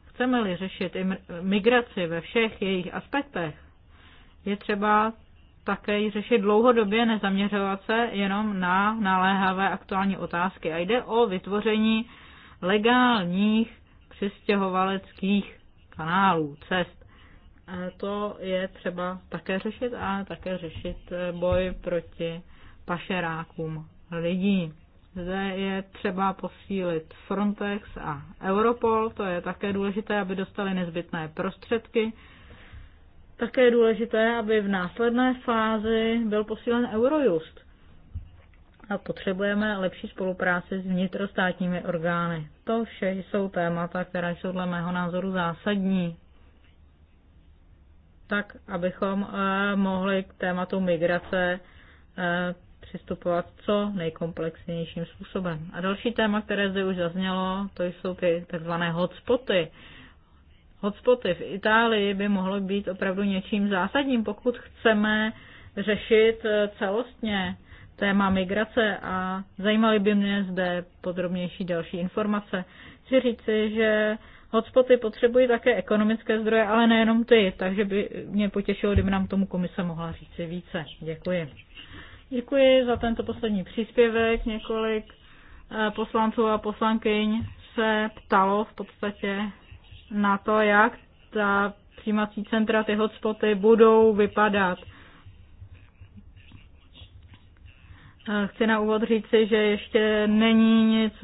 chceme-li řešit migraci ve všech jejich aspektech, je třeba také ji řešit dlouhodobě, nezaměřovat se jenom na naléhavé aktuální otázky. A jde o vytvoření legálních přistěhovaleckých kanálů, cest. A to je třeba také řešit a také řešit boj proti pašerákům lidí. Zde je třeba posílit Frontex a Europol, to je také důležité, aby dostali nezbytné prostředky také je důležité, aby v následné fázi byl posílen Eurojust. A potřebujeme lepší spolupráci s vnitrostátními orgány. To vše jsou témata, která jsou dle mého názoru zásadní. Tak, abychom eh, mohli k tématu migrace eh, přistupovat co nejkomplexnějším způsobem. A další téma, které zde už zaznělo, to jsou ty takzvané hotspoty hotspoty v Itálii by mohlo být opravdu něčím zásadním, pokud chceme řešit eh, celostně téma migrace a zajímaly by mě zde podrobnější další informace. Chci říci, že hotspoty potřebují také ekonomické zdroje, ale nejenom ty, takže by mě potěšilo, kdyby nám tomu komise mohla říci více. Děkuji. Děkuji za tento poslední příspěvek. Několik eh, poslanců a poslankyň se ptalo v podstatě na to, jak ta přijímací centra, ty hotspoty budou vypadat. Chci na úvod říci, že ještě není nic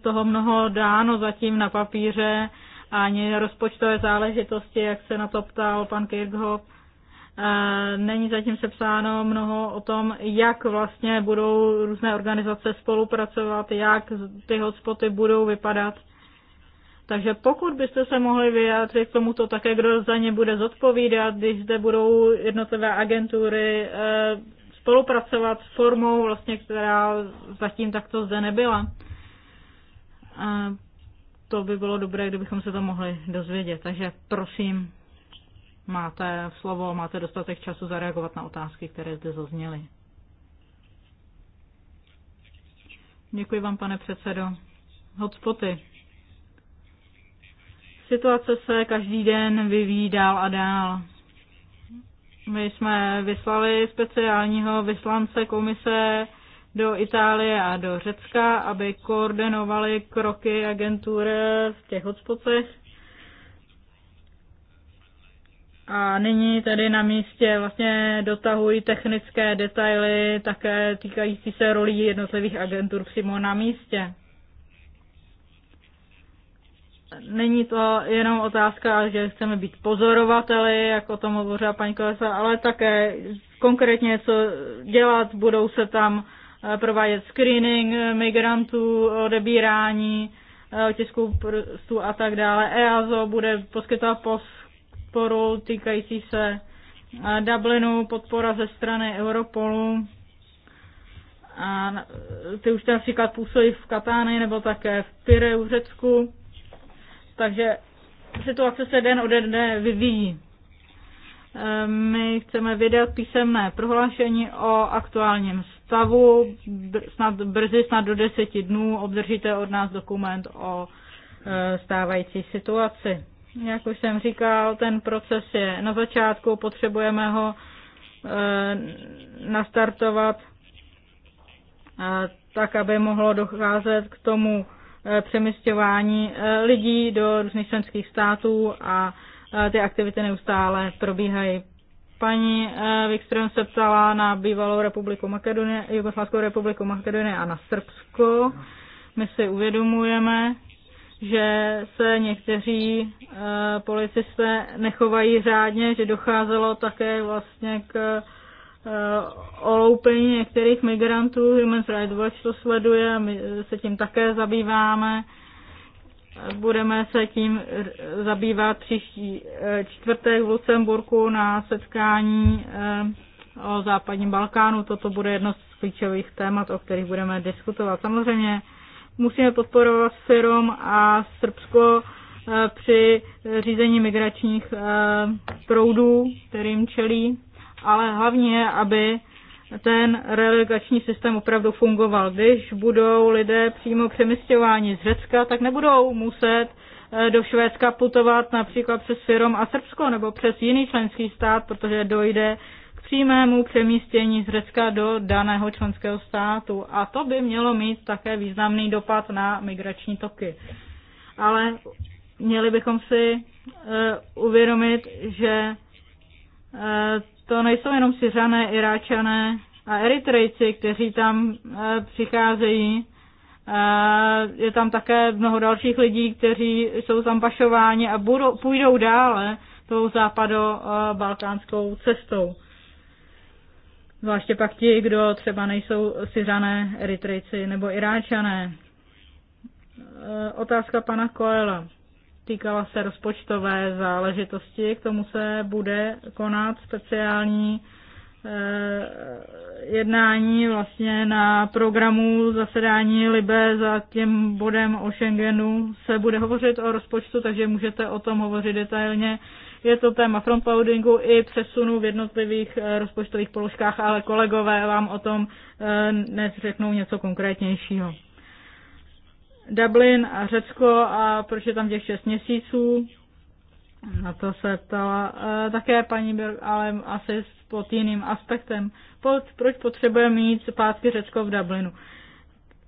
toho mnoho dáno zatím na papíře, ani rozpočtové záležitosti, jak se na to ptal pan Kirchhoff. Eh, není zatím sepsáno mnoho o tom, jak vlastně budou různé organizace spolupracovat, jak ty hotspoty budou vypadat. Takže pokud byste se mohli vyjádřit k tomuto také, kdo za ně bude zodpovídat, když zde budou jednotlivé agentury eh, spolupracovat s formou, vlastně, která zatím takto zde nebyla. Eh, to by bylo dobré, kdybychom se to mohli dozvědět. Takže prosím, máte slovo, máte dostatek času zareagovat na otázky, které zde zazněly. Děkuji vám, pane předsedo. Hotspoty. Situace se každý den vyvíjí dál a dál. My jsme vyslali speciálního vyslance komise do Itálie a do Řecka, aby koordinovali kroky agentury v těch hotspotech. A nyní tady na místě vlastně dotahují technické detaily také týkající se rolí jednotlivých agentur přímo na místě není to jenom otázka, že chceme být pozorovateli, jak o tom hovořila paní Kolesa, ale také konkrétně co dělat, budou se tam eh, provádět screening migrantů, odebírání eh, tisků prstů a tak dále. EASO bude poskytovat podporu týkající se eh, Dublinu, podpora ze strany Europolu. A ty už například působí v Katány nebo také v Pireu v Řecku takže situace se den ode dne vyvíjí. Ehm, my chceme vydat písemné prohlášení o aktuálním stavu. Snad brzy, snad do deseti dnů, obdržíte od nás dokument o e, stávající situaci. Jak už jsem říkal, ten proces je na začátku, potřebujeme ho e, nastartovat e, tak, aby mohlo docházet k tomu Eh, přemysťování eh, lidí do různých členských států a eh, ty aktivity neustále probíhají. Paní Wikström se ptala na bývalou republiku Makedonie, Jugoslavskou republiku Makedonie a na Srbsko. My si uvědomujeme, že se někteří policisté nechovají řádně, že docházelo také vlastně k Eh, o loupení, některých migrantů. Human Rights Watch to sleduje, my se tím také zabýváme. Budeme se tím zabývat příští eh, čtvrtek v Lucemburku na setkání eh, o západním Balkánu. Toto bude jedno z klíčových témat, o kterých budeme diskutovat. Samozřejmě musíme podporovat Syrom a Srbsko při řízení migračních proudů, kterým čelí ale hlavně, aby ten relegační systém opravdu fungoval. Když budou lidé přímo přemysťováni z Řecka, tak nebudou muset eh, do Švédska putovat například přes Firom a Srbsko nebo přes jiný členský stát, protože dojde k přímému přemístění z Řecka do daného členského státu. A to by mělo mít také významný dopad na migrační toky. Ale měli bychom si eh, uvědomit, že eh, to nejsou jenom Syřané, Iráčané a Eritrejci, kteří tam eh, přicházejí. Eh, je tam také mnoho dalších lidí, kteří jsou tam pašováni a budou, půjdou dále tou západo-balkánskou eh, cestou. Zvláště pak ti, kdo třeba nejsou Syřané, Eritrejci nebo Iráčané. Otázka pana Koela týkala se rozpočtové záležitosti. K tomu se bude konat speciální eh, jednání vlastně na programu zasedání Libe za tím bodem o Schengenu se bude hovořit o rozpočtu, takže můžete o tom hovořit detailně. Je to téma frontloadingu i přesunu v jednotlivých eh, rozpočtových položkách, ale kolegové vám o tom eh, dnes řeknou něco konkrétnějšího. Dublin a Řecko a proč je tam těch 6 měsíců. Na to se ptala e, také paní Birk, ale asi pod jiným aspektem. Pod, proč potřebujeme mít zpátky Řecko v Dublinu?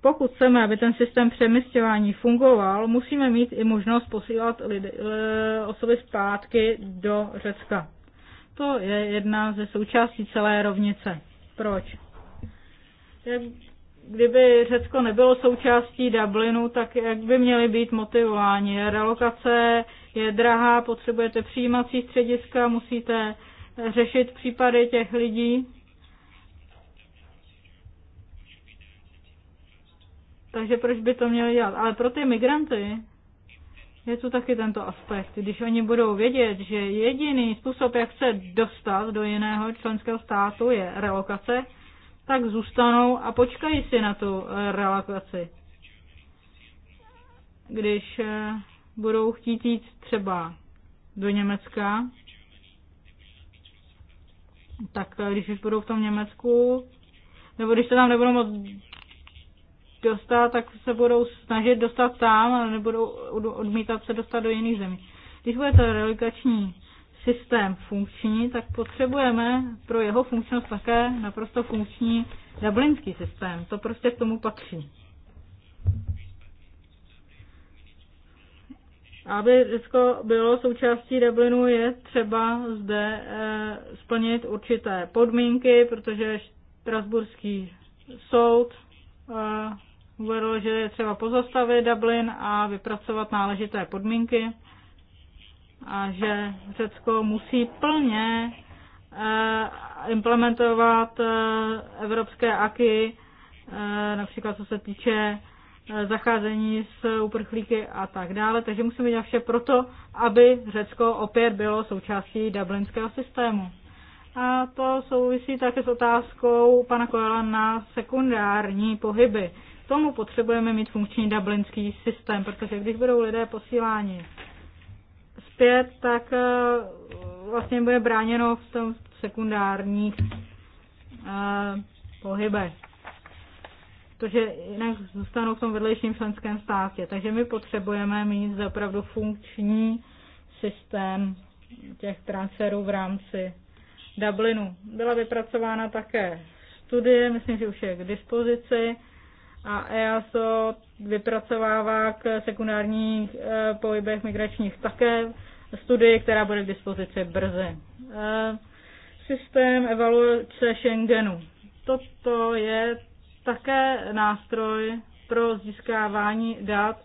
Pokud chceme, aby ten systém přemysťování fungoval, musíme mít i možnost posílat lidi, eh, osoby zpátky do Řecka. To je jedna ze součástí celé rovnice. Proč? Jak kdyby Řecko nebylo součástí Dublinu, tak jak by měli být motivováni? Relokace je drahá, potřebujete přijímací střediska, musíte řešit případy těch lidí. Takže proč by to měli dělat? Ale pro ty migranty je tu taky tento aspekt. Když oni budou vědět, že jediný způsob, jak se dostat do jiného členského státu, je relokace, tak zůstanou a počkají si na tu eh, relaxaci. Když eh, budou chtít jít třeba do Německa, tak eh, když už budou v tom Německu, nebo když se tam nebudou moc dostat, tak se budou snažit dostat tam, ale nebudou odmítat se dostat do jiných zemí. Když bude to relokační systém funkční, tak potřebujeme pro jeho funkčnost také naprosto funkční dublinský systém. To prostě k tomu patří. Aby vždycky bylo součástí Dublinu, je třeba zde eh, splnit určité podmínky, protože Strasburský soud eh, uvedl, že je třeba pozastavit Dublin a vypracovat náležité podmínky a že Řecko musí plně eh, implementovat eh, evropské aky, eh, například co se týče zacházení s uprchlíky a tak dále. Takže musíme dělat vše proto, aby Řecko opět bylo součástí dublinského systému. A to souvisí také s otázkou pana Koela na sekundární pohyby. K tomu potřebujeme mít funkční dublinský systém, protože když budou lidé posíláni zpět, tak eh, vlastně bude bráněno v tom sekundárních eh, pohybech. Protože jinak zůstanou v tom vedlejším členském státě. Takže my potřebujeme mít opravdu funkční systém těch transferů v rámci Dublinu. Byla vypracována také studie, myslím, že už je k dispozici a EASO vypracovává k sekundárních eh, pohybech migračních také studii, která bude k dispozici brzy. Eh, systém evaluace Schengenu. Toto je také nástroj pro získávání dat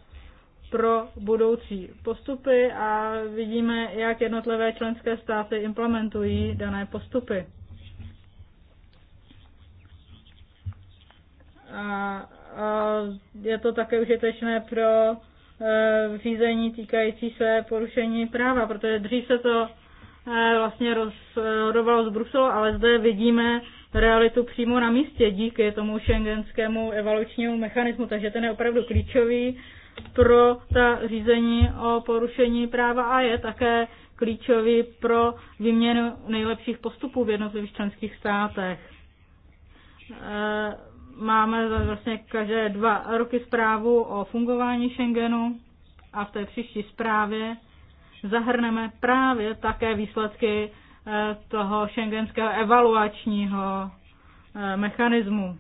pro budoucí postupy a vidíme, jak jednotlivé členské státy implementují dané postupy. A je to také užitečné pro e, řízení týkající se porušení práva, protože dřív se to e, vlastně rozhodovalo z Bruselu, ale zde vidíme realitu přímo na místě díky tomu šengenskému evolučnímu mechanismu, takže ten je opravdu klíčový pro ta řízení o porušení práva a je také klíčový pro výměnu nejlepších postupů v jednotlivých členských státech. E, máme vlastně každé dva roky zprávu o fungování Schengenu a v té příští zprávě zahrneme právě také výsledky eh, toho šengenského evaluačního eh, mechanismu.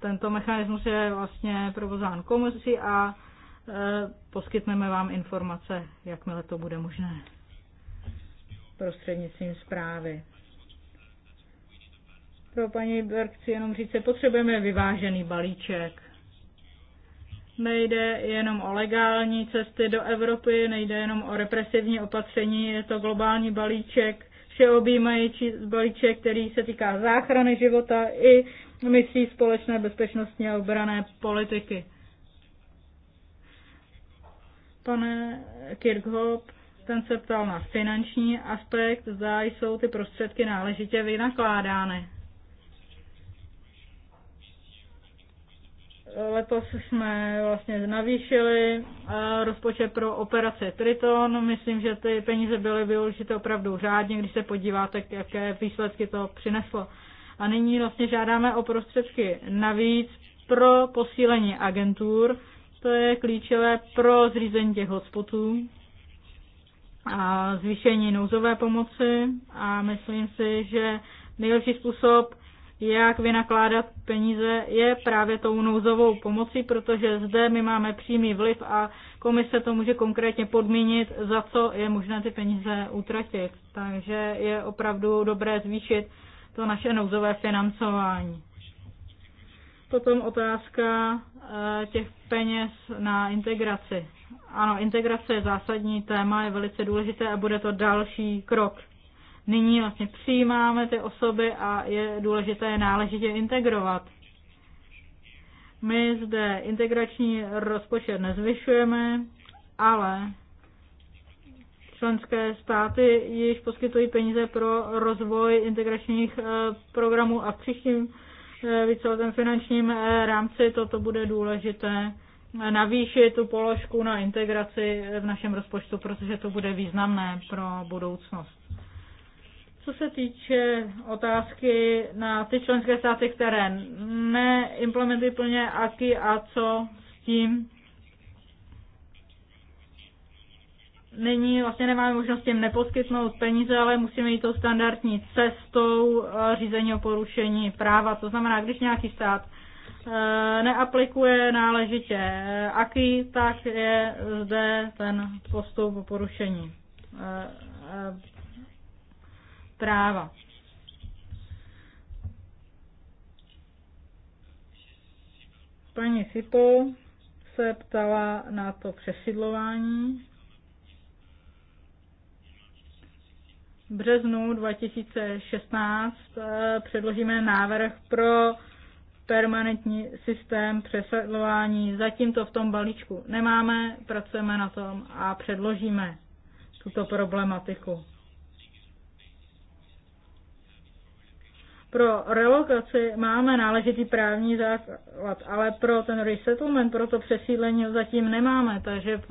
Tento mechanismus je vlastně provozován komisí a eh, poskytneme vám informace, jakmile to bude možné prostřednictvím zprávy. Pro paní Berg chci jenom říct, že potřebujeme vyvážený balíček. Nejde jenom o legální cesty do Evropy, nejde jenom o represivní opatření, je to globální balíček, všeobjímající balíček, který se týká záchrany života i misí společné bezpečnostní a obrané politiky. Pane Kirkhop, ten se ptal na finanční aspekt, zda jsou ty prostředky náležitě vynakládány. letos jsme vlastně navýšili eh, rozpočet pro operace Triton. Myslím, že ty peníze byly využity opravdu řádně, když se podíváte, jaké výsledky to přineslo. A nyní vlastně žádáme o prostředky navíc pro posílení agentur. To je klíčové pro zřízení těch hotspotů a zvýšení nouzové pomoci a myslím si, že nejlepší způsob jak vynakládat peníze, je právě tou nouzovou pomocí, protože zde my máme přímý vliv a komise to může konkrétně podmínit, za co je možné ty peníze utratit. Takže je opravdu dobré zvýšit to naše nouzové financování. Potom otázka eh, těch peněz na integraci. Ano, integrace je zásadní téma, je velice důležité a bude to další krok nyní vlastně přijímáme ty osoby a je důležité je náležitě integrovat. My zde integrační rozpočet nezvyšujeme, ale členské státy již poskytují peníze pro rozvoj integračních eh, programů a v příštím eh, víceletém finančním eh, rámci toto bude důležité navýšit tu položku na integraci v našem rozpočtu, protože to bude významné pro budoucnost. Co se týče otázky na ty členské státy, které neimplementují plně AKI a co s tím, Není vlastně nemáme možnost tím neposkytnout peníze, ale musíme jít tou standardní cestou eh, řízení o porušení práva. To znamená, když nějaký stát eh, neaplikuje náležitě eh, aký, tak je zde ten postup o porušení práva. Paní Sipo se ptala na to přesidlování. V březnu 2016 eh, předložíme návrh pro permanentní systém přesedlování. Zatím to v tom balíčku nemáme, pracujeme na tom a předložíme tuto problematiku. Pro relokaci máme náležitý právní základ, ale pro ten resettlement, pro to přesídlení zatím nemáme, takže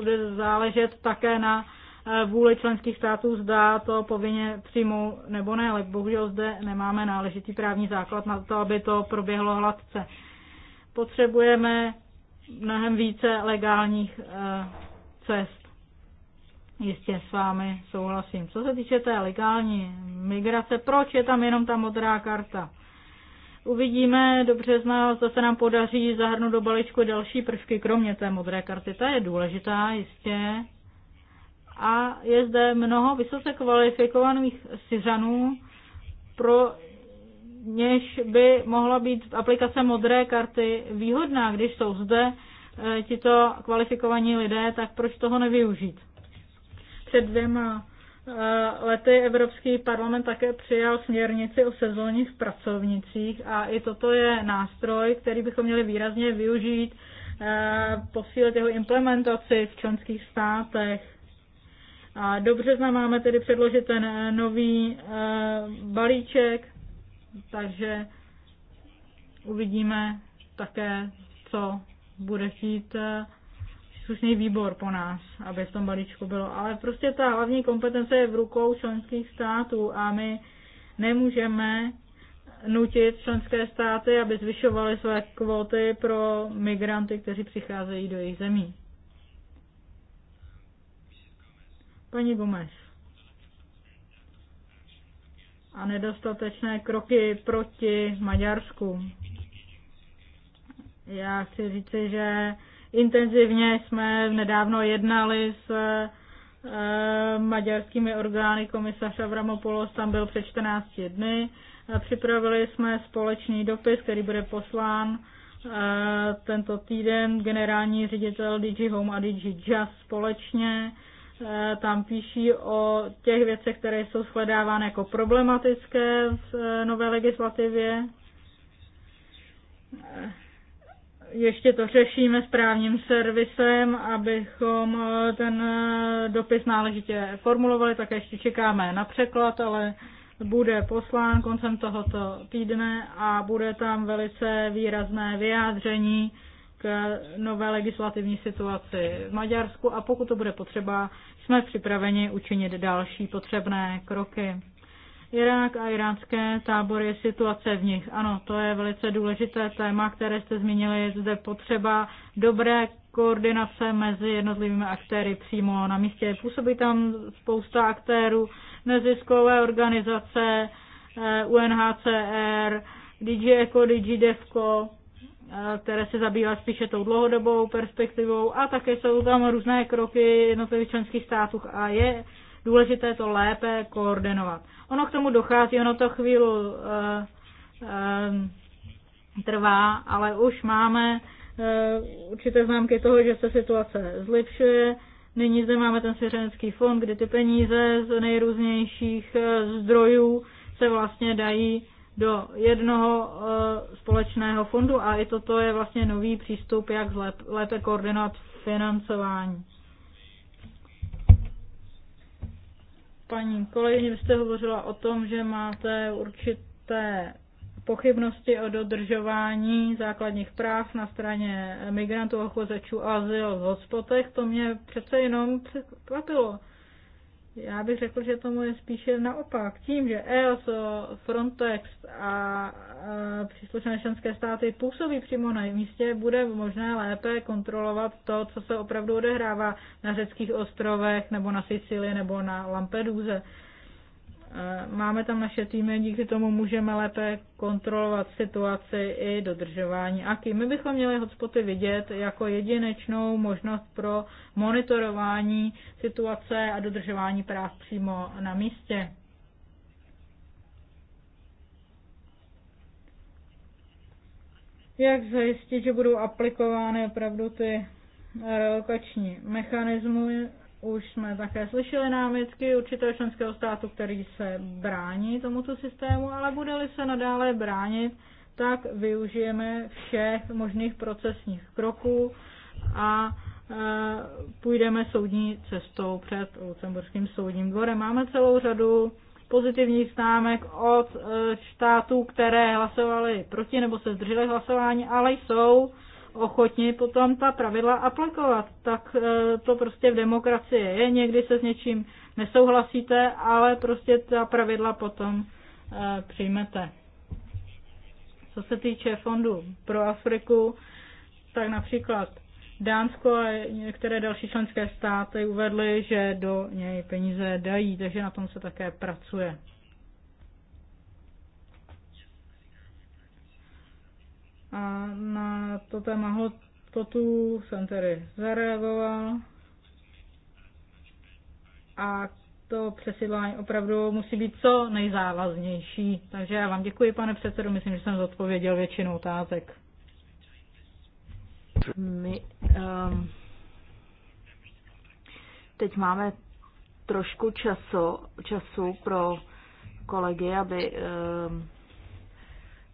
bude záležet také na eh, vůli členských států zda to povinně přijmou nebo ne, ale bohužel zde nemáme náležitý právní základ na to, aby to proběhlo hladce. Potřebujeme mnohem více legálních eh, cest. Jistě s vámi souhlasím. Co se týče té legální migrace, proč je tam jenom ta modrá karta? Uvidíme do března, zda se nám podaří zahrnout do balíčku další prvky, kromě té modré karty. Ta je důležitá, jistě. A je zde mnoho vysoce kvalifikovaných Syřanů, pro něž by mohla být aplikace modré karty výhodná, když jsou zde eh, tito kvalifikovaní lidé, tak proč toho nevyužít? před dvěma eh, lety Evropský parlament také přijal směrnici o sezónních pracovnicích a i toto je nástroj, který bychom měli výrazně využít, eh, posílit jeho implementaci v členských státech. A do máme tedy předložit ten eh, nový balíček, takže uvidíme také, co bude chtít příslušný výbor po nás, aby v tom balíčku bylo. Ale prostě ta hlavní kompetence je v rukou členských států a my nemůžeme nutit členské státy, aby zvyšovaly své kvóty pro migranty, kteří přicházejí do jejich zemí. Paní Gomez. A nedostatečné kroky proti Maďarsku. Já chci říci, že Intenzivně jsme nedávno jednali s eh, maďarskými orgány. Komisař Avramopoulos tam byl před 14 dny. Eh, připravili jsme společný dopis, který bude poslán eh, tento týden generální ředitel DG Home a DG Just společně. Tam píší o těch věcech, které jsou shledávány jako problematické v nové legislativě ještě to řešíme s právním servisem, abychom eh, ten eh, dopis náležitě formulovali, tak ještě čekáme na překlad, ale bude poslán koncem tohoto týdne a bude tam velice výrazné vyjádření k nové legislativní situaci v Maďarsku a pokud to bude potřeba, jsme připraveni učinit další potřebné kroky. Irák a iránské tábory, situace v nich. Ano, to je velice důležité téma, které jste zmínili. Je zde potřeba dobré koordinace mezi jednotlivými aktéry přímo na místě. Působí tam spousta aktérů, neziskové organizace, eh, UNHCR, DG Eco, DG Devco, eh, které se zabývá spíše tou dlouhodobou perspektivou a také jsou tam různé kroky jednotlivých členských států a je důležité to lépe koordinovat. Ono k tomu dochází, ono to chvíli uh, uh, trvá, ale už máme uh, určité známky toho, že se situace zlepšuje. Nyní zde máme ten svěřenecký fond, kde ty peníze z nejrůznějších zdrojů se vlastně dají do jednoho společného fondu a i toto je vlastně nový přístup, jak lépe koordinovat financování. paní kolegyně, vy jste hovořila o tom, že máte určité pochybnosti o dodržování základních práv na straně migrantů a chozečů azyl v hospotech. to mě přece jenom překvapilo. Já bych řekl, že tomu je spíše naopak. Tím, že EOS, Frontex a příslušné členské státy působí přímo na místě, bude možné lépe kontrolovat to, co se opravdu odehrává na řeckých ostrovech nebo na Sicílii nebo na Lampeduze. Máme tam naše týmy, díky tomu můžeme lépe kontrolovat situaci i dodržování AKI. My bychom měli hotspoty vidět jako jedinečnou možnost pro monitorování situace a dodržování práv přímo na místě. Jak zajistit, že budou aplikovány opravdu ty relokační mechanismy už jsme také slyšeli námitky určitého členského státu, který se brání tomuto systému, ale bude-li se nadále bránit, tak využijeme všech možných procesních kroků a e, půjdeme soudní cestou před Lucemburským soudním dvorem. Máme celou řadu pozitivních známek od e, států, které hlasovaly proti nebo se zdržely hlasování, ale jsou ochotni potom ta pravidla aplikovat. Tak e, to prostě v demokracii je. Někdy se s něčím nesouhlasíte, ale prostě ta pravidla potom e, přijmete. Co se týče fondu pro Afriku, tak například Dánsko a některé další členské státy uvedly, že do něj peníze dají, takže na tom se také pracuje. A na to téma hotpotu jsem tedy zareagoval. A to přesídlání opravdu musí být co nejzávaznější. Takže já vám děkuji, pane předsedo, myslím, že jsem zodpověděl většinu otázek. My um, teď máme trošku času, času pro kolegy, aby um,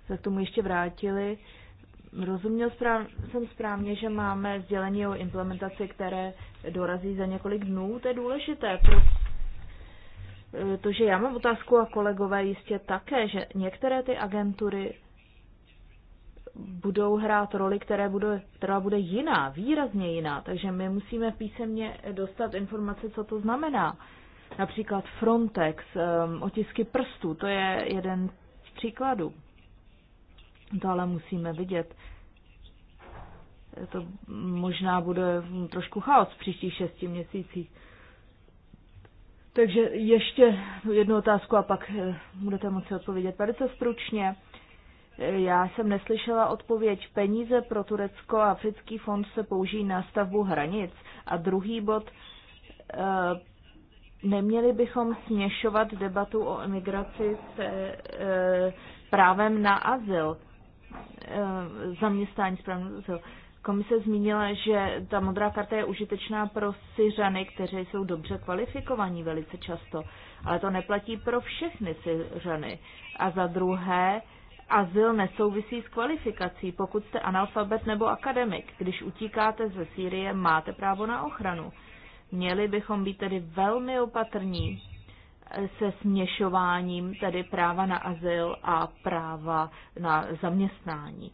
se k tomu ještě vrátili rozuměl správ, jsem správně, že máme sdělení o implementaci, které dorazí za několik dnů. To je důležité, eh, že já mám otázku a kolegové jistě také, že některé ty agentury budou hrát roli, které bude, která bude jiná, výrazně jiná. Takže my musíme písemně dostat informace, co to znamená. Například Frontex, eh, otisky prstů, to je jeden z příkladů. To ale musíme vidět. To možná bude trošku chaos v příštích šesti měsících. Takže ještě jednu otázku a pak eh, budete moci odpovědět velice stručně. Eh, já jsem neslyšela odpověď. Peníze pro Turecko a Africký fond se použijí na stavbu hranic. A druhý bod, eh, neměli bychom směšovat debatu o emigraci s právem na azyl. Eh, zaměstnání spravedlivého. Komise zmínila, že ta modrá karta je užitečná pro Syřany, kteří jsou dobře kvalifikovaní velice často, ale to neplatí pro všechny Syřany. A za druhé, azyl nesouvisí s kvalifikací. Pokud jste analfabet nebo akademik, když utíkáte ze Sýrie, máte právo na ochranu. Měli bychom být tedy velmi opatrní se směšováním tedy práva na azyl a práva na zaměstnání.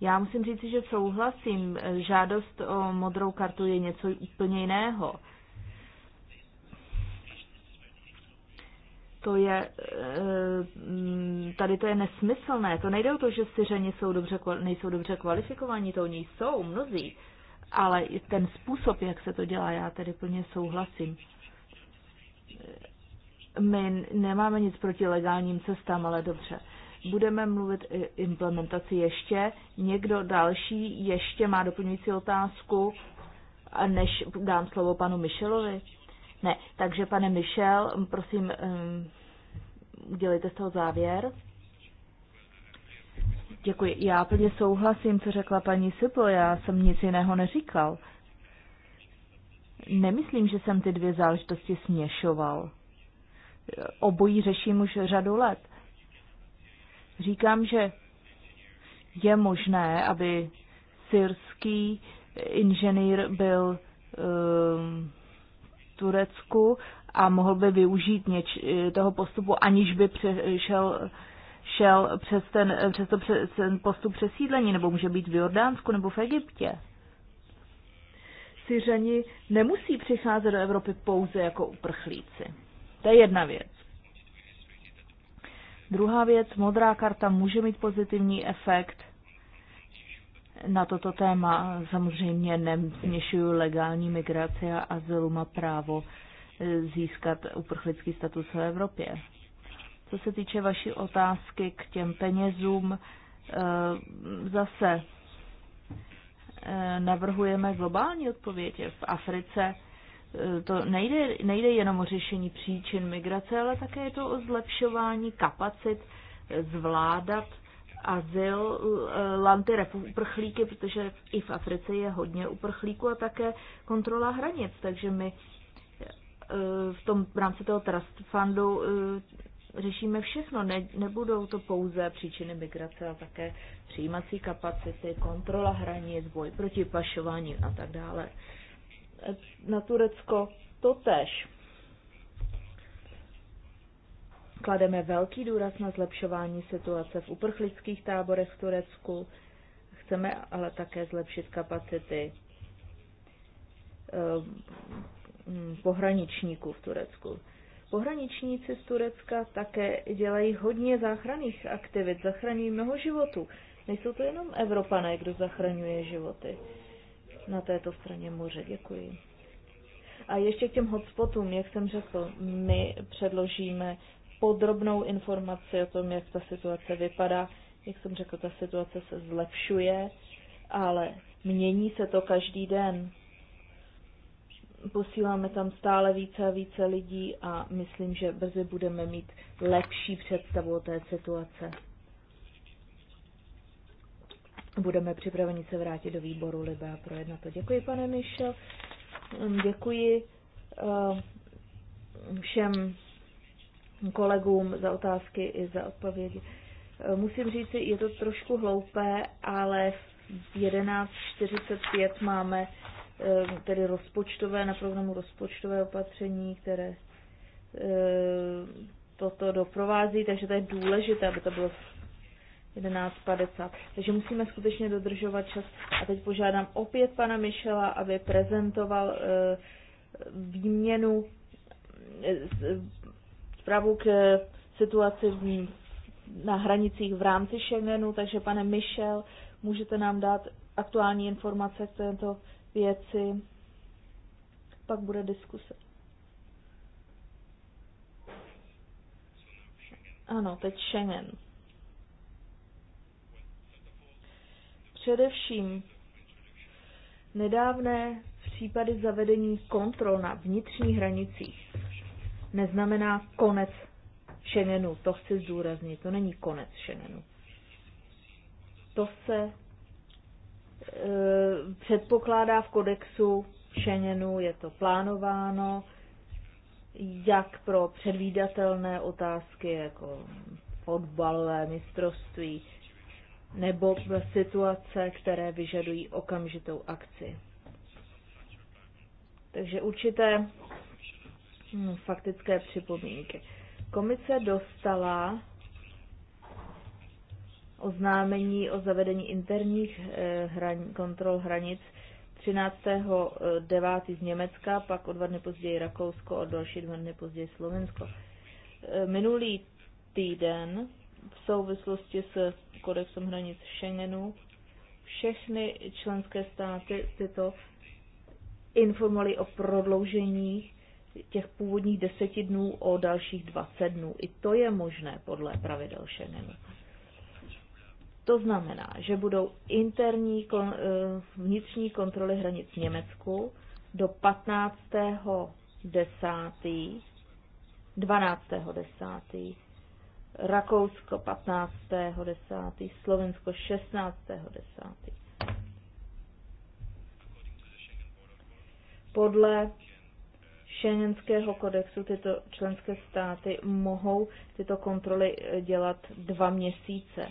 Já musím říct, že souhlasím. Žádost o modrou kartu je něco úplně jiného. To je, eh, tady to je nesmyslné. To nejde o to, že syřeni jsou dobře, nejsou dobře kvalifikovaní, to oni jsou, mnozí. Ale ten způsob, jak se to dělá, já tedy plně souhlasím my nemáme nic proti legálním cestám, ale dobře. Budeme mluvit i implementaci ještě. Někdo další ještě má doplňující otázku, než dám slovo panu Michelovi? Ne, takže pane Michel, prosím, um, udělejte z toho závěr. Děkuji. Já plně souhlasím, co řekla paní Sipo, já jsem nic jiného neříkal nemyslím, že jsem ty dvě záležitosti směšoval. Obojí řeším už řadu let. Říkám, že je možné, aby syrský inženýr byl um, v e, Turecku a mohl by využít něč, toho postupu, aniž by přešel šel přes ten, přes to, přes ten postup přesídlení, nebo může být v Jordánsku nebo v Egyptě. Syřani nemusí přicházet do Evropy pouze jako uprchlíci. To je jedna věc. Druhá věc, modrá karta může mít pozitivní efekt na toto téma. Samozřejmě nesměšuju legální migraci a azylu má právo eh, získat uprchlický status v Evropě. Co se týče vaší otázky k těm penězům, eh, zase Eh, navrhujeme globální odpověď. V Africe eh, to nejde, nejde jenom o řešení příčin migrace, ale také je to o zlepšování kapacit zvládat azyl eh, lanty uprchlíky, protože i v Africe je hodně uprchlíků a také kontrola hranic. Takže my v tom v rámci toho trust fundu řešíme všechno. Ne, nebudou to pouze příčiny migrace, ale také přijímací kapacity, kontrola hranic, boj proti pašování a tak dále. Na Turecko to tež. Klademe velký důraz na zlepšování situace v uprchlických táborech v Turecku. Chceme ale také zlepšit kapacity eh, pohraničníků v Turecku Pohraničníci z Turecka také dělají hodně záchranných aktivit, zachraňují mnoho životů. Nejsou to jenom Evropané, kdo zachraňuje životy na této straně moře. Děkuji. A ještě k těm hotspotům, jak jsem řekl, my předložíme podrobnou informaci o tom, jak ta situace vypadá. Jak jsem řekl, ta situace se zlepšuje, ale mění se to každý den posíláme tam stále více a více lidí a myslím, že brzy budeme mít lepší představu o té situace. Budeme připraveni se vrátit do výboru Libe a projednat to. Děkuji, pane Mišel. Mm, děkuji eh, všem kolegům za otázky i za odpovědi. Eh, musím říct, je to trošku hloupé, ale v 11.45 máme Ehm, tedy rozpočtové, na programu rozpočtové opatření, které ehm, toto doprovází, takže to je důležité, aby to bylo 11.50. Takže musíme skutečně dodržovat čas. A teď požádám opět pana Michela, aby prezentoval ehm, výměnu zprávu k situaci v, na hranicích v rámci Schengenu. Takže pane Michel, můžete nám dát aktuální informace k této věci, pak bude diskuse. Ano, teď Schengen. Především nedávné případy zavedení kontrol na vnitřních hranicích neznamená konec Schengenu. To chci zdůraznit, to není konec Schengenu. To se Eh, předpokládá v kodexu Šeněnu, je to plánováno, jak pro předvídatelné otázky jako fotbalové mistrovství nebo situace, které vyžadují okamžitou akci. Takže určité hm, faktické připomínky. Komise dostala oznámení o zavedení interních eh, hran, kontrol hranic 13.9. z Německa, pak o dva dny později Rakousko, o další dva dny později Slovensko. Eh, minulý týden v souvislosti s kodexem hranic Schengenu všechny členské státy tyto informovali o prodloužení těch původních deseti dnů o dalších 20 dnů. I to je možné podle pravidel Schengenu. To znamená, že budou interní eh, vnitřní kontroly hranic v Německu do 15. 10. 12. 10. Rakousko 15. 10. Slovensko 16. 10. Podle Schengenského kodexu tyto členské státy mohou tyto kontroly eh, dělat dva měsíce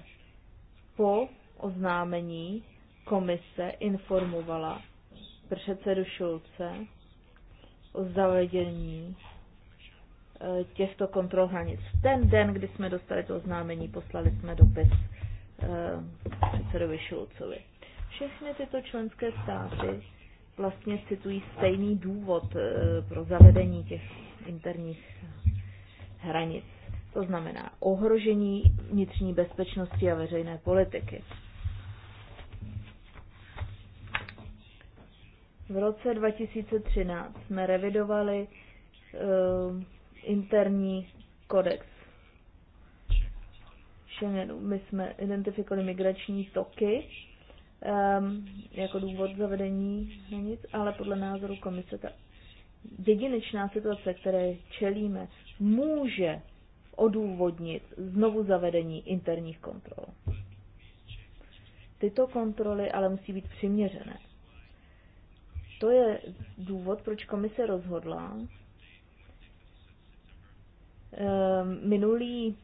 po oznámení komise informovala předsedu Šulce o zavedení eh, těchto kontrol hranic. V ten den, kdy jsme dostali to oznámení, poslali jsme dopis eh, předsedovi Šulcovi. Všechny tyto členské státy vlastně citují stejný důvod eh, pro zavedení těch interních hranic to znamená ohrožení vnitřní bezpečnosti a veřejné politiky. V roce 2013 jsme revidovali uh, interní kodex Schengenu. My jsme identifikovali migrační toky um, jako důvod zavedení hranic, ale podle názoru komise ta jedinečná situace, které čelíme, může odůvodnit znovu zavedení interních kontrol. Tyto kontroly ale musí být přiměřené. To je důvod, proč komise rozhodla ehm, minulý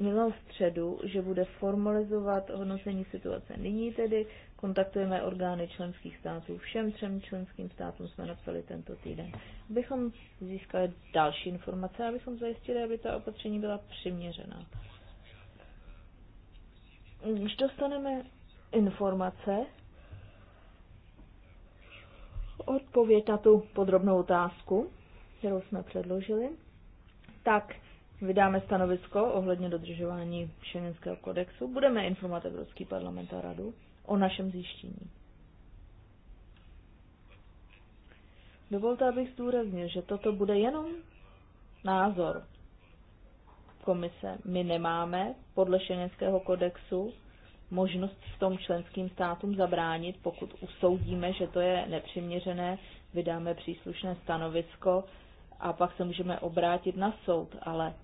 minulou středu, že bude formalizovat hodnocení situace. Nyní tedy Kontaktujeme orgány členských států. Všem třem členským státům jsme napsali tento týden, abychom získali další informace, abychom zajistili, aby ta opatření byla přiměřená. Když dostaneme informace, odpověď na tu podrobnou otázku, kterou jsme předložili, tak vydáme stanovisko ohledně dodržování Schengenského kodexu, budeme informovat Evropský parlament a radu o našem zjištění. Dovolte, abych zdůraznil, že toto bude jenom názor komise. My nemáme podle šengenského kodexu možnost v tom členským státům zabránit, pokud usoudíme, že to je nepřiměřené, vydáme příslušné stanovisko a pak se můžeme obrátit na soud, ale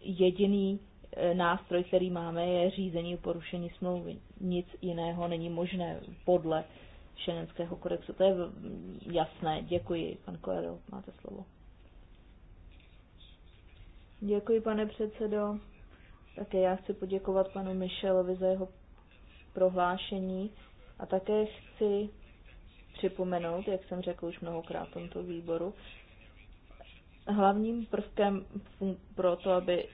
jediný E, nástroj, který máme, je řízení o porušení smlouvy. Nic jiného není možné podle šenenského kodexu. To je jasné. Děkuji, pan Koero, máte slovo. Děkuji, pane předsedo. Také já chci poděkovat panu Michelovi za jeho prohlášení a také chci připomenout, jak jsem řekl už mnohokrát tomto výboru, hlavním prvkem pro to, aby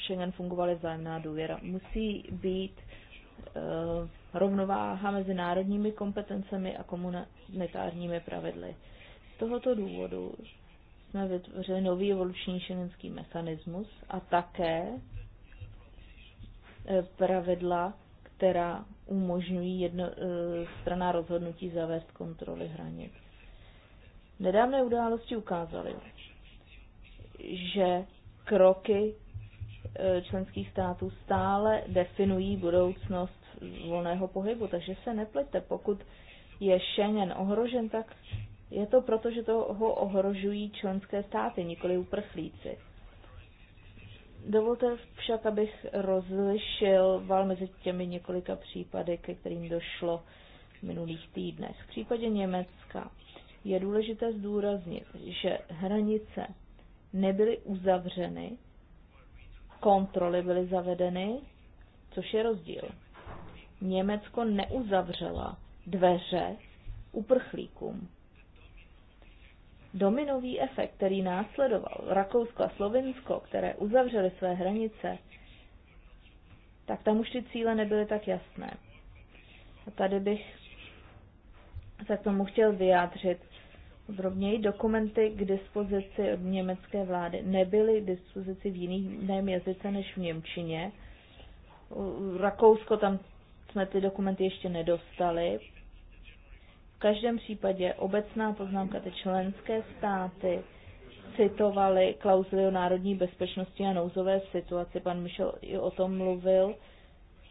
Schengen fungovaly vzájemná důvěra. Musí být uh, rovnováha mezi národními kompetencemi a komunitárními pravidly. Z tohoto důvodu jsme vytvořili nový evoluční šengenský mechanismus a také eh, pravidla, která umožňují jedno, eh, strana rozhodnutí zavést kontroly hranic. Nedávné události ukázaly, že kroky Eh, členských států stále definují budoucnost volného pohybu, takže se neplete. Pokud je Schengen ohrožen, tak je to proto, že toho ohrožují členské státy, nikoli uprchlíci. Dovolte však, abych rozlišil val mezi těmi několika případy, ke kterým došlo v minulých týdnech. V případě Německa je důležité zdůraznit, že hranice nebyly uzavřeny kontroly byly zavedeny, což je rozdíl. Německo neuzavřela dveře uprchlíkům. Dominový efekt, který následoval Rakousko a Slovinsko, které uzavřely své hranice, tak tam už ty cíle nebyly tak jasné. A tady bych se k tomu chtěl vyjádřit podrobněji. Dokumenty k dispozici od německé vlády nebyly k dispozici v jiném jazyce než v Němčině. Rakousko tam jsme ty dokumenty ještě nedostali. V každém případě obecná poznámka, ty členské státy citovaly klauzuly o národní bezpečnosti a nouzové situaci. Pan Michel i o tom mluvil.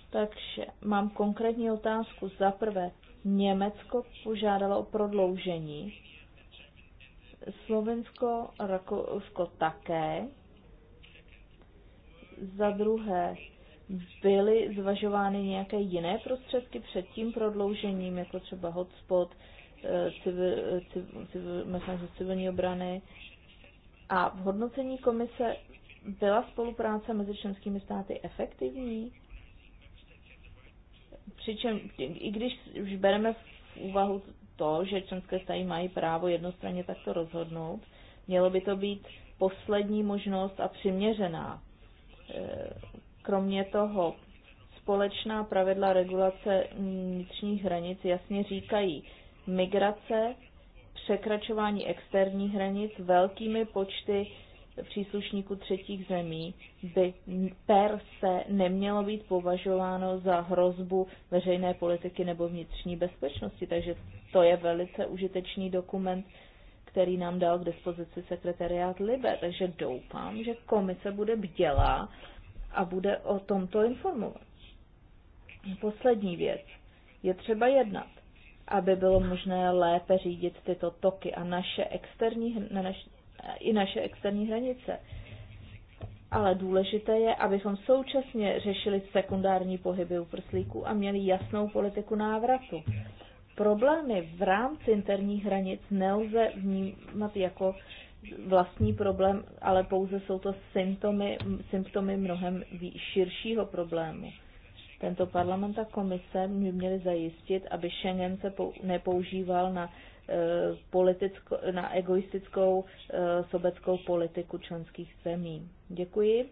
Takže mám konkrétní otázku. Za prvé, Německo požádalo o prodloužení Slovensko Rakousko také. Za druhé, byly zvažovány nějaké jiné prostředky před tím prodloužením, jako třeba hotspot, eh, civil, eh, civil, civil, myslím, civilní obrany. A v hodnocení komise byla spolupráce mezi členskými státy efektivní? Přičem, i když už bereme v úvahu to, že členské státy mají právo jednostranně takto rozhodnout. Mělo by to být poslední možnost a přiměřená. E, kromě toho, společná pravidla regulace vnitřních hranic jasně říkají, migrace, překračování externích hranic velkými počty příslušníků třetích zemí by per se nemělo být považováno za hrozbu veřejné politiky nebo vnitřní bezpečnosti. Takže to je velice užitečný dokument, který nám dal k dispozici sekretariát Libe. Takže doufám, že komise bude bdělá a bude o tomto informovat. Poslední věc. Je třeba jednat, aby bylo možné lépe řídit tyto toky a naše externí, na naš, i naše externí hranice. Ale důležité je, abychom současně řešili sekundární pohyby uprslíků a měli jasnou politiku návratu. Problémy v rámci interních hranic nelze vnímat jako vlastní problém, ale pouze jsou to symptomy, symptomy mnohem širšího problému. Tento parlament a komise by měli zajistit, aby Schengen se nepoužíval na Eh, politicko, na egoistickou eh, sobeckou politiku členských zemí. Děkuji.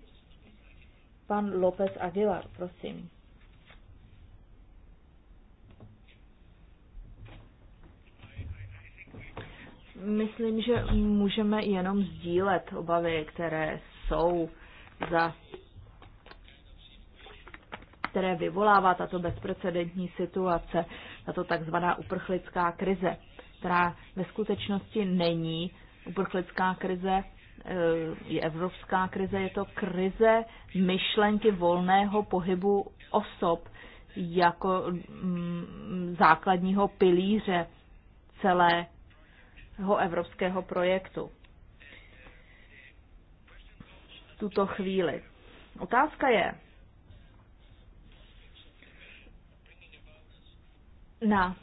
Pan López Aguilar, prosím. Myslím, že můžeme jenom sdílet obavy, které jsou za které vyvolává tato bezprecedentní situace, tato takzvaná uprchlická krize která ve skutečnosti není uprchlická krize, eh, je evropská krize, je to krize myšlenky volného pohybu osob jako mm, základního pilíře celého evropského projektu. tuto chvíli. Otázka je, na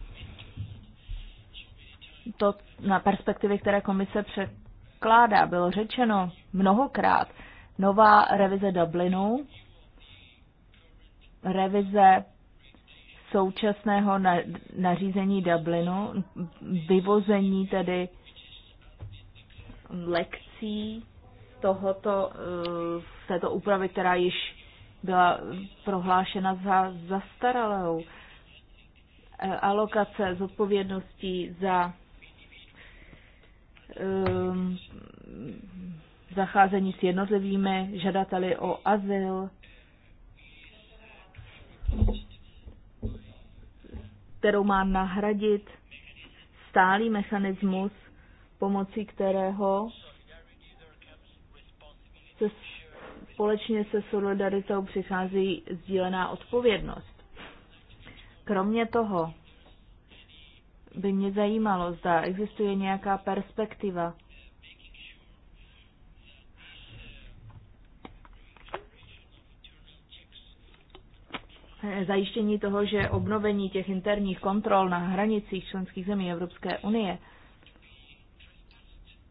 to na perspektivy, které komise překládá. Bylo řečeno mnohokrát, nová revize Dublinu, revize současného nařízení Dublinu, vyvození tedy lekcí tohoto, eh, této úpravy, která již byla prohlášena za zastaralou. Eh, alokace zodpovědností za Um, zacházení s jednotlivými žadateli o azyl, kterou má nahradit stálý mechanismus, pomocí kterého se společně se solidaritou přichází sdílená odpovědnost. Kromě toho, by mě zajímalo, zda existuje nějaká perspektiva. Zajištění toho, že obnovení těch interních kontrol na hranicích členských zemí Evropské unie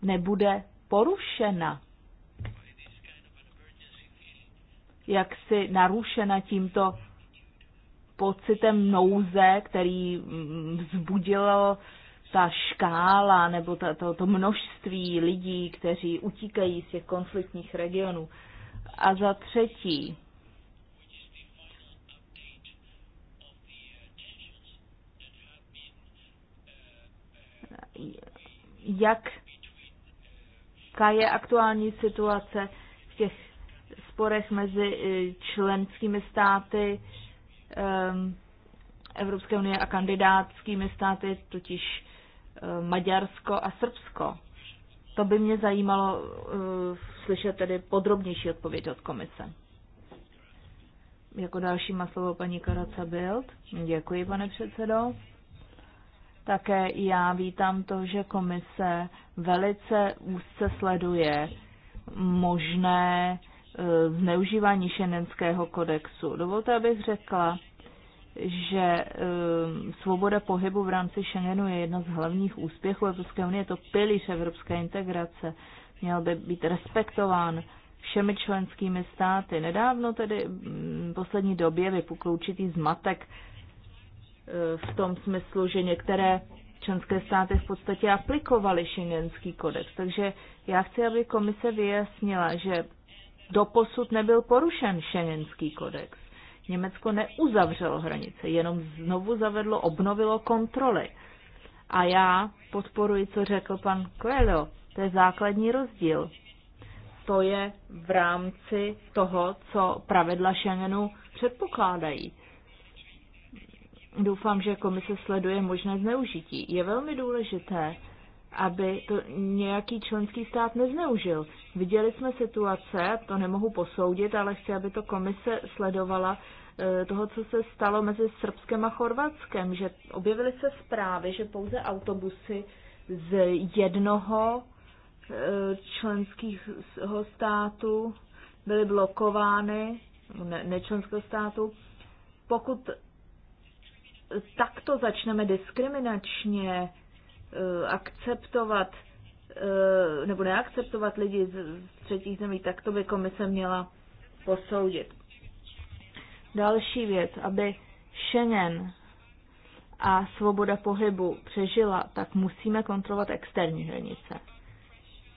nebude porušena, jak si narušena tímto pocitem nouze, který mm, vzbudil ta škála nebo ta, to, to množství lidí, kteří utíkají z těch konfliktních regionů. A za třetí, jak je aktuální situace v těch sporech mezi eh, členskými státy, Ehm, Evropské unie a kandidátskými státy, totiž ehm, Maďarsko a Srbsko. To by mě zajímalo ehm, slyšet tedy podrobnější odpověď od komise. Jako další má slovo paní Karaca Bild. Děkuji, pane předsedo. Také já vítám to, že komise velice úzce sleduje možné zneužívání šenenského kodexu. Dovolte, abych řekla, že um, svoboda pohybu v rámci Schengenu je jedna z hlavních úspěchů Evropské unie, je to pilíř evropské integrace, měl by být respektován všemi členskými státy. Nedávno tedy v mm, poslední době vypukl určitý zmatek uh, v tom smyslu, že některé členské státy v podstatě aplikovaly šengenský kodex. Takže já chci, aby komise vyjasnila, že doposud nebyl porušen šengenský kodex. Německo neuzavřelo hranice, jenom znovu zavedlo, obnovilo kontroly. A já podporuji, co řekl pan Coelho. To je základní rozdíl. To je v rámci toho, co pravidla Schengenu předpokládají. Doufám, že komise sleduje možné zneužití. Je velmi důležité, aby to nějaký členský stát nezneužil. Viděli jsme situace, to nemohu posoudit, ale chci, aby to komise sledovala e, toho, co se stalo mezi Srbskem a Chorvatskem, že objevily se zprávy, že pouze autobusy z jednoho e, členského státu byly blokovány, ne, nečlenského státu. Pokud takto začneme diskriminačně Eh, akceptovat eh, nebo neakceptovat lidi z třetích zemí, tak to by komise měla posoudit. Další věc, aby Schengen a svoboda pohybu přežila, tak musíme kontrolovat externí hranice.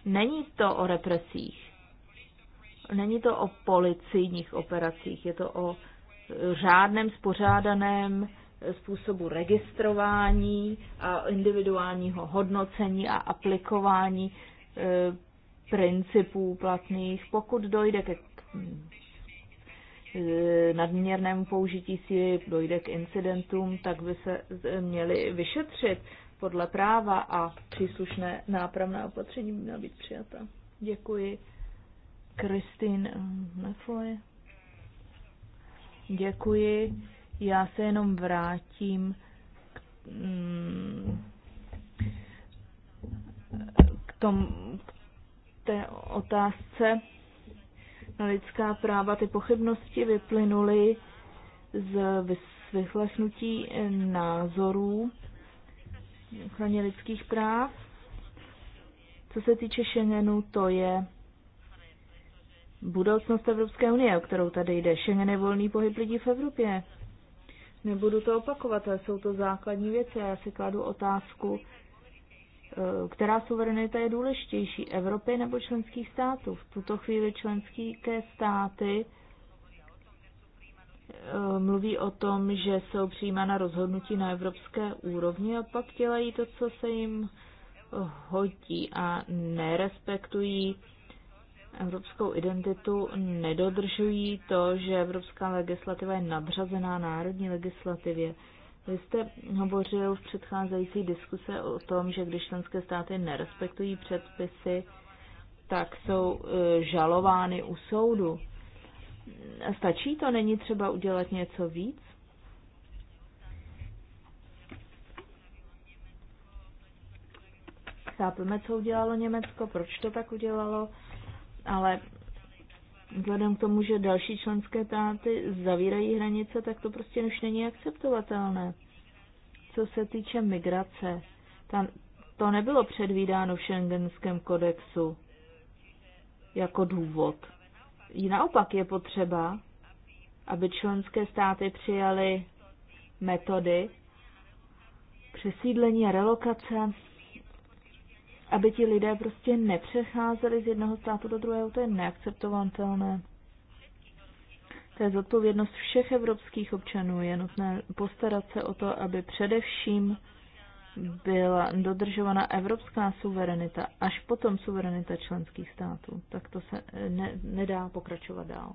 Není to o represích, není to o policijních operacích, je to o řádném, spořádaném způsobu registrování a individuálního hodnocení a aplikování eh, principů platných, pokud dojde ke eh, nadměrnému použití síly, dojde k incidentům, tak by se eh, měly vyšetřit podle práva a příslušné nápravné opatření by měla být přijata. Děkuji. Kristin Nefoy. Děkuji. Já se jenom vrátím k, mm, k, tom, k té otázce na lidská práva. Ty pochybnosti vyplynuly z vyslechnutí názorů ochraně lidských práv. Co se týče Schengenu, to je budoucnost Evropské unie, o kterou tady jde. Schengen je volný pohyb lidí v Evropě. Nebudu to opakovat, ale jsou to základní věci. Já si kladu otázku, e, která suverenita je důležitější, Evropy nebo členských států. V tuto chvíli členské státy e, mluví o tom, že jsou přijímána rozhodnutí na evropské úrovni a pak dělají to, co se jim hodí a nerespektují evropskou identitu nedodržují to, že evropská legislativa je nadřazená národní legislativě. Vy jste hovořil v předcházející diskuse o tom, že když členské státy nerespektují předpisy, tak jsou e, žalovány u soudu. Stačí to? Není třeba udělat něco víc? Chápeme, co udělalo Německo, proč to tak udělalo ale vzhledem k tomu, že další členské státy zavírají hranice, tak to prostě už není akceptovatelné. Co se týče migrace, tam to nebylo předvídáno v šengenském kodexu jako důvod. I naopak je potřeba, aby členské státy přijaly metody přesídlení a relokace aby ti lidé prostě nepřecházeli z jednoho státu do druhého, to je neakceptovatelné. To je zodpovědnost všech evropských občanů. Je nutné postarat se o to, aby především byla dodržována evropská suverenita, až potom suverenita členských států. Tak to se ne, nedá pokračovat dál.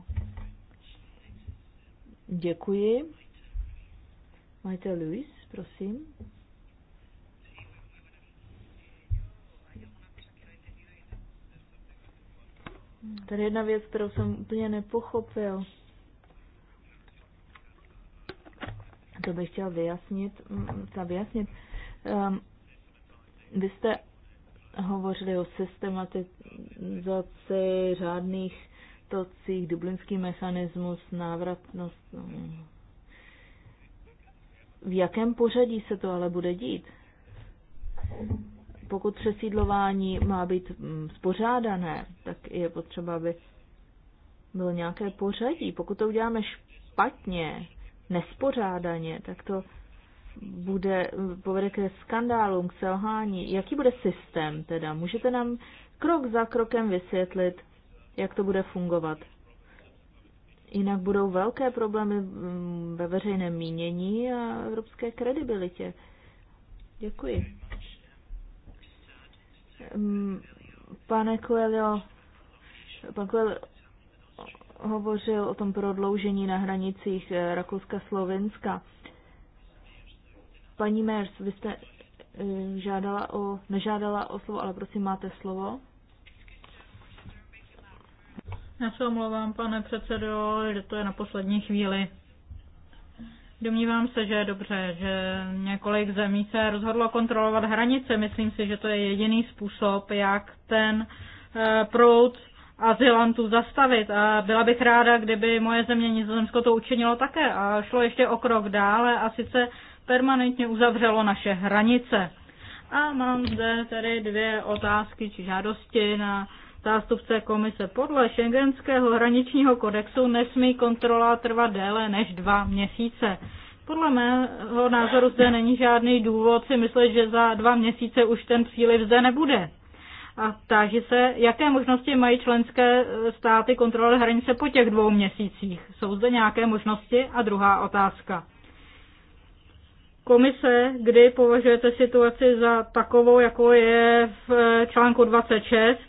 Děkuji. Majte Luis, prosím. Tady jedna věc, kterou jsem úplně nepochopil. To bych chtěl vyjasnit. Chtěl mm, vyjasnit. Um, vy jste hovořili o systematizaci řádných tocích, dublinský mechanismus, návratnost. Mm. V jakém pořadí se to ale bude dít? pokud přesídlování má být mm, spořádané, tak je potřeba, aby bylo nějaké pořadí. Pokud to uděláme špatně, nespořádaně, tak to bude, povede ke skandálům, k selhání. Jaký bude systém teda? Můžete nám krok za krokem vysvětlit, jak to bude fungovat? Jinak budou velké problémy mm, ve veřejném mínění a evropské kredibilitě. Děkuji. Mm, pane Coelho, pan Coelho hovořil o tom prodloužení na hranicích eh, Rakouska-Slovenska. Paní Mers, vy jste eh, žádala o, nežádala o slovo, ale prosím, máte slovo. Já se omlouvám, pane předsedo, že to je na poslední chvíli. Domnívám se, že je dobře, že několik zemí se rozhodlo kontrolovat hranice. Myslím si, že to je jediný způsob, jak ten eh, proud azylantů zastavit. A byla bych ráda, kdyby moje země Nizozemsko to učinilo také a šlo ještě o krok dále a sice permanentně uzavřelo naše hranice. A mám zde tedy dvě otázky či žádosti na zástupce komise. Podle šengenského hraničního kodexu nesmí kontrola trvat déle než dva měsíce. Podle mého názoru zde není žádný důvod si myslet, že za dva měsíce už ten příliv zde nebude. A táží se, jaké možnosti mají členské státy kontrolovat hranice po těch dvou měsících. Jsou zde nějaké možnosti? A druhá otázka. Komise, kdy považujete situaci za takovou, jako je v článku 26,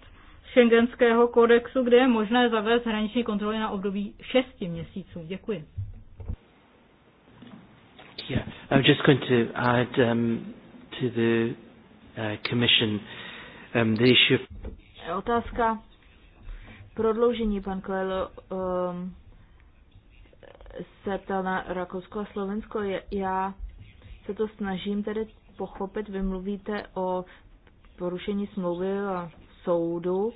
Schengenského kodexu, kde je možné zavést hraniční kontroly na období 6 měsíců. Děkuji. Yeah, I'm just going to add um, to the uh, commission um, the issue. Otázka prodloužení, pan Coelho um, se ptal na Rakousko a Slovensko. Já se to snažím tedy pochopit. Vy mluvíte o porušení smlouvy a soudu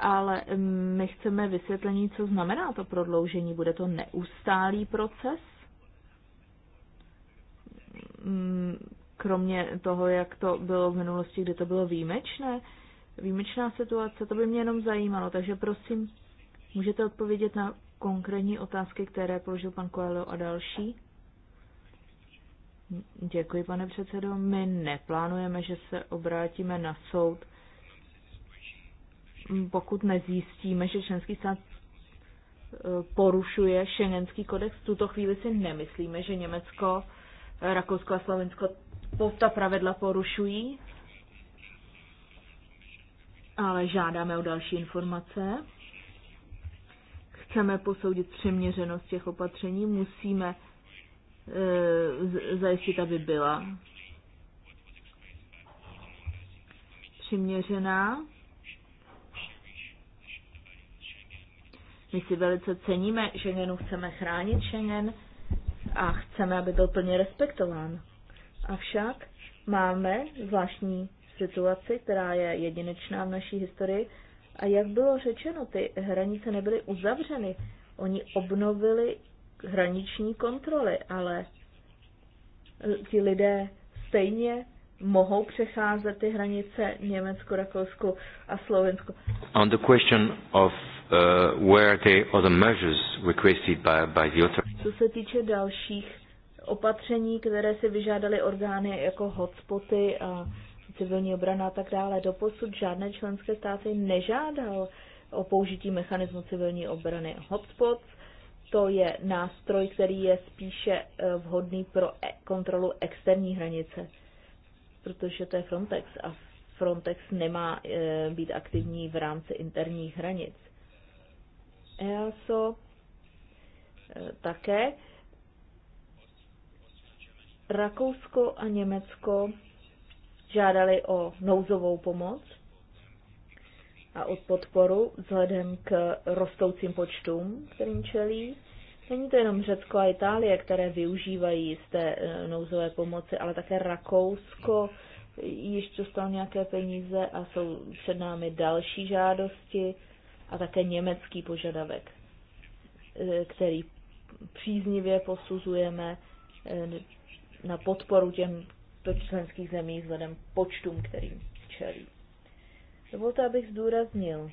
ale mm, my chceme vysvětlení, co znamená to prodloužení. Bude to neustálý proces? Mm, kromě toho, jak to bylo v minulosti, kdy to bylo výjimečné, výjimečná situace, to by mě jenom zajímalo. Takže prosím, můžete odpovědět na konkrétní otázky, které položil pan Coelho a další? Děkuji, pane předsedo. My neplánujeme, že se obrátíme na soud pokud nezjistíme, že členský stát e, porušuje šengenský kodex. V tuto chvíli si nemyslíme, že Německo, Rakousko a Slovensko ta pravidla porušují, ale žádáme o další informace. Chceme posoudit přiměřenost těch opatření, musíme e, zajistit, aby byla přiměřená. My si velice ceníme Schengenu, chceme chránit Schengen a chceme, aby byl plně respektován. Avšak máme zvláštní situaci, která je jedinečná v naší historii. A jak bylo řečeno, ty hranice nebyly uzavřeny. Oni obnovili hraniční kontroly, ale ti lidé stejně mohou přecházet ty hranice Německo, Rakousko a Slovensko. On the question of uh, where the other measures requested by, by the author. Co se týče dalších opatření, které se vyžádaly orgány jako hotspoty a civilní obrana a tak dále, doposud žádné členské státy nežádal o použití mechanismu civilní obrany hotspot. To je nástroj, který je spíše eh, vhodný pro e-, kontrolu externí hranice protože to je Frontex a Frontex nemá e, být aktivní v rámci interních hranic. EASO e, eh, také. Rakousko a Německo žádali o nouzovou pomoc a o podporu vzhledem k rostoucím počtům, kterým čelí. Není to jenom Řecko a Itálie, které využívají z té e, nouzové pomoci, ale také Rakousko již dostal nějaké peníze a jsou před námi další žádosti a také německý požadavek, e, který příznivě posuzujeme e, na podporu těm členských zemí vzhledem počtům, kterým čelí. Dovolte, abych zdůraznil,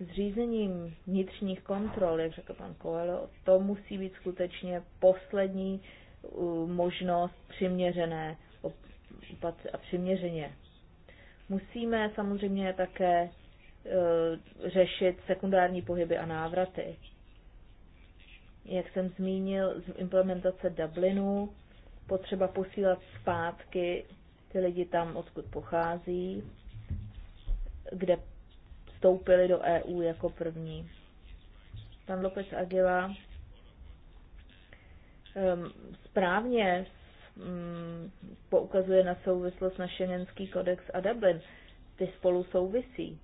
zřízením vnitřních kontrol, jak řekl pan Koelo, to musí být skutečně poslední možnost přiměřené a přiměřeně. Musíme samozřejmě také e, řešit sekundární pohyby a návraty. Jak jsem zmínil, z implementace Dublinu potřeba posílat zpátky ty lidi tam, odkud pochází, kde vstoupili do EU jako první. Pan López Aguila ehm, správně mm, poukazuje na souvislost na Schengenský kodex a Dublin. Ty spolu souvisí.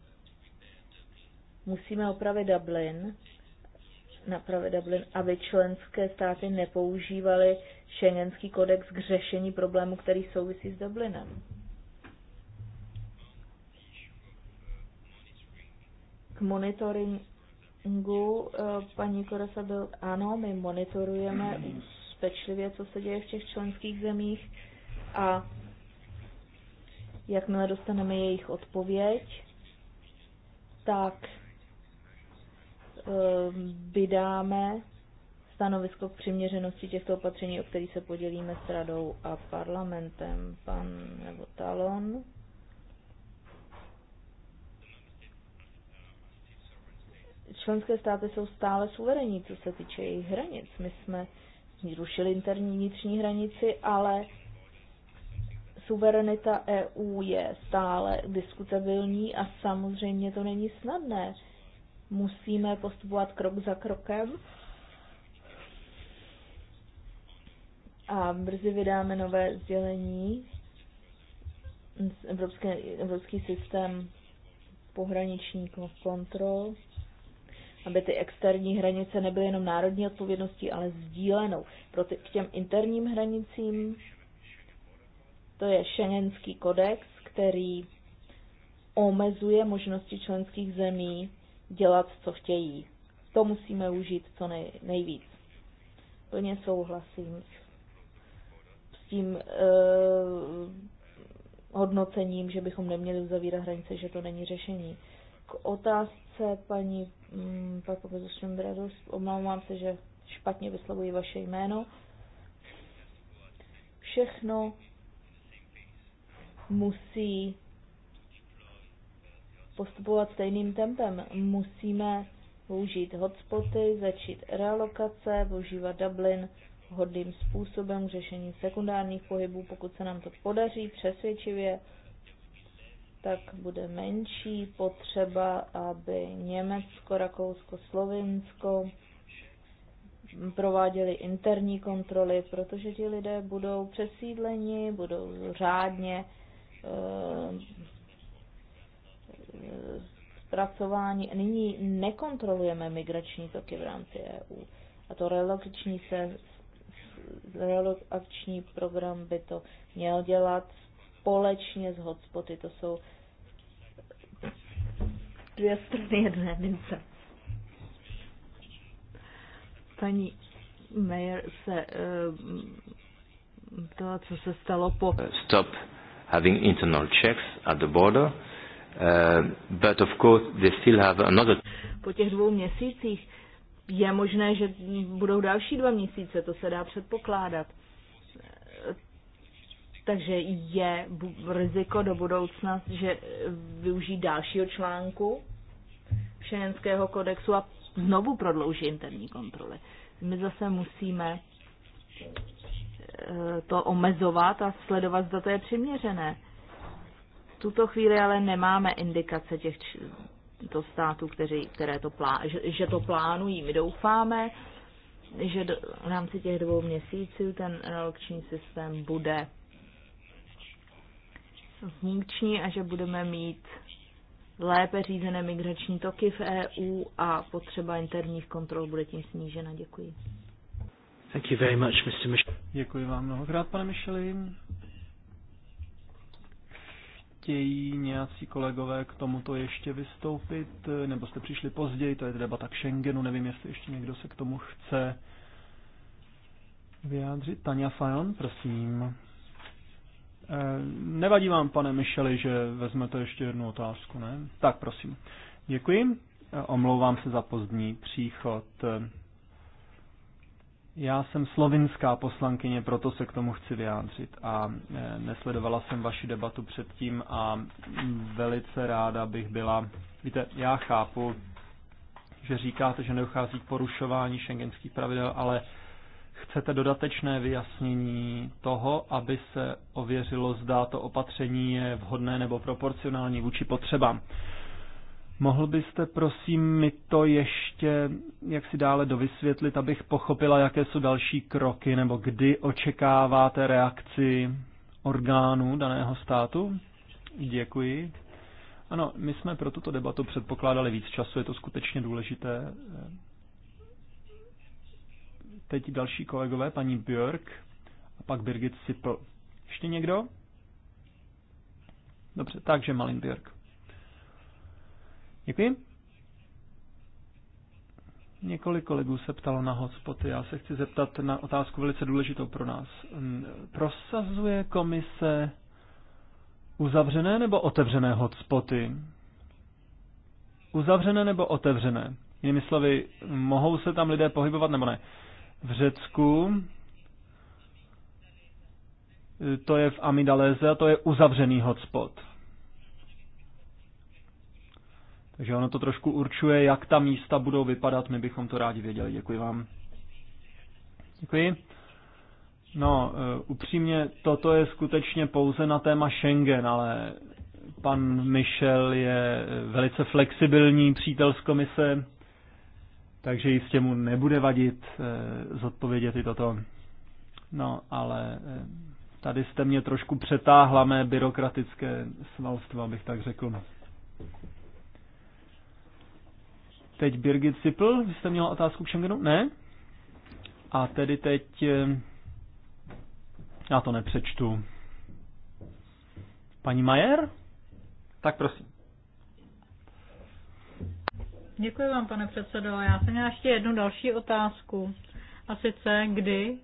Musíme opravit Dublin, napravit Dublin, aby členské státy nepoužívaly Schengenský kodex k řešení problému, který souvisí s Dublinem. monitoringu eh, paní Koresa byl, ano, my monitorujeme pečlivě, co se děje v těch členských zemích a jakmile dostaneme jejich odpověď, tak eh, vydáme stanovisko k přiměřenosti těchto opatření, o kterých se podělíme s radou a parlamentem. Pan nebo Talon. členské státy jsou stále suverénní, co se týče jejich hranic. My jsme zrušili interní vnitřní hranici, ale suverenita EU je stále diskutabilní a samozřejmě to není snadné. Musíme postupovat krok za krokem a brzy vydáme nové sdělení. Evropské, evropský systém pohraniční kontrol aby ty externí hranice nebyly jenom národní odpovědností, ale sdílenou. Pro ty, k těm interním hranicím to je šengenský kodex, který omezuje možnosti členských zemí dělat, co chtějí. To musíme užít co nej, nejvíc. Plně souhlasím s tím eh, hodnocením, že bychom neměli uzavírat hranice, že to není řešení. K otázce se, paní um, mm, Papovizu Šumbradus, omlouvám se, že špatně vyslovuji vaše jméno. Všechno musí postupovat stejným tempem. Musíme použít hotspoty, začít realokace, používat Dublin hodným způsobem k řešení sekundárních pohybů, pokud se nám to podaří přesvědčivě tak bude menší potřeba, aby Německo, Rakousko, Slovinsko prováděli interní kontroly, protože ti lidé budou přesídleni, budou řádně eh, eh, zpracováni. Nyní nekontrolujeme migrační toky v rámci EU. A to relokační, se, relokační program by to měl dělat společně s hotspoty. To jsou dvě strany jedné mince. Paní Mayer se eh, to, co se stalo po... Stop having internal checks at the border, uh, but of course they still have another... Po těch dvou měsících je možné, že budou další dva měsíce, to se dá předpokládat. Takže je riziko do budoucna, že využijí dalšího článku šenského kodexu a znovu prodlouží interní kontroly. My zase musíme eh, to omezovat a sledovat, zda to je přiměřené. V tuto chvíli ale nemáme indikace těch to států, kteří, které to plá, že, že to plánují. My doufáme, že do, v rámci těch dvou měsíců ten relokční eh, systém bude funkční a že budeme mít lépe řízené migrační toky v EU a potřeba interních kontrol bude tím snížena. Děkuji. Thank you very much, Mr. Děkuji vám mnohokrát, pane Micheli. Chtějí nějací kolegové k tomuto ještě vystoupit, nebo jste přišli později, to je debata k Schengenu, nevím, jestli ještě někdo se k tomu chce vyjádřit. Tania Fajon, prosím. Eh, nevadí vám, pane Mišeli, že vezmete ještě jednu otázku, ne? Tak, prosím. Děkuji. Eh, omlouvám se za pozdní příchod. Eh, já jsem slovinská poslankyně, proto se k tomu chci vyjádřit a nesledovala jsem vaši debatu předtím a velice ráda bych byla. Víte, já chápu, že říkáte, že nedochází k porušování šengenských pravidel, ale chcete dodatečné vyjasnění toho, aby se ověřilo, zda to opatření je vhodné nebo proporcionální vůči potřebám. Mohl byste, prosím, mi to ještě jak si dále dovysvětlit, abych pochopila, jaké jsou další kroky, nebo kdy očekáváte reakci orgánů daného státu? Děkuji. Ano, my jsme pro tuto debatu předpokládali víc času, je to skutečně důležité Teď další kolegové, paní Björk a pak Birgit Sipl. Ještě někdo? Dobře, takže Malin Björk. Děkuji. Několik kolegů se ptalo na hotspoty. Já se chci zeptat na otázku velice důležitou pro nás. Prosazuje komise uzavřené nebo otevřené hotspoty? Uzavřené nebo otevřené? Jinými slovy, mohou se tam lidé pohybovat nebo ne? v Řecku, to je v Amidaleze a to je uzavřený hotspot. Takže ono to trošku určuje, jak ta místa budou vypadat, my bychom to rádi věděli. Děkuji vám. Děkuji. No, e, upřímně, toto je skutečně pouze na téma Schengen, ale pan Michel je velice flexibilní přítel z komise, takže jistě mu nebude vadit eh, zodpovědět i toto. No, ale eh, tady jste mě trošku přetáhla mé byrokratické svalstvo, abych tak řekl. Teď Birgit Sipl, vy jste měla otázku k Schengenu? Ne? A tedy teď... Eh, já to nepřečtu. Paní Majer? Tak prosím. Děkuji vám, pane předsedo. Já jsem měla ještě jednu další otázku. A sice, kdy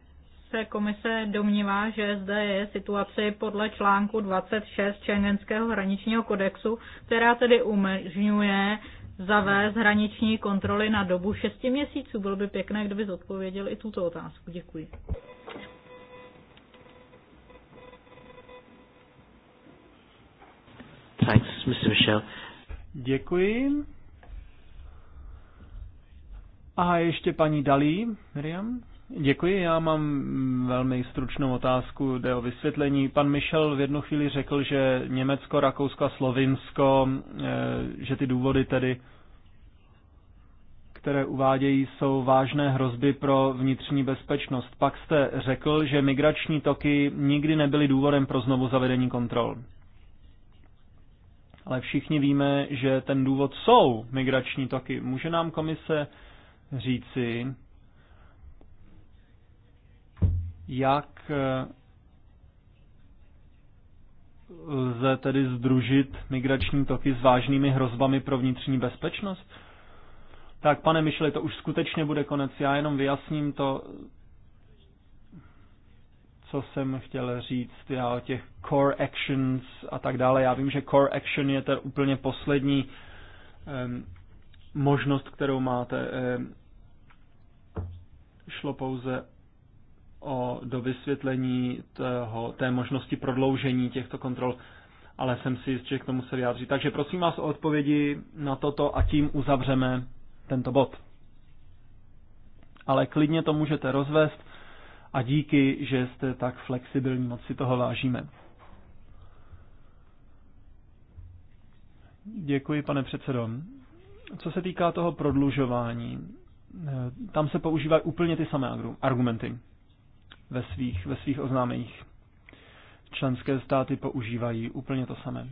se komise domnívá, že zde je situace podle článku 26 Schengenského hraničního kodexu, která tedy umožňuje zavést hraniční kontroly na dobu 6 měsíců. Bylo by pěkné, kdyby zodpověděl i tuto otázku. Děkuji. Thanks, Mr. Michel. Děkuji. A ještě paní Dalí, Miriam. Děkuji, já mám velmi stručnou otázku, jde o vysvětlení. Pan Michel v jednu chvíli řekl, že Německo, Rakousko a Slovinsko, eh, že ty důvody tedy, které uvádějí, jsou vážné hrozby pro vnitřní bezpečnost. Pak jste řekl, že migrační toky nikdy nebyly důvodem pro znovu zavedení kontrol. Ale všichni víme, že ten důvod jsou migrační toky. Může nám komise říci, jak eh, lze tedy združit migrační toky s vážnými hrozbami pro vnitřní bezpečnost? Tak, pane Myšle, to už skutečně bude konec. Já jenom vyjasním to, co jsem chtěl říct, já o těch core actions a tak dále. Já vím, že core action je ta úplně poslední um, možnost, kterou máte. Um, Šlo pouze o dovysvětlení toho, té možnosti prodloužení těchto kontrol, ale jsem si jistě k tomu se vyjádří. Takže prosím vás o odpovědi na toto a tím uzavřeme tento bod. Ale klidně to můžete rozvést a díky, že jste tak flexibilní, moc si toho vážíme. Děkuji, pane předsedo. Co se týká toho prodlužování, Eh, tam se používají úplně ty samé argumenty ve svých, ve svých oznámeních. Členské státy používají úplně to samé.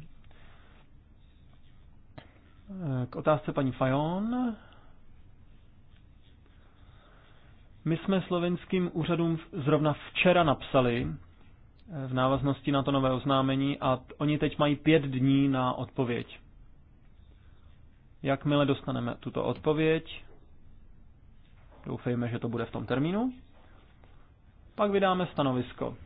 Eh, k otázce paní Fajon. My jsme slovenským úřadům zrovna včera napsali eh, v návaznosti na to nové oznámení a oni teď mají pět dní na odpověď. Jakmile dostaneme tuto odpověď, Doufejme, že to bude v tom termínu. Pak vydáme stanovisko.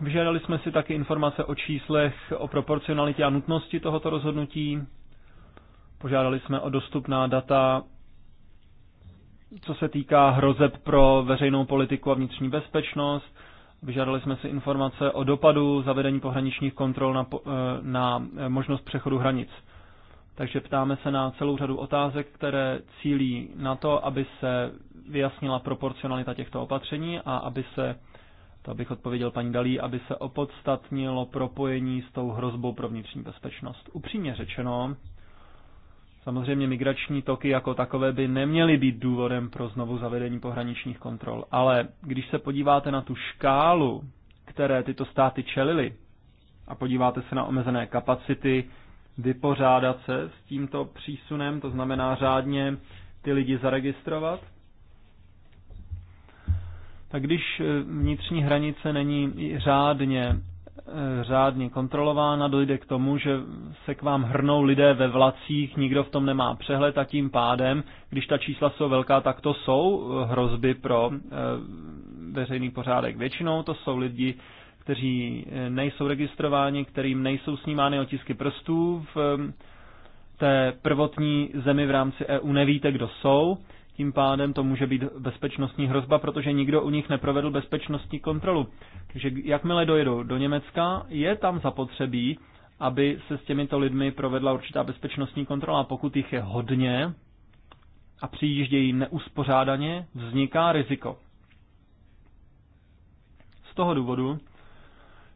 Vyžádali jsme si taky informace o číslech, o proporcionalitě a nutnosti tohoto rozhodnutí. Požádali jsme o dostupná data, co se týká hrozeb pro veřejnou politiku a vnitřní bezpečnost. Vyžádali jsme si informace o dopadu zavedení pohraničních kontrol na, eh, na eh, možnost přechodu hranic. Takže ptáme se na celou řadu otázek, které cílí na to, aby se vyjasnila proporcionalita těchto opatření a aby se, to bych odpověděl paní Dalí, aby se opodstatnilo propojení s tou hrozbou pro vnitřní bezpečnost. Upřímně řečeno, samozřejmě migrační toky jako takové by neměly být důvodem pro znovu zavedení pohraničních kontrol, ale když se podíváte na tu škálu, které tyto státy čelily, a podíváte se na omezené kapacity, vypořádat se s tímto přísunem, to znamená řádně ty lidi zaregistrovat. Tak když e, vnitřní hranice není řádně, e, řádně kontrolována, dojde k tomu, že se k vám hrnou lidé ve vlacích, nikdo v tom nemá přehled a tím pádem, když ta čísla jsou velká, tak to jsou hrozby pro e, veřejný pořádek. Většinou to jsou lidi, kteří eh, nejsou registrováni, kterým nejsou snímány otisky prstů v eh, té prvotní zemi v rámci EU nevíte, kdo jsou. Tím pádem to může být bezpečnostní hrozba, protože nikdo u nich neprovedl bezpečnostní kontrolu. Takže jakmile dojedou do Německa, je tam zapotřebí, aby se s těmito lidmi provedla určitá bezpečnostní kontrola. Pokud jich je hodně a přijíždějí neuspořádaně, vzniká riziko. Z toho důvodu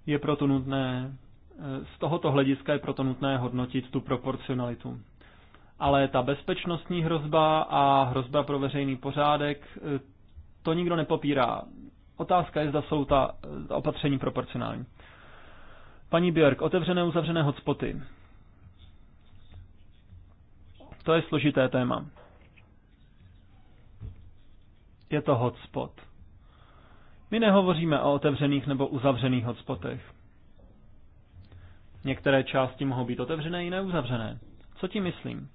je proto nutné, eh, z tohoto hlediska je proto nutné hodnotit tu proporcionalitu. Ale ta bezpečnostní hrozba a hrozba pro veřejný pořádek, eh, to nikdo nepopírá. Otázka je, zda jsou ta, eh, opatření proporcionální. Paní Björk, otevřené uzavřené hotspoty. To je složité téma. Je to hotspot. My nehovoříme o otevřených nebo uzavřených hotspotech. Některé části mohou být otevřené, jiné uzavřené. Co tím myslím?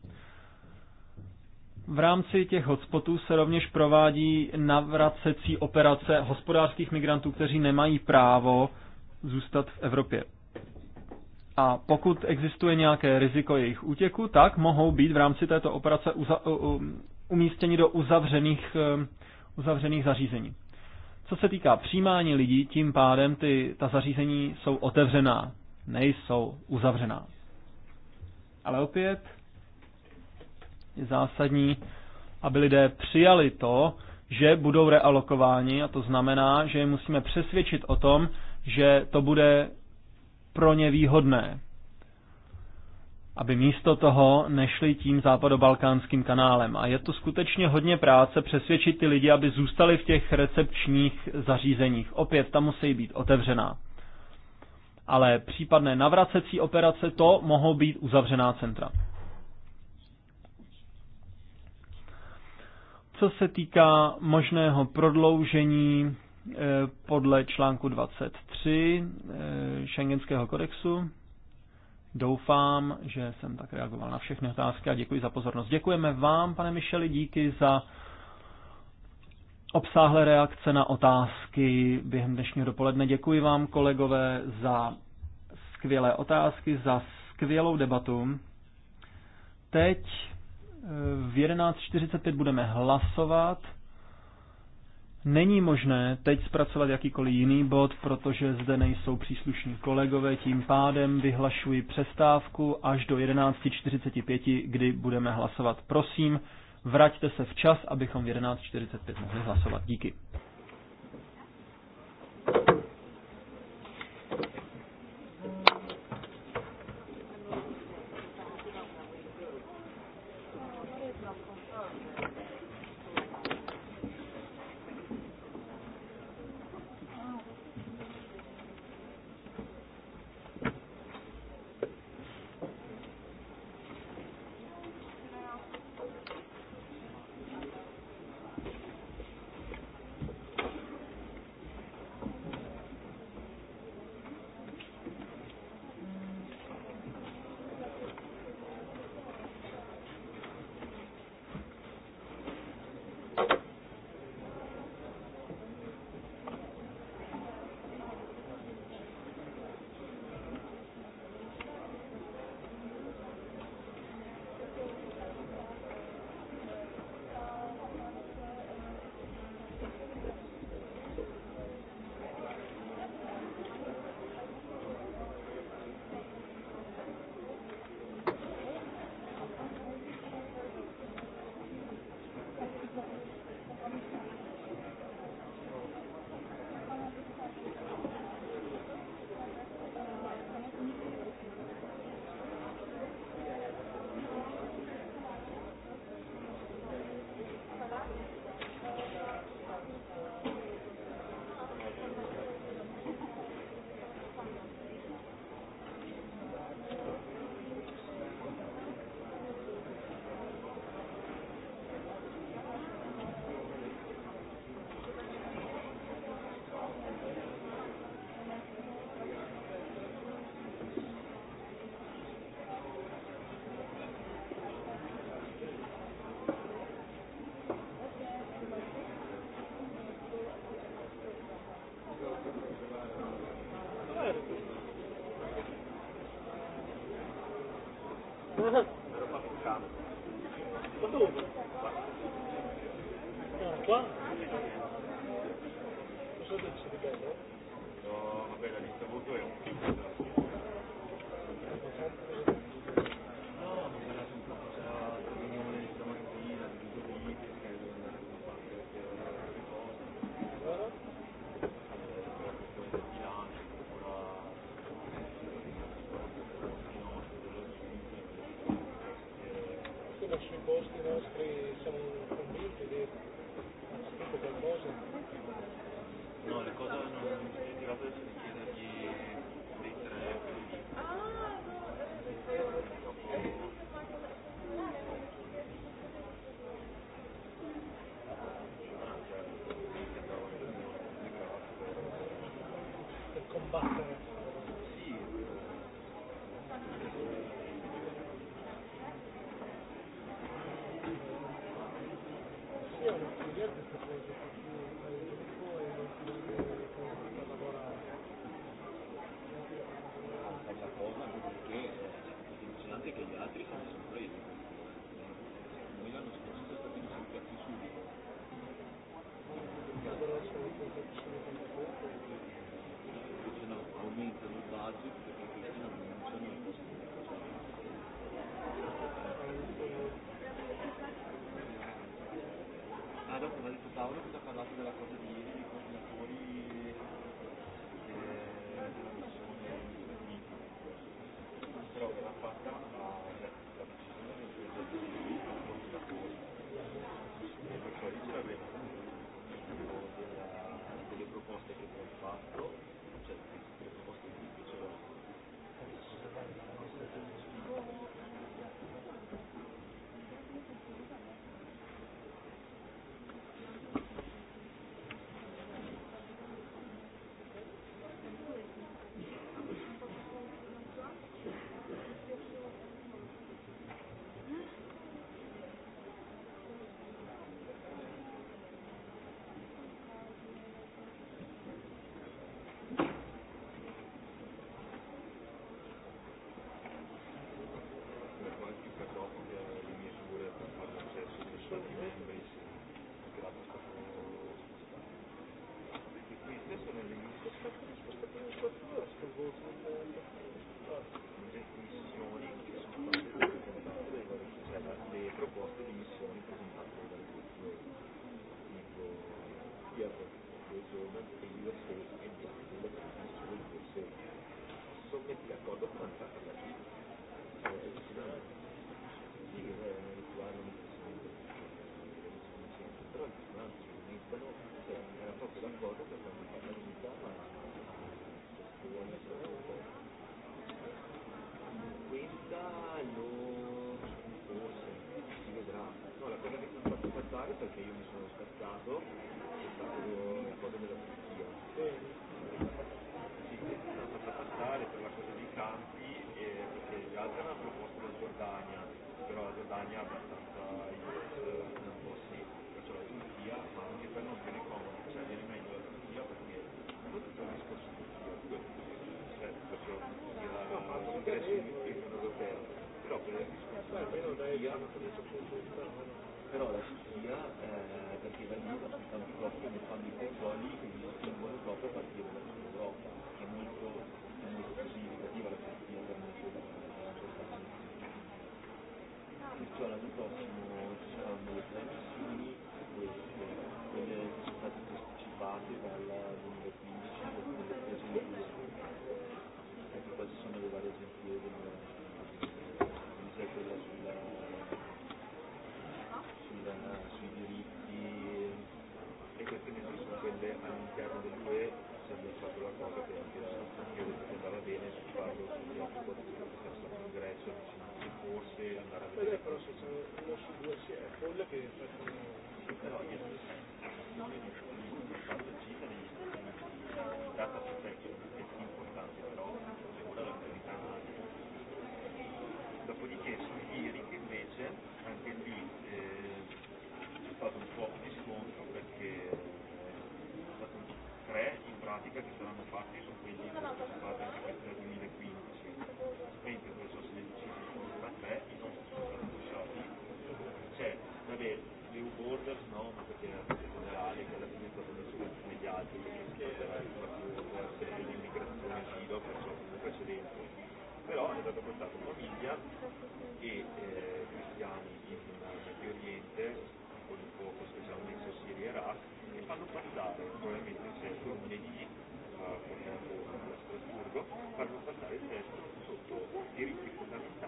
V rámci těch hotspotů se rovněž provádí navracecí operace hospodářských migrantů, kteří nemají právo zůstat v Evropě. A pokud existuje nějaké riziko jejich útěku, tak mohou být v rámci této operace umístěni do uzavřených, eh, uzavřených zařízení. Co se týká přijímání lidí, tím pádem ty, ta zařízení jsou otevřená, nejsou uzavřená. Ale opět je zásadní, aby lidé přijali to, že budou realokováni a to znamená, že je musíme přesvědčit o tom, že to bude pro ně výhodné, aby místo toho nešli tím západobalkánským kanálem. A je to skutečně hodně práce přesvědčit ty lidi, aby zůstali v těch recepčních zařízeních. Opět, tam musí být otevřená. Ale případné navracecí operace, to mohou být uzavřená centra. Co se týká možného prodloužení eh, podle článku 23 Schengenského eh, kodexu, Doufám, že jsem tak reagoval na všechny otázky a děkuji za pozornost. Děkujeme vám, pane Mišeli, díky za obsáhlé reakce na otázky během dnešního dopoledne. Děkuji vám, kolegové, za skvělé otázky, za skvělou debatu. Teď v 11.45 budeme hlasovat. Není možné teď zpracovat jakýkoliv jiný bod, protože zde nejsou příslušní kolegové, tím pádem vyhlašuji přestávku až do 11.45, kdy budeme hlasovat. Prosím, vraťte se včas, abychom v 11.45 mohli hlasovat. Díky. battere. Sì. Sì, è un Questa lo forse si vedrà. No, la cosa che non faccio passare perché io mi sono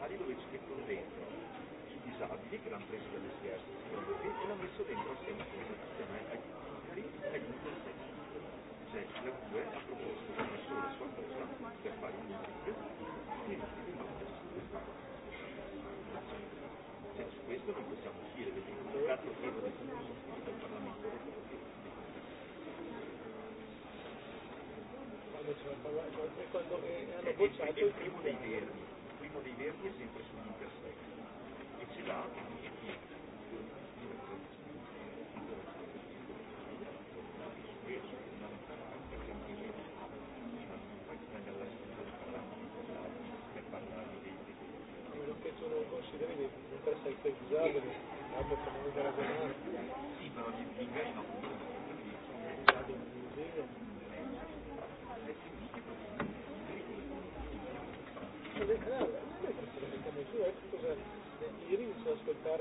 Halilovic piccolo dentro i disabili che l'hanno preso dall'esercito e l'hanno messo dentro assieme a cosa assieme agli italiani e agli inconsegnanti. Cioè la CUE ha proposto una sola sua cosa per fare un libro e rimanere su questa cioè, su questo non possiamo uscire perché il contratto vivo del Parlamento europeo quando, quando quando, quando, quando, quando, quando, quando, quando, verdi è sempre sull'intersex e si l'ha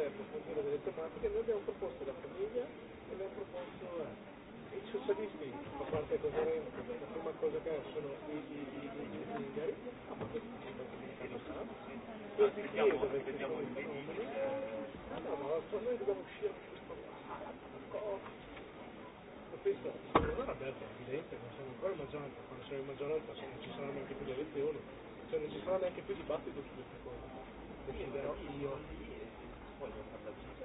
de proporzione delle tematiche, noi abbiamo proposto la famiglia e abbiamo proposto eh, i socialisti, a parte cosa la prima cosa che sono i, i, i, i, i zingari, a parte che lo sa, e di chiedo perché siamo in Ah no, ma noi dobbiamo uscire da questo questo non aperto, è evidente, non siamo ancora in maggioranza, quando siamo in maggioranza non ci saranno neanche più le elezioni, cioè non ci sarà neanche più dibattito su queste cose, deciderò io 或者他的。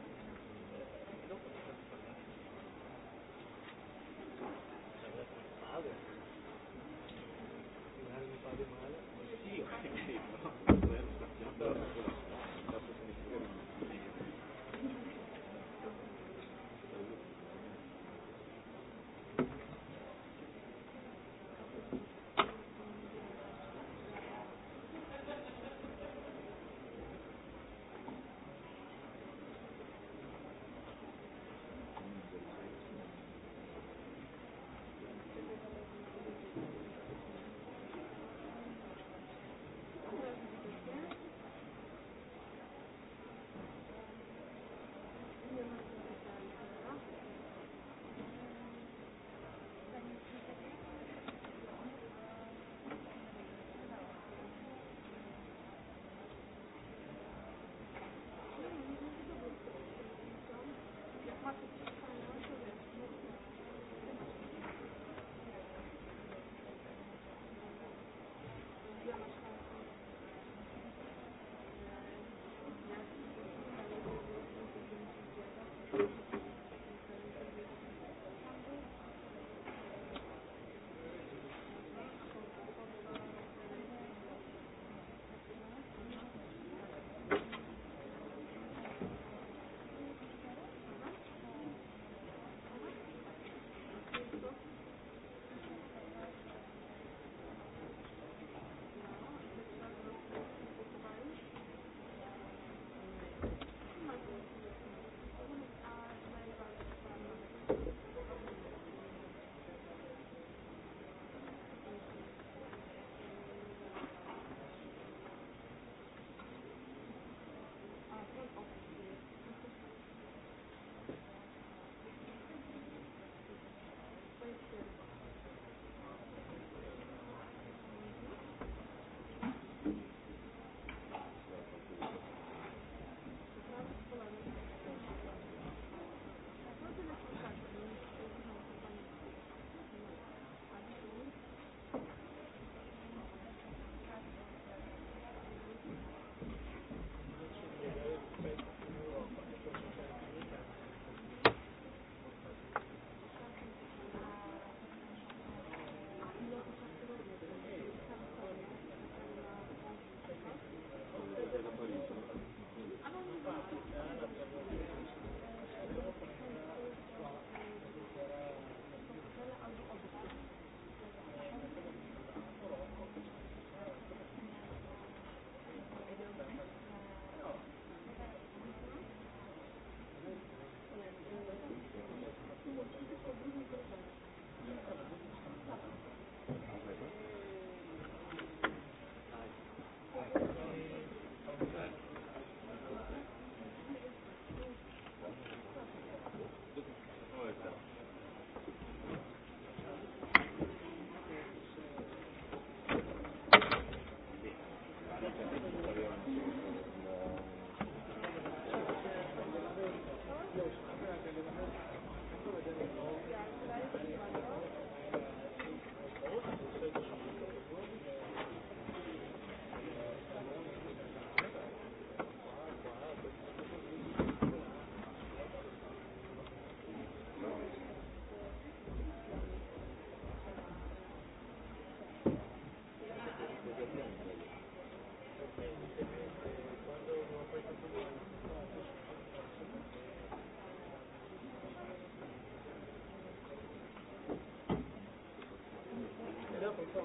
c'è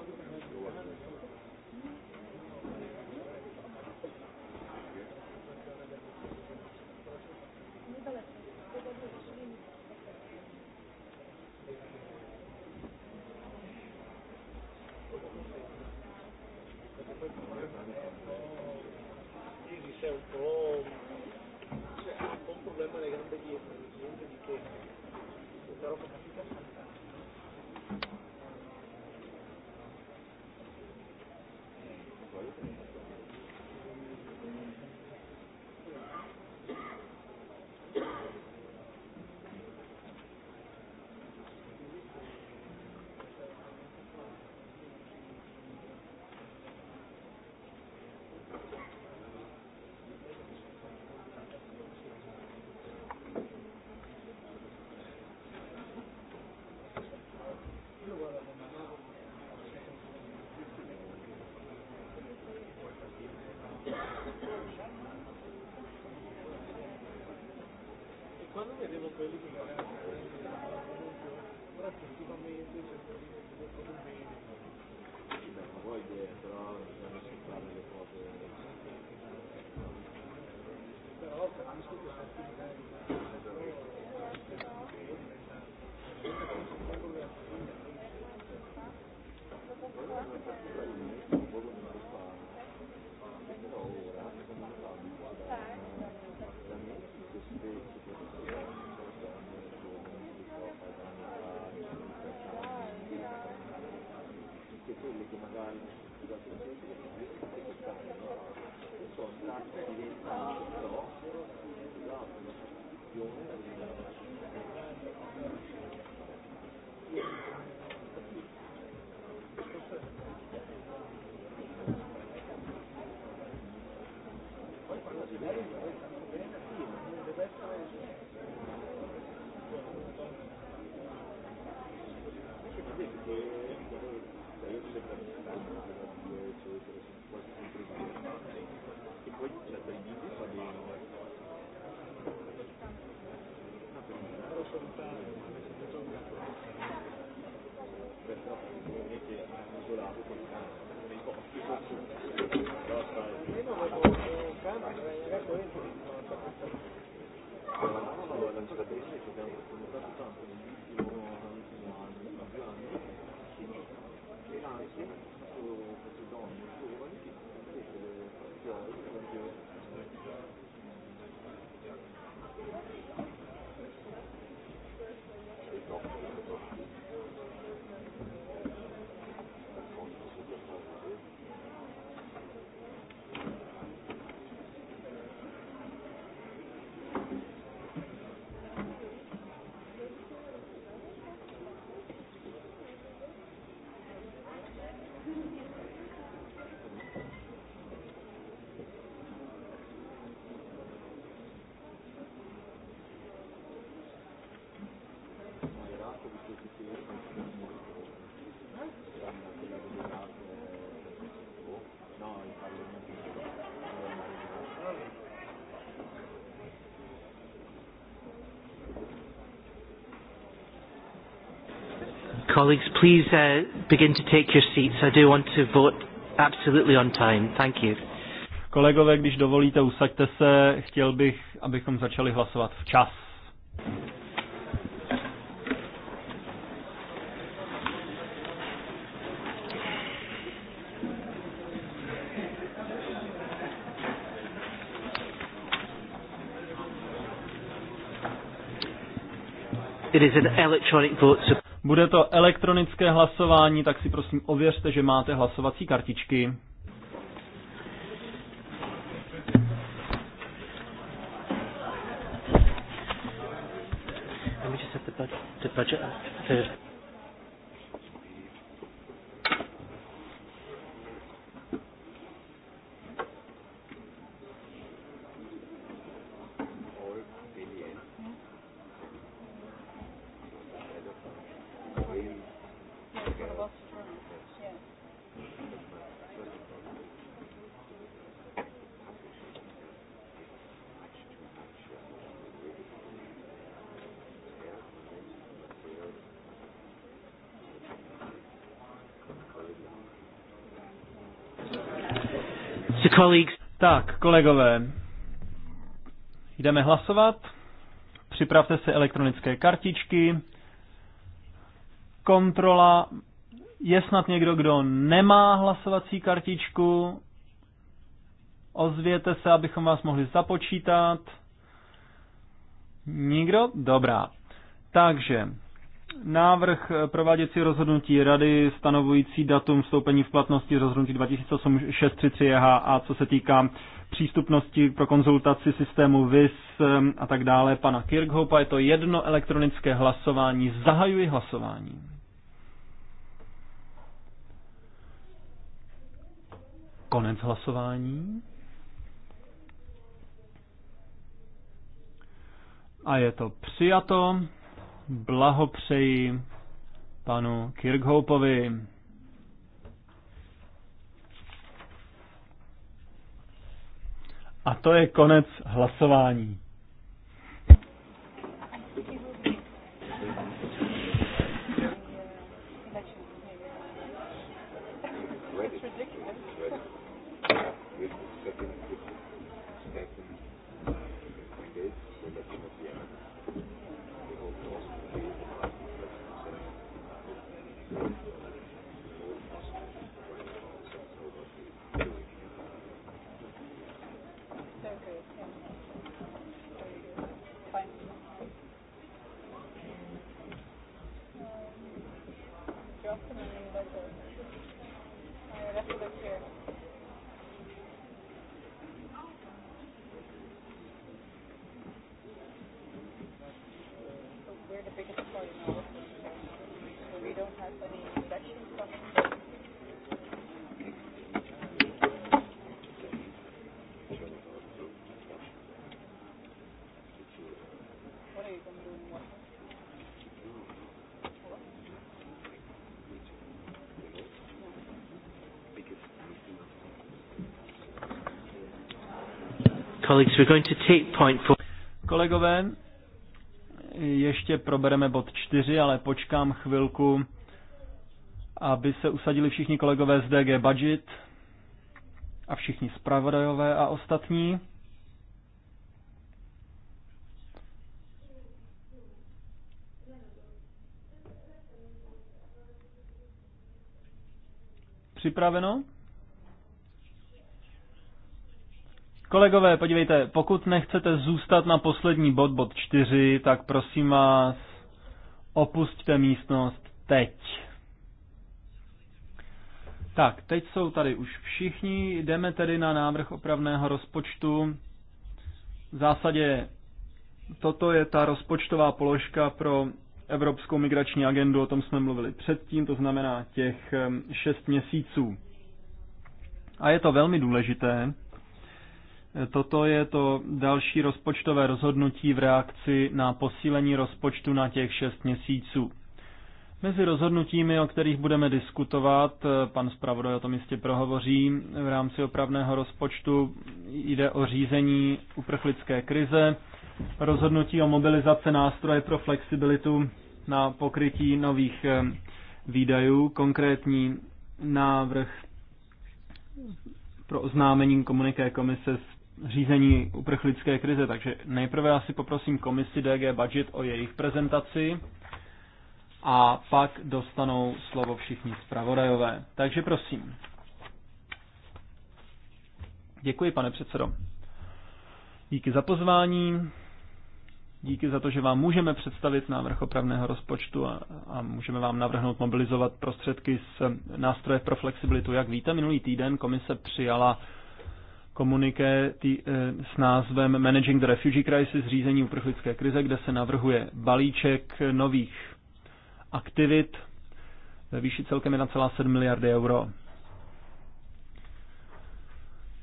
un po' cioè, un po' un problema delle gambe dietro, di che questa roba capita Quando vedevo quelli che erano ora effettivamente cerco di vedere tutto bene. Sì, beh, ma poi dietro bisogna ascoltare le cose. Però capisco che sono più belli. Colleagues, please uh, begin to take your seats. I do want to vote absolutely on time. Thank you. Kolegové, když dovolíte, usaďte se. Chtěl bych, abychom začali hlasovat včas. It is an electronic vote. So bude to elektronické hlasování, tak si prosím ověřte, že máte hlasovací kartičky. colleagues. Tak, kolegové, jdeme hlasovat. Připravte se elektronické kartičky. Kontrola. Je snad někdo, kdo nemá hlasovací kartičku? Ozvěte se, abychom vás mohli započítat. Nikdo? Dobrá. Takže Návrh eh, prováděcí rozhodnutí rady stanovující datum vstoupení v platnosti rozhodnutí 2008-633H a co se týká přístupnosti pro konzultaci systému VIS eh, a tak dále pana Kirkhopa. Je to jedno elektronické hlasování. Zahajuji hlasování. Konec hlasování. A je to přijato blahopřeji panu Kirkhopovi. A to je konec hlasování. colleagues, we're going to take point four. Kolegové, ještě probereme bod čtyři, ale počkám chvilku, aby se usadili všichni kolegové z DG Budget a všichni zpravodajové a ostatní. Připraveno? Kolegové, podívejte, pokud nechcete zůstat na poslední bod, bod 4, tak prosím vás, opustte místnost teď. Tak, teď jsou tady už všichni, jdeme tedy na návrh opravného rozpočtu. V zásadě toto je ta rozpočtová položka pro Evropskou migrační agendu, o tom jsme mluvili předtím, to znamená těch 6 ehm, měsíců. A je to velmi důležité, Toto je to další rozpočtové rozhodnutí v reakci na posílení rozpočtu na těch šest měsíců. Mezi rozhodnutími, o kterých budeme diskutovat, pan zpravodaj o tom jistě prohovoří v rámci opravného rozpočtu, jde o řízení uprchlické krize, rozhodnutí o mobilizace nástroje pro flexibilitu na pokrytí nových eh, výdajů, konkrétní návrh pro oznámení komuniké komise s řízení uprchlické krize, takže nejprve asi poprosím komisi DG Budget o jejich prezentaci a pak dostanou slovo všichni zpravodajové. Takže prosím. Děkuji, pane předsedo. Díky za pozvání, díky za to, že vám můžeme představit návrh opravného rozpočtu a, a můžeme vám navrhnout mobilizovat prostředky z nástroje pro flexibilitu. Jak víte, minulý týden komise přijala komuniké tý, eh, s názvem Managing the Refugee Crisis, řízení uprchlické krize, kde se navrhuje balíček nových aktivit ve výši celkem 1,7 miliardy euro.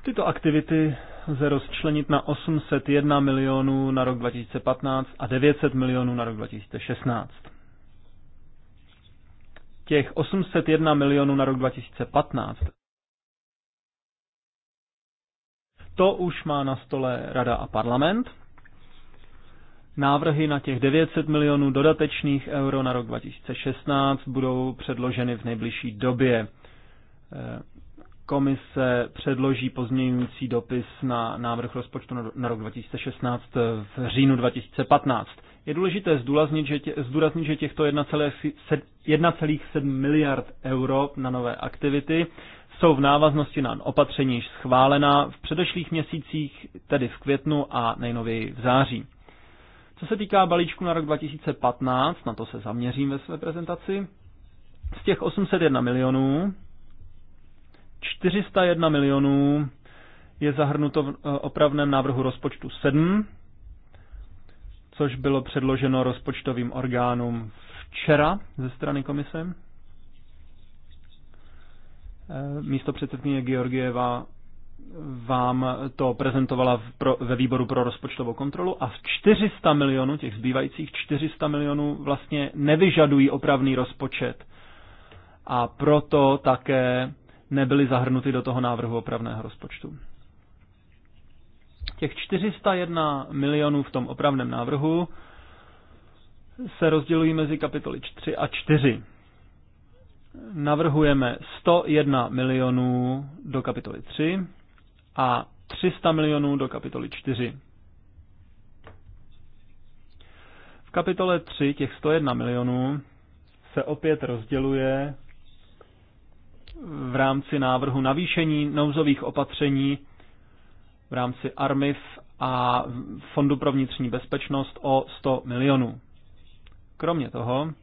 Tyto aktivity lze rozčlenit na 801 milionů na rok 2015 a 900 milionů na rok 2016. Těch 801 milionů na rok 2015 To už má na stole Rada a parlament. Návrhy na těch 900 milionů dodatečných euro na rok 2016 budou předloženy v nejbližší době. E, komise předloží pozměňující dopis na návrh rozpočtu na rok 2016 v říjnu 2015. Je důležité zdůraznit, že, tě, zdůraznit, že těchto 1,7 miliard euro na nové aktivity jsou v návaznosti na opatření již schválená v předešlých měsících, tedy v květnu a nejnověji v září. Co se týká balíčku na rok 2015, na to se zaměřím ve své prezentaci, z těch 801 milionů, 401 milionů je zahrnuto v eh, opravném návrhu rozpočtu 7, což bylo předloženo rozpočtovým orgánům včera ze strany komise. Eh, místo předsedkyně Georgieva vám to prezentovala v pro, ve výboru pro rozpočtovou kontrolu a 400 milionů, těch zbývajících 400 milionů vlastně nevyžadují opravný rozpočet a proto také nebyly zahrnuty do toho návrhu opravného rozpočtu. Těch 401 milionů v tom opravném návrhu se rozdělují mezi kapitoly 3 a 4 navrhujeme 101 milionů do kapitoly 3 a 300 milionů do kapitoly 4. V kapitole 3 těch 101 milionů se opět rozděluje v rámci návrhu navýšení nouzových opatření v rámci ARMIV a Fondu pro vnitřní bezpečnost o 100 milionů. Kromě toho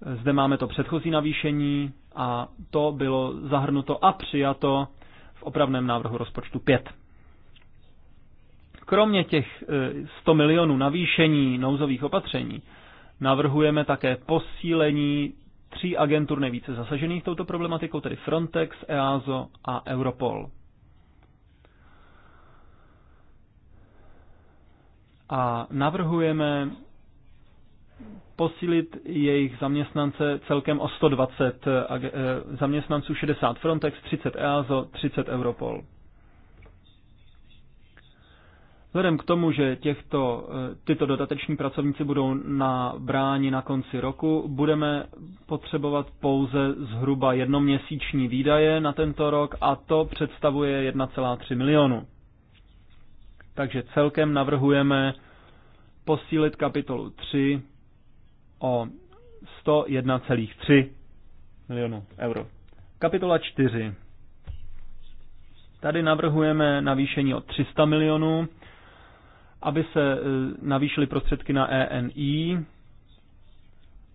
zde máme to předchozí navýšení a to bylo zahrnuto a přijato v opravném návrhu rozpočtu 5. Kromě těch 100 e, milionů navýšení nouzových opatření navrhujeme také posílení tří agentur nejvíce zasažených touto problematikou, tedy Frontex, EASO a Europol. A navrhujeme posílit jejich zaměstnance celkem o 120 e, zaměstnanců, 60 Frontex, 30 EASO, 30 Europol. Vzhledem k tomu, že těchto, e, tyto dodateční pracovníci budou na bráni na konci roku, budeme potřebovat pouze zhruba jednoměsíční výdaje na tento rok a to představuje 1,3 milionu. Takže celkem navrhujeme posílit kapitolu 3 o 101,3 milionů euro. Kapitola 4. Tady navrhujeme navýšení o 300 milionů, aby se e, navýšily prostředky na ENI,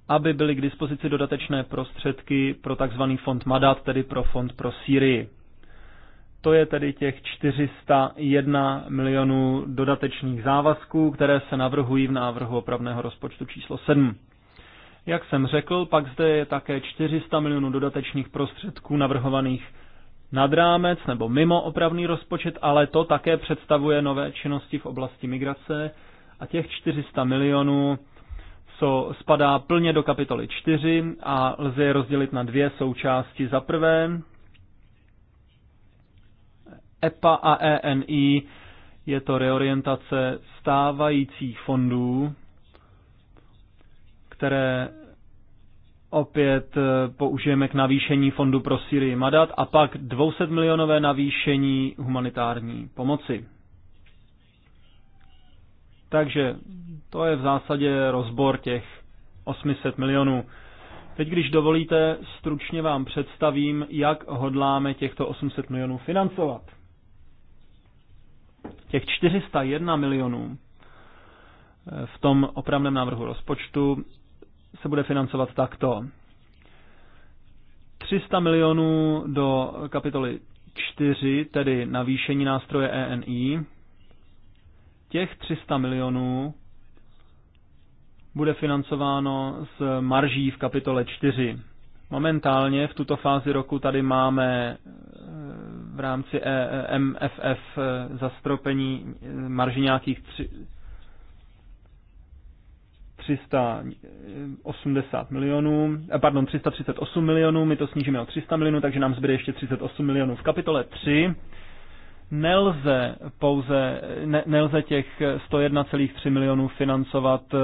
aby byly k dispozici dodatečné prostředky pro tzv. fond Madat, tedy pro fond pro Syrii. To je tedy těch 401 milionů dodatečných závazků, které se navrhují v návrhu opravného rozpočtu číslo 7. Jak jsem řekl, pak zde je také 400 milionů dodatečných prostředků navrhovaných nad rámec nebo mimo opravný rozpočet, ale to také představuje nové činnosti v oblasti migrace a těch 400 milionů co spadá plně do kapitoly 4 a lze je rozdělit na dvě součásti. Za prvé, EPA a ENI je to reorientace stávajících fondů které opět eh, použijeme k navýšení fondu pro Syrii Madat a pak 200 milionové navýšení humanitární pomoci. Takže to je v zásadě rozbor těch 800 milionů. Teď, když dovolíte, stručně vám představím, jak hodláme těchto 800 milionů financovat. Těch 401 milionů eh, v tom opravném návrhu rozpočtu se bude financovat takto. 300 milionů do kapitoly 4, tedy navýšení nástroje ENI. Těch 300 milionů bude financováno z marží v kapitole 4. Momentálně v tuto fázi roku tady máme eh, v rámci e MFF eh, zastropení eh, marži nějakých 380 milionů, eh, pardon, 338 milionů, my to snížíme o 300 milionů, takže nám zbyde ještě 38 milionů. V kapitole 3 nelze pouze, ne, nelze těch 101,3 milionů financovat eh,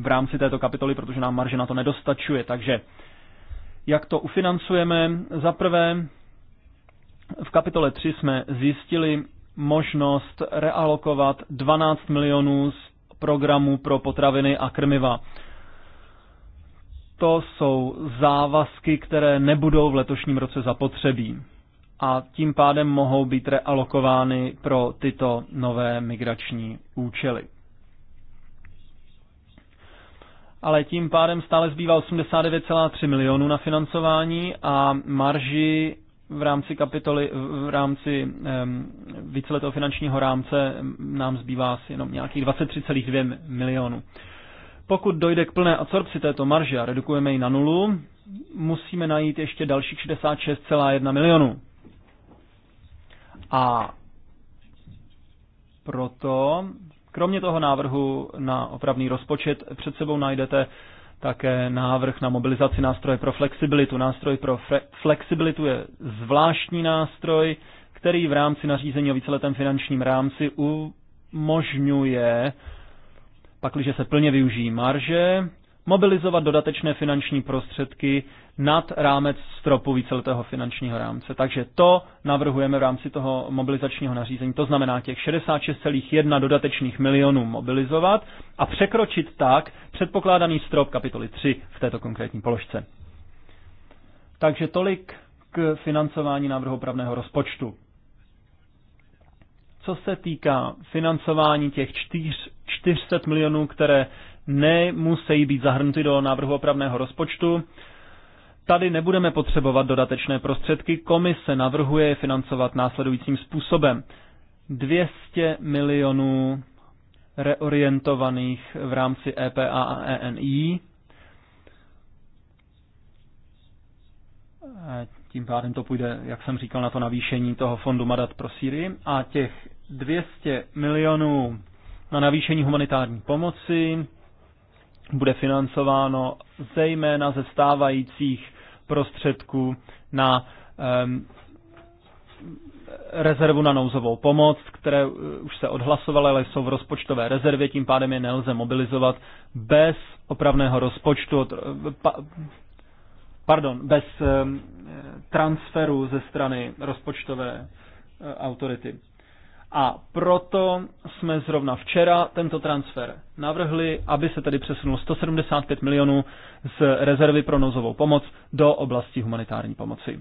v rámci této kapitoly, protože nám marže na to nedostačuje. Takže jak to ufinancujeme? Za prvé, v kapitole 3 jsme zjistili možnost realokovat 12 milionů z programu pro potraviny a krmiva. To jsou závazky, které nebudou v letošním roce zapotřebí a tím pádem mohou být realokovány pro tyto nové migrační účely. Ale tím pádem stále zbývá 89,3 milionů na financování a marži v rámci kapitoly, v rámci um, víceletého finančního rámce nám zbývá asi jenom nějakých 23,2 milionů. Pokud dojde k plné absorpci této marže a redukujeme ji na nulu, musíme najít ještě dalších 66,1 milionů. A proto, kromě toho návrhu na opravný rozpočet, před sebou najdete také návrh na mobilizaci nástroje pro flexibilitu. Nástroj pro flexibilitu je zvláštní nástroj, který v rámci nařízení o víceletém finančním rámci umožňuje, pakliže se plně využijí marže, mobilizovat dodatečné finanční prostředky nad rámec stropu víceletého finančního rámce. Takže to navrhujeme v rámci toho mobilizačního nařízení. To znamená těch 66,1 dodatečných milionů mobilizovat a překročit tak předpokládaný strop kapitoly 3 v této konkrétní položce. Takže tolik k financování návrhu opravného rozpočtu. Co se týká financování těch 400 milionů, které nemusí být zahrnuty do návrhu opravného rozpočtu, Tady nebudeme potřebovat dodatečné prostředky, komise navrhuje je financovat následujícím způsobem. 200 milionů reorientovaných v rámci EPA a ENI. Tím pádem to půjde, jak jsem říkal, na to navýšení toho fondu Madat pro Sýrii. A těch 200 milionů na navýšení humanitární pomoci bude financováno zejména ze stávajících prostředků na rezervu na nouzovou pomoc, které eh, už se odhlasovaly, ale jsou v rozpočtové rezervě, tím pádem je nelze mobilizovat bez opravného rozpočtu, eh, pardon, bez transferu ze strany rozpočtové eh, autority. A proto jsme zrovna včera tento transfer navrhli, aby se tedy přesunulo 175 milionů z rezervy pro nouzovou pomoc do oblasti humanitární pomoci.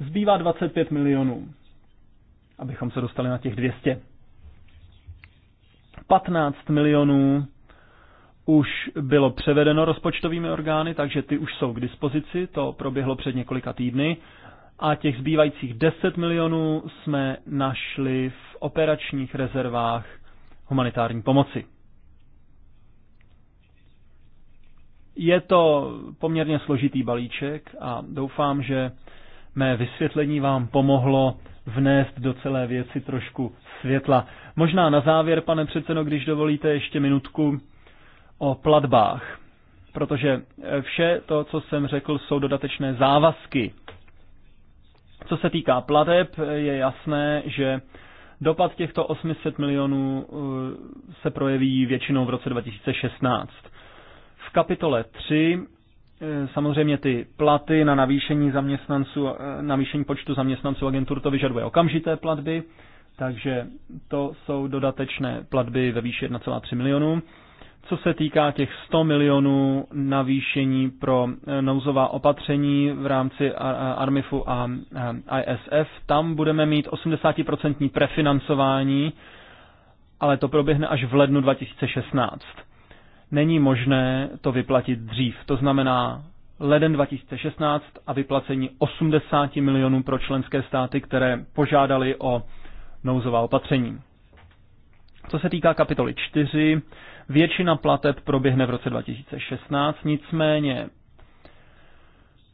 Zbývá 25 milionů, abychom se dostali na těch 200. 15 milionů už bylo převedeno rozpočtovými orgány, takže ty už jsou k dispozici, to proběhlo před několika týdny a těch zbývajících 10 milionů jsme našli v operačních rezervách humanitární pomoci. Je to poměrně složitý balíček a doufám, že mé vysvětlení vám pomohlo vnést do celé věci trošku světla. Možná na závěr, pane předsedo, když dovolíte ještě minutku o platbách, protože vše to, co jsem řekl, jsou dodatečné závazky co se týká plateb, je jasné, že dopad těchto 800 milionů uh, se projeví většinou v roce 2016. V kapitole 3 uh, samozřejmě ty platy na navýšení zaměstnanců, uh, navýšení počtu zaměstnanců agentur to vyžaduje okamžité platby, takže to jsou dodatečné platby ve výši 1,3 milionů. Co se týká těch 100 milionů navýšení pro eh, nouzová opatření v rámci ARMIFu a eh, ISF, tam budeme mít 80% prefinancování, ale to proběhne až v lednu 2016. Není možné to vyplatit dřív, to znamená leden 2016 a vyplacení 80 milionů pro členské státy, které požádali o nouzová opatření. Co se týká kapitoly 4, Většina plateb proběhne v roce 2016, nicméně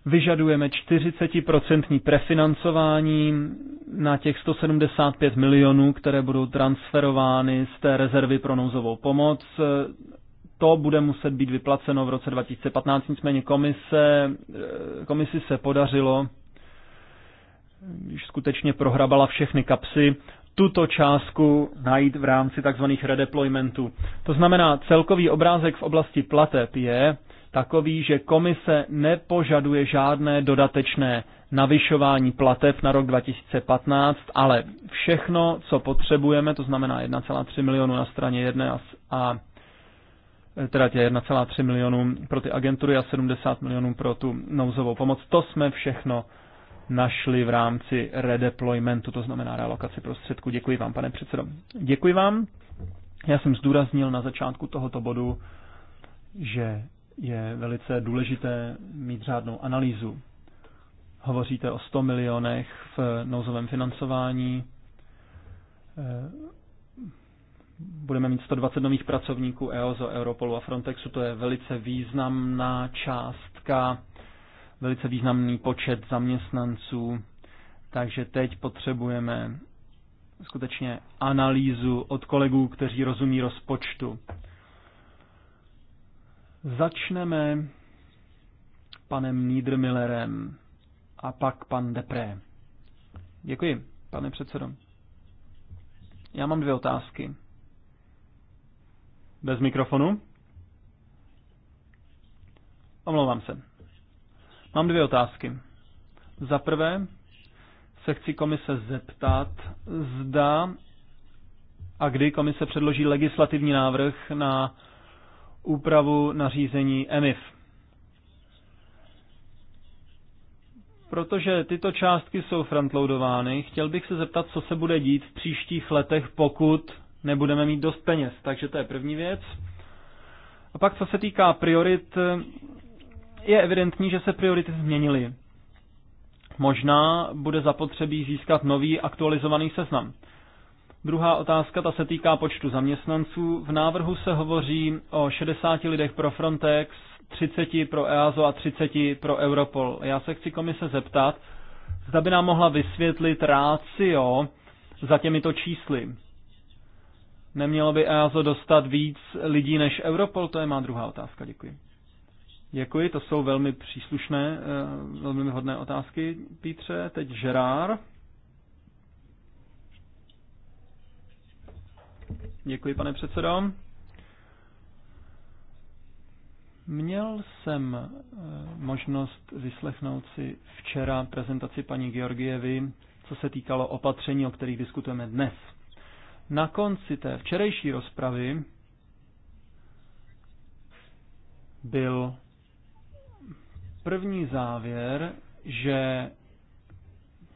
vyžadujeme 40% prefinancování na těch 175 milionů, které budou transferovány z té rezervy pro nouzovou pomoc. To bude muset být vyplaceno v roce 2015, nicméně komise, komisi se podařilo když skutečně prohrabala všechny kapsy, tuto částku najít v rámci tzv. redeploymentů. To znamená, celkový obrázek v oblasti plateb je takový, že komise nepožaduje žádné dodatečné navyšování plateb na rok 2015, ale všechno, co potřebujeme, to znamená 1,3 milionu na straně 1 a e, teda tě 1,3 milionů pro ty agentury a 70 milionů pro tu nouzovou pomoc. To jsme všechno našli v rámci redeploymentu, to znamená realokaci prostředku. Děkuji vám, pane předsedo. Děkuji vám. Já jsem zdůraznil na začátku tohoto bodu, že je velice důležité mít řádnou analýzu. Hovoříte o 100 milionech v nouzovém financování. Eh, budeme mít 120 nových pracovníků EOZO, Europolu a Frontexu. To je velice významná částka velice významný počet zaměstnanců, takže teď potřebujeme skutečně analýzu od kolegů, kteří rozumí rozpočtu. Začneme panem Niedermillerem a pak pan Depré. Děkuji, pane předsedo. Já mám dvě otázky. Bez mikrofonu? Omlouvám se. Mám dvě otázky. Za prvé se chci komise zeptat, zda a kdy komise předloží legislativní návrh na úpravu nařízení EMIF. Protože tyto částky jsou frontloadovány, chtěl bych se zeptat, co se bude dít v příštích letech, pokud nebudeme mít dost peněz. Takže to je první věc. A pak, co se týká priorit je evidentní, že se priority změnily. Možná bude zapotřebí získat nový aktualizovaný seznam. Druhá otázka, ta se týká počtu zaměstnanců. V návrhu se hovoří o 60 lidech pro Frontex, 30 pro EASO a 30 pro Europol. Já se chci komise zeptat, zda by nám mohla vysvětlit rácio za těmito čísly. Nemělo by EASO dostat víc lidí než Europol? To je má druhá otázka, děkuji. Děkuji, to jsou velmi příslušné, eh, velmi hodné otázky, Pítře. Teď Žerár. Děkuji, pane předsedo. Měl jsem eh, možnost vyslechnout si včera prezentaci paní Georgievy, co se týkalo opatření, o kterých diskutujeme dnes. Na konci té včerejší rozpravy byl První závěr, že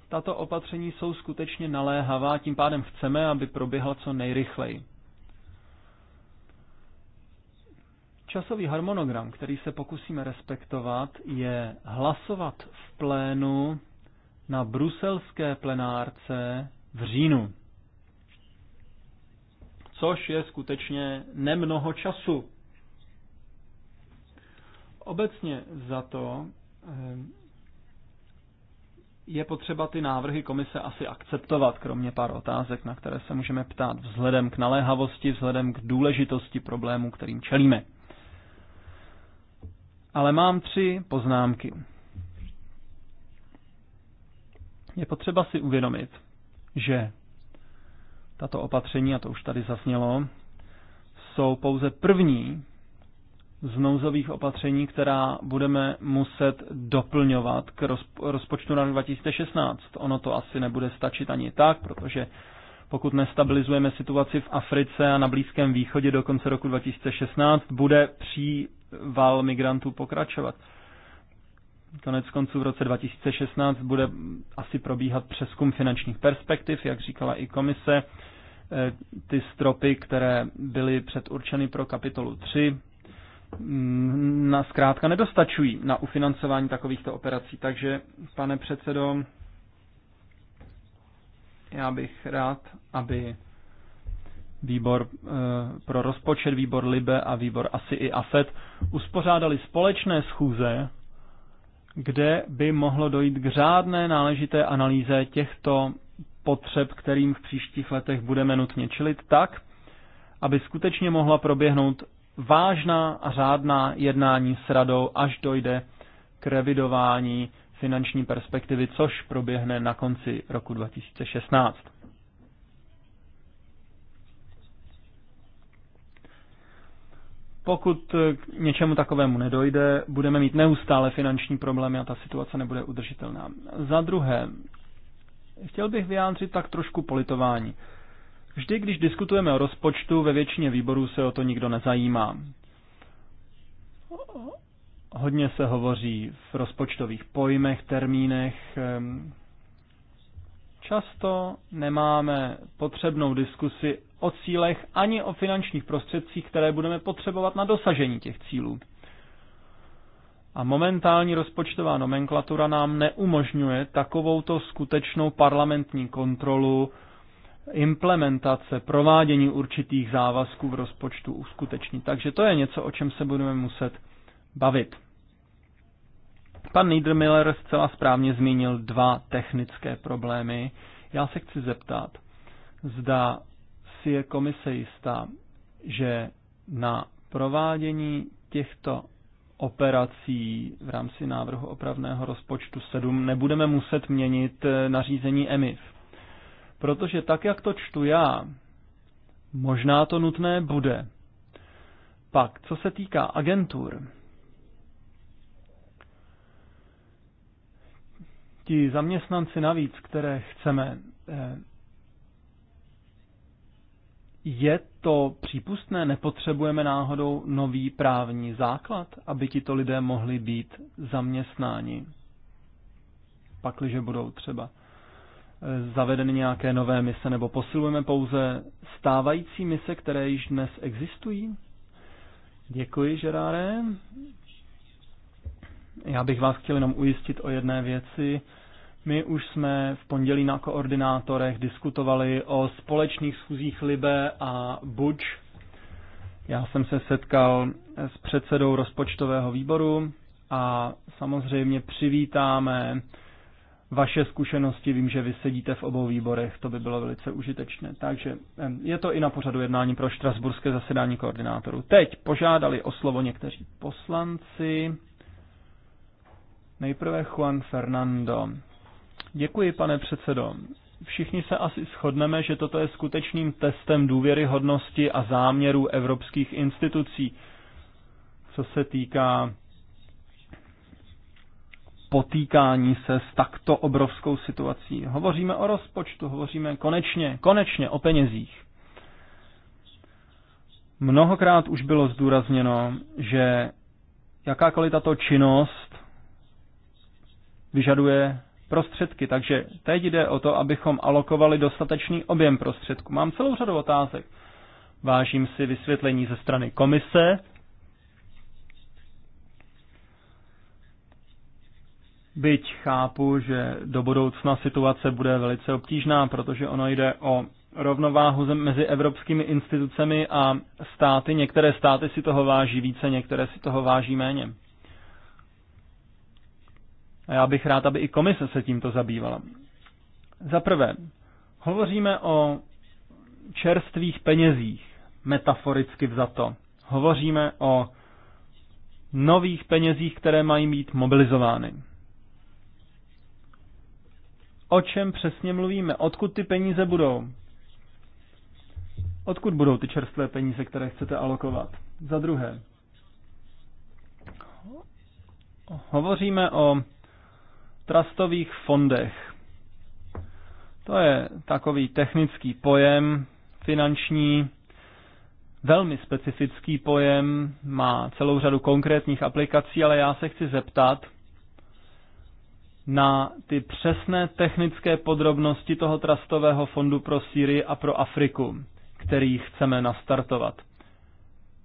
tato opatření jsou skutečně naléhavá, tím pádem chceme, aby proběhla co nejrychleji. Časový harmonogram, který se pokusíme respektovat, je hlasovat v plénu na bruselské plenárce v říjnu. Což je skutečně nemnoho času. Obecně za to eh, je potřeba ty návrhy komise asi akceptovat, kromě pár otázek, na které se můžeme ptát, vzhledem k naléhavosti, vzhledem k důležitosti problémů, kterým čelíme. Ale mám tři poznámky. Je potřeba si uvědomit, že tato opatření, a to už tady zasnělo, jsou pouze první z nouzových opatření, která budeme muset doplňovat k rozpočtu na 2016. Ono to asi nebude stačit ani tak, protože pokud nestabilizujeme situaci v Africe a na Blízkém východě do konce roku 2016, bude příval migrantů pokračovat. Konec konců v roce 2016 bude asi probíhat přeskum finančních perspektiv, jak říkala i komise. E, ty stropy, které byly předurčeny pro kapitolu 3, na zkrátka nedostačují na ufinancování takovýchto operací. Takže, pane předsedo, já bych rád, aby výbor eh, pro rozpočet, výbor LIBE a výbor asi i AFED uspořádali společné schůze, kde by mohlo dojít k řádné náležité analýze těchto potřeb, kterým v příštích letech budeme nutně čelit tak, aby skutečně mohla proběhnout vážná a řádná jednání s radou, až dojde k revidování finanční perspektivy, což proběhne na konci roku 2016. Pokud k něčemu takovému nedojde, budeme mít neustále finanční problémy a ta situace nebude udržitelná. Za druhé, chtěl bych vyjádřit tak trošku politování. Vždy, když diskutujeme o rozpočtu, ve většině výborů se o to nikdo nezajímá. Hodně se hovoří v rozpočtových pojmech, termínech. Ehm, často nemáme potřebnou diskusi o cílech ani o finančních prostředcích, které budeme potřebovat na dosažení těch cílů. A momentální rozpočtová nomenklatura nám neumožňuje takovouto skutečnou parlamentní kontrolu implementace, provádění určitých závazků v rozpočtu uskutečnit. Takže to je něco, o čem se budeme muset bavit. Pan Niedermiller zcela správně zmínil dva technické problémy. Já se chci zeptat, zda si je komise jistá, že na provádění těchto operací v rámci návrhu opravného rozpočtu 7 nebudeme muset měnit nařízení EMIF. Protože tak, jak to čtu já, možná to nutné bude. Pak, co se týká agentur, ti zaměstnanci navíc, které chceme, eh, je to přípustné? Nepotřebujeme náhodou nový právní základ, aby tito lidé mohli být zaměstnáni, pakliže budou třeba zavedeny nějaké nové mise, nebo posilujeme pouze stávající mise, které již dnes existují? Děkuji, Žeráre. Já bych vás chtěl jenom ujistit o jedné věci. My už jsme v pondělí na koordinátorech diskutovali o společných schůzích Libe a Buč. Já jsem se setkal s předsedou rozpočtového výboru a samozřejmě přivítáme vaše zkušenosti. Vím, že vy sedíte v obou výborech, to by bylo velice užitečné. Takže je to i na pořadu jednání pro štrasburské zasedání koordinátorů. Teď požádali o slovo někteří poslanci. Nejprve Juan Fernando. Děkuji, pane předsedo. Všichni se asi shodneme, že toto je skutečným testem důvěryhodnosti a záměrů evropských institucí, co se týká potýkání se s takto obrovskou situací. Hovoříme o rozpočtu, hovoříme konečně, konečně o penězích. Mnohokrát už bylo zdůrazněno, že jakákoliv tato činnost vyžaduje prostředky, takže teď jde o to, abychom alokovali dostatečný objem prostředků. Mám celou řadu otázek. Vážím si vysvětlení ze strany komise, Byť chápu, že do budoucna situace bude velice obtížná, protože ono jde o rovnováhu mezi evropskými institucemi a státy. Některé státy si toho váží více, některé si toho váží méně. A já bych rád, aby i komise se tímto zabývala. Za prvé, hovoříme o čerstvých penězích, metaforicky vzato. Hovoříme o nových penězích, které mají být mobilizovány o čem přesně mluvíme, odkud ty peníze budou. Odkud budou ty čerstvé peníze, které chcete alokovat? Za druhé, hovoříme o trastových fondech. To je takový technický pojem, finanční, velmi specifický pojem, má celou řadu konkrétních aplikací, ale já se chci zeptat, na ty přesné technické podrobnosti toho trastového fondu pro Sýrii a pro Afriku, který chceme nastartovat.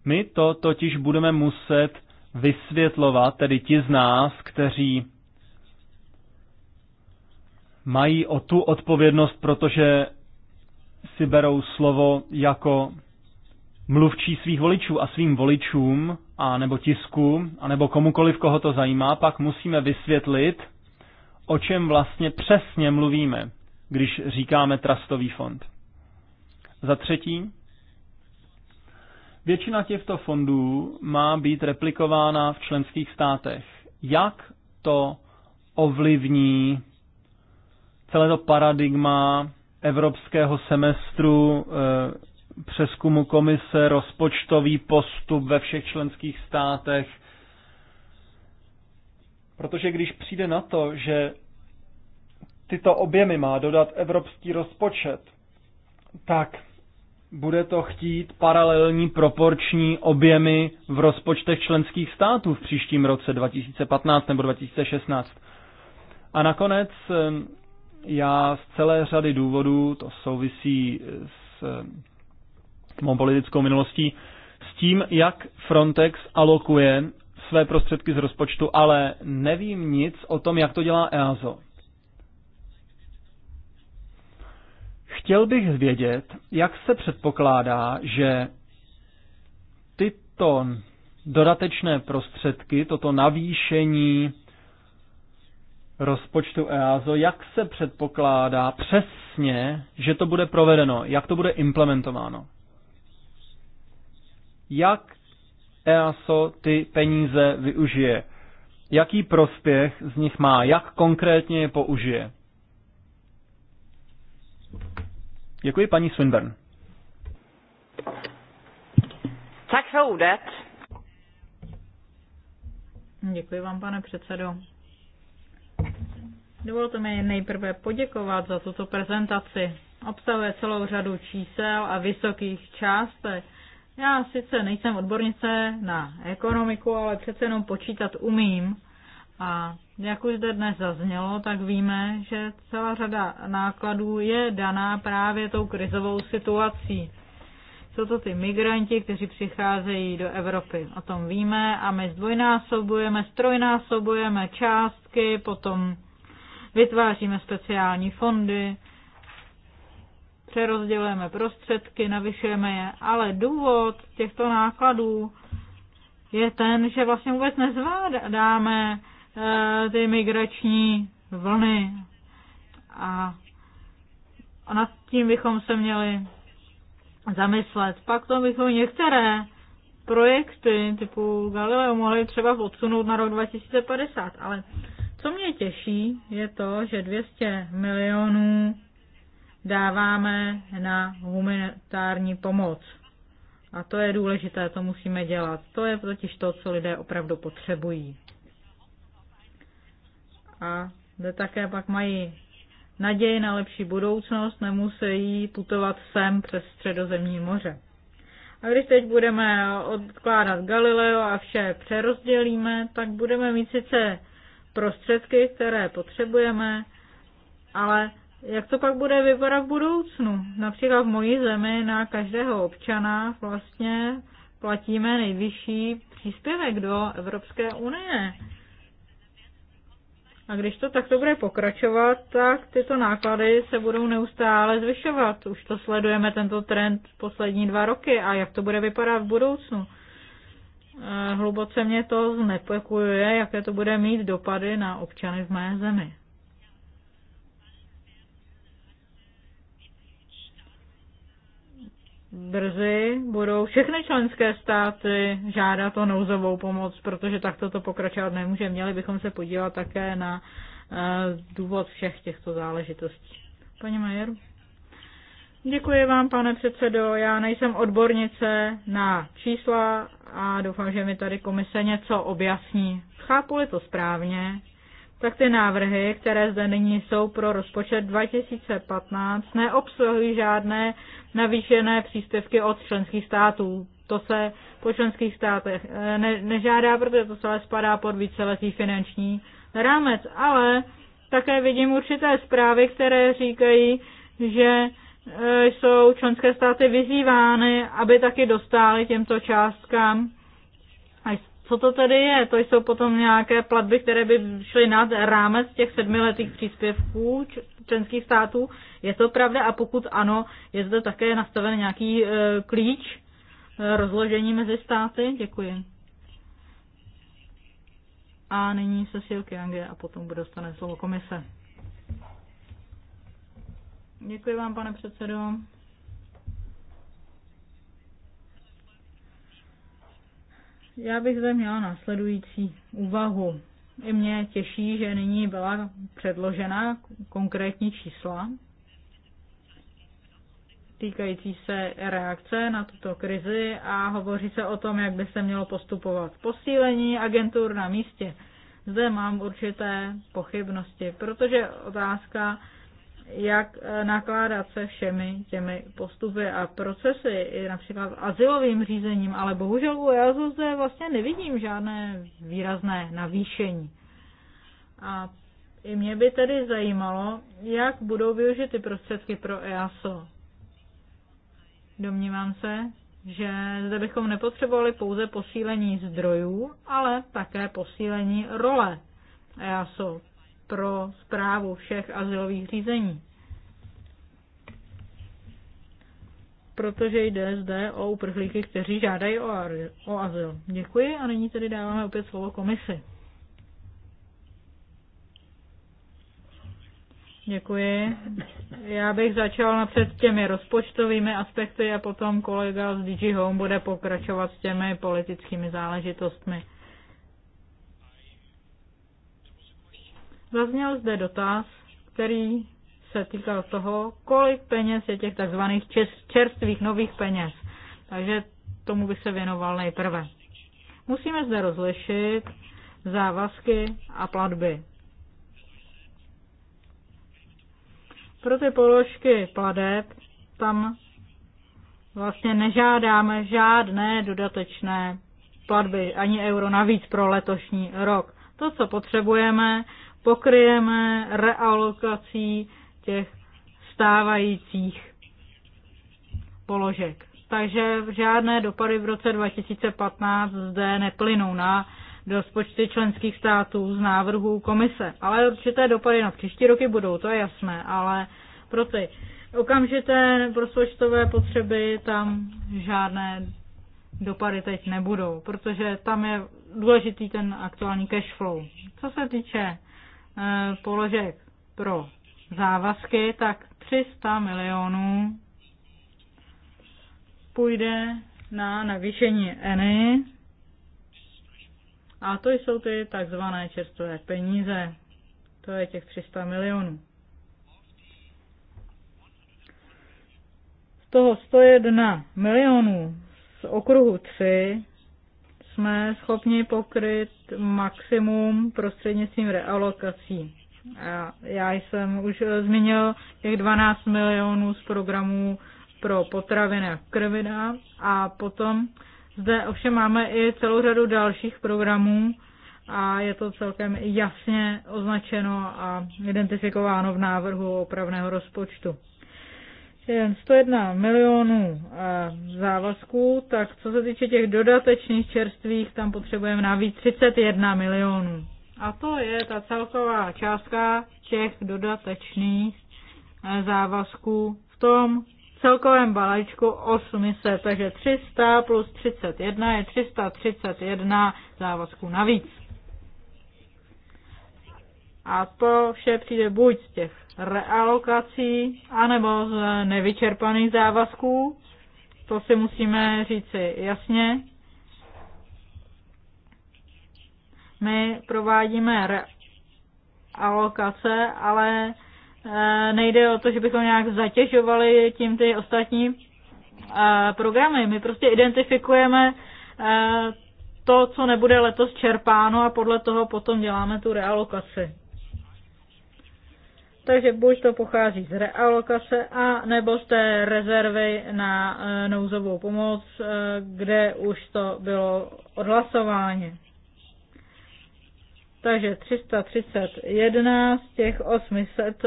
My to totiž budeme muset vysvětlovat, tedy ti z nás, kteří mají o tu odpovědnost, protože si berou slovo jako mluvčí svých voličů a svým voličům, a nebo tisku, a nebo komukoliv, koho to zajímá, pak musíme vysvětlit, o čem vlastně přesně mluvíme, když říkáme trustový fond. Za třetí, většina těchto fondů má být replikována v členských státech. Jak to ovlivní celé to paradigma evropského semestru, eh, přeskumu komise, rozpočtový postup ve všech členských státech, Protože když přijde na to, že tyto objemy má dodat evropský rozpočet, tak bude to chtít paralelní proporční objemy v rozpočtech členských států v příštím roce 2015 nebo 2016. A nakonec já z celé řady důvodů, to souvisí s mou politickou minulostí, s tím, jak Frontex alokuje své prostředky z rozpočtu, ale nevím nic o tom, jak to dělá EASO. Chtěl bych vědět, jak se předpokládá, že tyto dodatečné prostředky, toto navýšení rozpočtu EASO, jak se předpokládá přesně, že to bude provedeno, jak to bude implementováno. Jak EASO ty peníze využije, jaký prospěch z nich má, jak konkrétně je použije. Děkuji paní Swinburn. Tak se údet. Děkuji vám, pane předsedo. Dovolte mi nejprve poděkovat za tuto prezentaci. Obsahuje celou řadu čísel a vysokých částek já sice nejsem odbornice na ekonomiku, ale přece jenom počítat umím. A jak už zde dnes zaznělo, tak víme, že celá řada nákladů je daná právě tou krizovou situací. Jsou to ty migranti, kteří přicházejí do Evropy. O tom víme a my zdvojnásobujeme, strojnásobujeme částky, potom vytváříme speciální fondy, přerozdělujeme prostředky, navyšujeme je, ale důvod těchto nákladů je ten, že vlastně vůbec nezvládáme e, ty migrační vlny a, a nad tím bychom se měli zamyslet. Pak to bychom některé projekty typu Galileo mohli třeba odsunout na rok 2050, ale co mě těší, je to, že 200 milionů dáváme na humanitární pomoc. A to je důležité, to musíme dělat. To je totiž to, co lidé opravdu potřebují. A kde také pak mají naději na lepší budoucnost, nemusí putovat sem přes středozemní moře. A když teď budeme odkládat Galileo a vše přerozdělíme, tak budeme mít sice prostředky, které potřebujeme, ale jak to pak bude vypadat v budoucnu. Například v mojí zemi na každého občana vlastně platíme nejvyšší příspěvek do Evropské unie. A když to takto bude pokračovat, tak tyto náklady se budou neustále zvyšovat. Už to sledujeme, tento trend, poslední dva roky a jak to bude vypadat v budoucnu. Eh, hluboce mě to znepokojuje, jaké to bude mít dopady na občany v mé zemi. brzy budou všechny členské státy žádat o nouzovou pomoc, protože takto to pokračovat nemůže. Měli bychom se podívat také na eh, důvod všech těchto záležitostí. Paní Majer? Děkuji vám, pane předsedo. Já nejsem odbornice na čísla a doufám, že mi tady komise něco objasní. Chápu-li to správně, tak ty návrhy, které zde nyní jsou pro rozpočet 2015, neobsahují žádné navýšené příspěvky od členských států. To se po členských státech eh, ne, nežádá, protože to celé spadá pod víceletý finanční rámec. Ale také vidím určité zprávy, které říkají, že eh, jsou členské státy vyzývány, aby taky dostály těmto částkám co to tedy je? To jsou potom nějaké platby, které by šly nad rámec těch sedmiletých příspěvků členských států. Je to pravda? A pokud ano, je zde také nastaven nějaký e, klíč e, rozložení mezi státy? Děkuji. A nyní Cecil Kiange a potom bude dostane slovo komise. Děkuji vám, pane předsedo. Já bych zde měla následující úvahu. I mě těší, že nyní byla předložena konkrétní čísla týkající se reakce na tuto krizi a hovoří se o tom, jak by se mělo postupovat posílení agentur na místě. Zde mám určité pochybnosti, protože otázka jak eh, nakládat se všemi těmi postupy a procesy, i například asilovým řízením, ale bohužel u EASO zde vlastně nevidím žádné výrazné navýšení. A i mě by tedy zajímalo, jak budou využity prostředky pro EASO. Domnívám se, že zde bychom nepotřebovali pouze posílení zdrojů, ale také posílení role EASO pro zprávu všech azylových řízení. Protože jde zde o uprchlíky, kteří žádají o, o azyl. Děkuji a nyní tedy dáváme opět slovo komisi. Děkuji. Já bych začal napřed těmi rozpočtovými aspekty a potom kolega z DG Home bude pokračovat s těmi politickými záležitostmi. Zazněl zde dotaz, který se týkal toho, kolik peněz je těch tzv. čerstvých nových peněz. Takže tomu bych se věnoval nejprve. Musíme zde rozlišit závazky a platby. Pro ty položky pladeb tam vlastně nežádáme žádné dodatečné platby, ani euro navíc pro letošní rok. To, co potřebujeme, pokryjeme realokací těch stávajících položek. Takže žádné dopady v roce 2015 zde neplynou na rozpočty členských států z návrhů komise. Ale určité dopady na příští roky budou, to je jasné, ale pro ty okamžité rozpočtové potřeby tam žádné dopady teď nebudou, protože tam je důležitý ten aktuální cash flow. Co se týče Eh, položek pro závazky, tak 300 milionů půjde na navýšení ENY a to jsou ty takzvané čerstvé peníze. To je těch 300 milionů. Z toho 101 milionů z okruhu 3 jsme schopni pokryt maximum prostřednictvím realokací. já jsem už eh, zmínil těch 12 milionů z programů pro potraviny a krvina a potom zde ovšem máme i celou řadu dalších programů a je to celkem jasně označeno a identifikováno v návrhu opravného rozpočtu jen 101 milionů eh, závazků, tak co se týče těch dodatečných čerstvých, tam potřebujeme navíc 31 milionů. A to je ta celková částka těch dodatečných eh, závazků v tom celkovém balíčku 800, takže 300 plus 31 je 331 závazků navíc. A to vše přijde buď z těch realokací, anebo z nevyčerpaných závazků. To si musíme říci jasně. My provádíme realokace, ale eh, nejde o to, že bychom nějak zatěžovali tím ty ostatní eh, programy. My prostě identifikujeme eh, to, co nebude letos čerpáno a podle toho potom děláme tu realokaci. Takže buď to pochází z realokace a nebo z té rezervy na e, nouzovou pomoc, e, kde už to bylo odhlasováně. Takže 331 z těch 800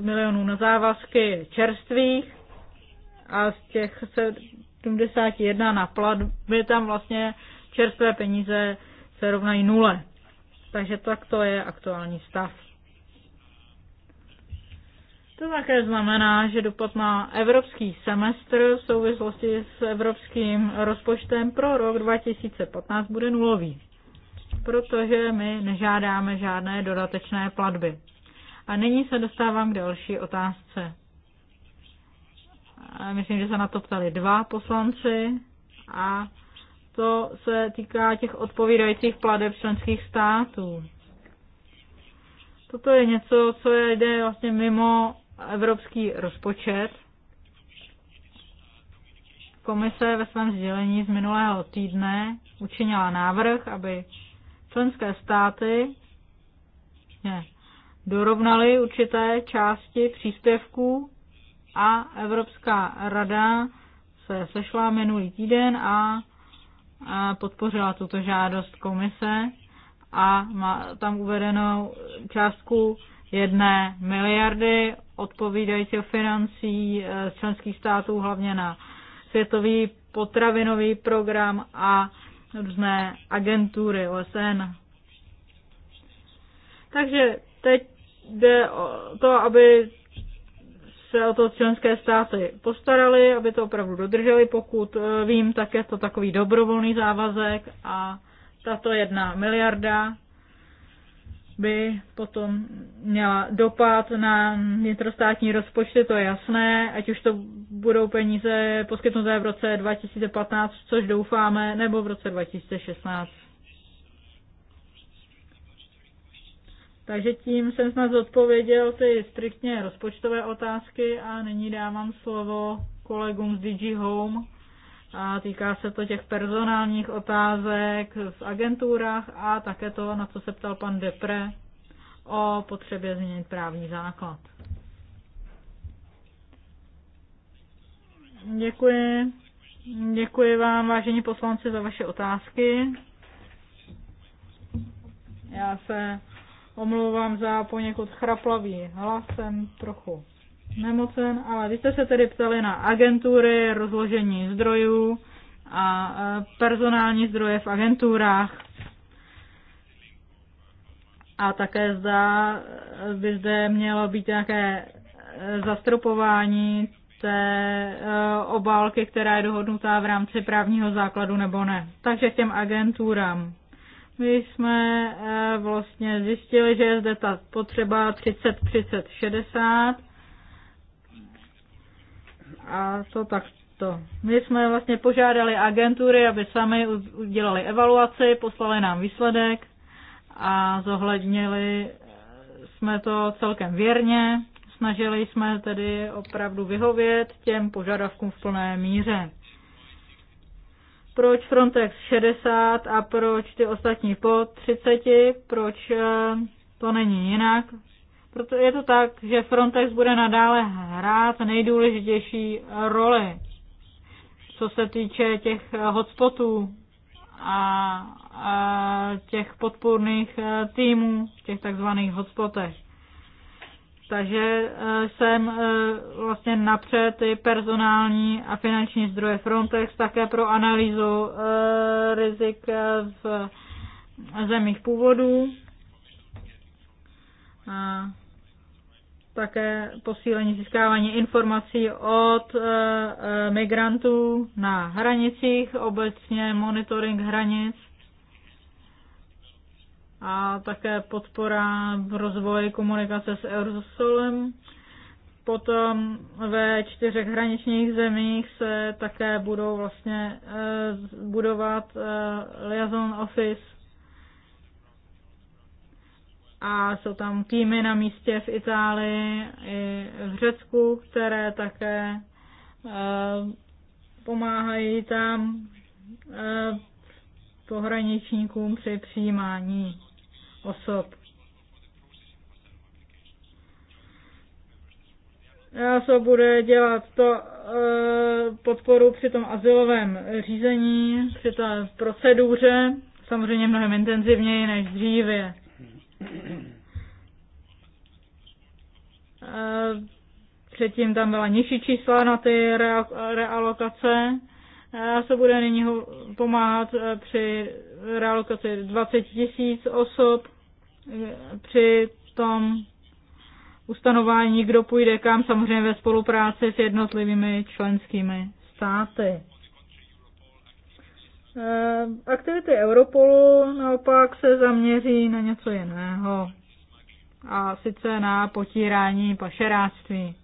milionů na závazky je čerstvých a z těch 71 na platby tam vlastně čerstvé peníze se rovnají nule. Takže tak to je aktuální stav. To také znamená, že dopad na evropský semestr v souvislosti s evropským rozpočtem pro rok 2015 bude nulový, protože my nežádáme žádné dodatečné platby. A nyní se dostávám k další otázce. Myslím, že se na to ptali dva poslanci a to se týká těch odpovídajících pladeb členských států. Toto je něco, co jde vlastně mimo evropský rozpočet. Komise ve svém sdělení z minulého týdne učinila návrh, aby členské státy ne, dorovnaly určité části příspěvků a Evropská rada se sešla minulý týden a, a podpořila tuto žádost komise a má tam uvedenou částku jedné miliardy odpovídajícího financí eh, z členských států, hlavně na světový potravinový program a různé agentury OSN. Takže teď jde o to, aby se o to členské státy postarali, aby to opravdu dodrželi, pokud eh, vím, tak je to takový dobrovolný závazek a tato jedna miliarda by potom měla dopad na vnitrostátní rozpočty, to je jasné, ať už to budou peníze poskytnuté v roce 2015, což doufáme, nebo v roce 2016. Takže tím jsem snad zodpověděl ty striktně rozpočtové otázky a nyní dávám slovo kolegům z DG Home, a týká se to těch personálních otázek v agenturách a také to, na co se ptal pan Depre, o potřebě změnit právní základ. Děkuji. Děkuji vám, vážení poslanci, za vaše otázky. Já se omlouvám za poněkud chraplavý hlas, jsem trochu nemocen, ale vy jste se tedy ptali na agentury, rozložení zdrojů a e, personální zdroje v agenturách. A také zda by zde mělo být nějaké e, zastropování té e, obálky, která je dohodnutá v rámci právního základu nebo ne. Takže k těm agenturám. My jsme vlastně zjistili, že je zde ta potřeba 30-30-60 a to tak to. My jsme vlastně požádali agentury, aby sami udělali evaluaci, poslali nám výsledek a zohlednili eh, jsme to celkem věrně. Snažili jsme tedy opravdu vyhovět těm požadavkům v plné míře. Proč Frontex 60 a proč ty ostatní po 30? Proč eh, to není jinak? Proto je to tak, že Frontex bude nadále hrát nejdůležitější roli, co se týče těch eh, hotspotů a, těch podpůrných eh, týmů v těch takzvaných hotspotech. Takže eh, jsem vlastně napřed ty personální a finanční zdroje Frontex také pro analýzu rizik v zemích původu také posílení získávání informací od eh, eh, migrantů na hranicích, obecně monitoring hranic a také podpora v rozvoji komunikace s Eurosolem. Potom ve čtyřech hraničních zemích se také budou vlastně eh, budovat liaison office a jsou tam týmy na místě v Itálii i v Řecku, které také eh, pomáhají tam eh, pohraničníkům při přijímání osob. se bude dělat to eh, podporu při tom asilovém řízení, při té proceduře, samozřejmě mnohem intenzivněji než dříve. Eh, předtím tam byla nižší čísla na ty realokace. Eh, a se bude nyní pomáhat eh, při realokaci 20 tisíc osob. Při tom ustanování, kdo půjde kam, samozřejmě ve spolupráci s jednotlivými členskými státy. Eh, aktivity Europolu naopak se zaměří na něco jiného, a sice na potírání pašeráctví.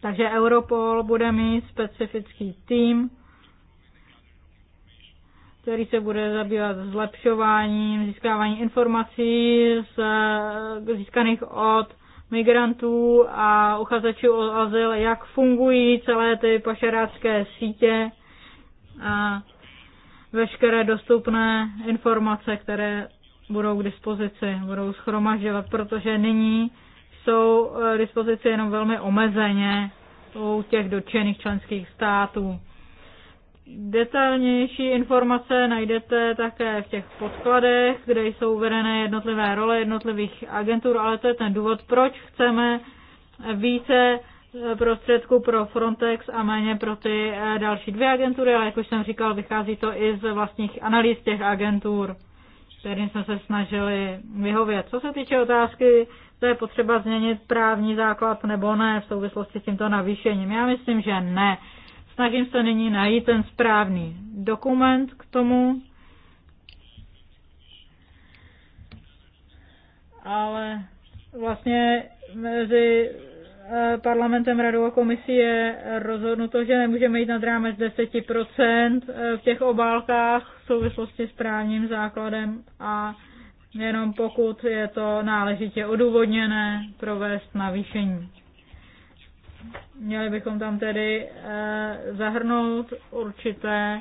Takže Europol bude mít specifický tým, který se bude zabývat zlepšováním, získávání informací z, získaných od migrantů a uchazečů o azyl, jak fungují celé ty pašerácké sítě a veškeré dostupné informace, které budou k dispozici, budou schromažďovat, protože nyní jsou eh, k dispozici jenom velmi omezeně u těch dotčených členských států. Detailnější informace najdete také v těch podkladech, kde jsou uvedené jednotlivé role jednotlivých agentur, ale to je ten důvod, proč chceme více prostředků pro Frontex a méně pro ty eh, další dvě agentury, ale jak už jsem říkal, vychází to i z vlastních analýz těch agentur, kterým jsme se snažili vyhovět. Co se týče otázky, to je potřeba změnit právní základ nebo ne v souvislosti s tímto navýšením, já myslím, že ne. Snažím se nyní najít ten správný dokument k tomu, ale vlastně mezi Eh, parlamentem, radou a komisí je rozhodnuto, že nemůžeme jít nad rámec 10% eh, v těch obálkách v souvislosti s právním základem a jenom pokud je to náležitě odůvodněné provést navýšení. Měli bychom tam tedy eh, zahrnout určité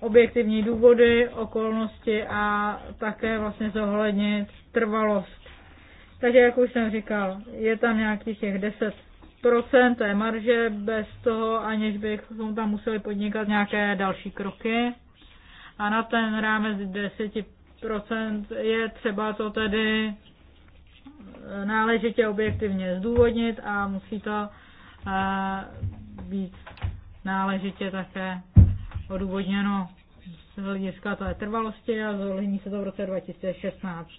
objektivní důvody, okolnosti a také vlastně zohlednit trvalost takže, jak už jsem říkal, je tam nějakých těch 10% té marže bez toho, aniž bychom tam museli podnikat nějaké další kroky. A na ten rámec 10% je třeba to tedy eh, náležitě objektivně zdůvodnit a musí to eh, být náležitě také odůvodněno z hlediska té trvalosti a zohlední se to v roce 2016.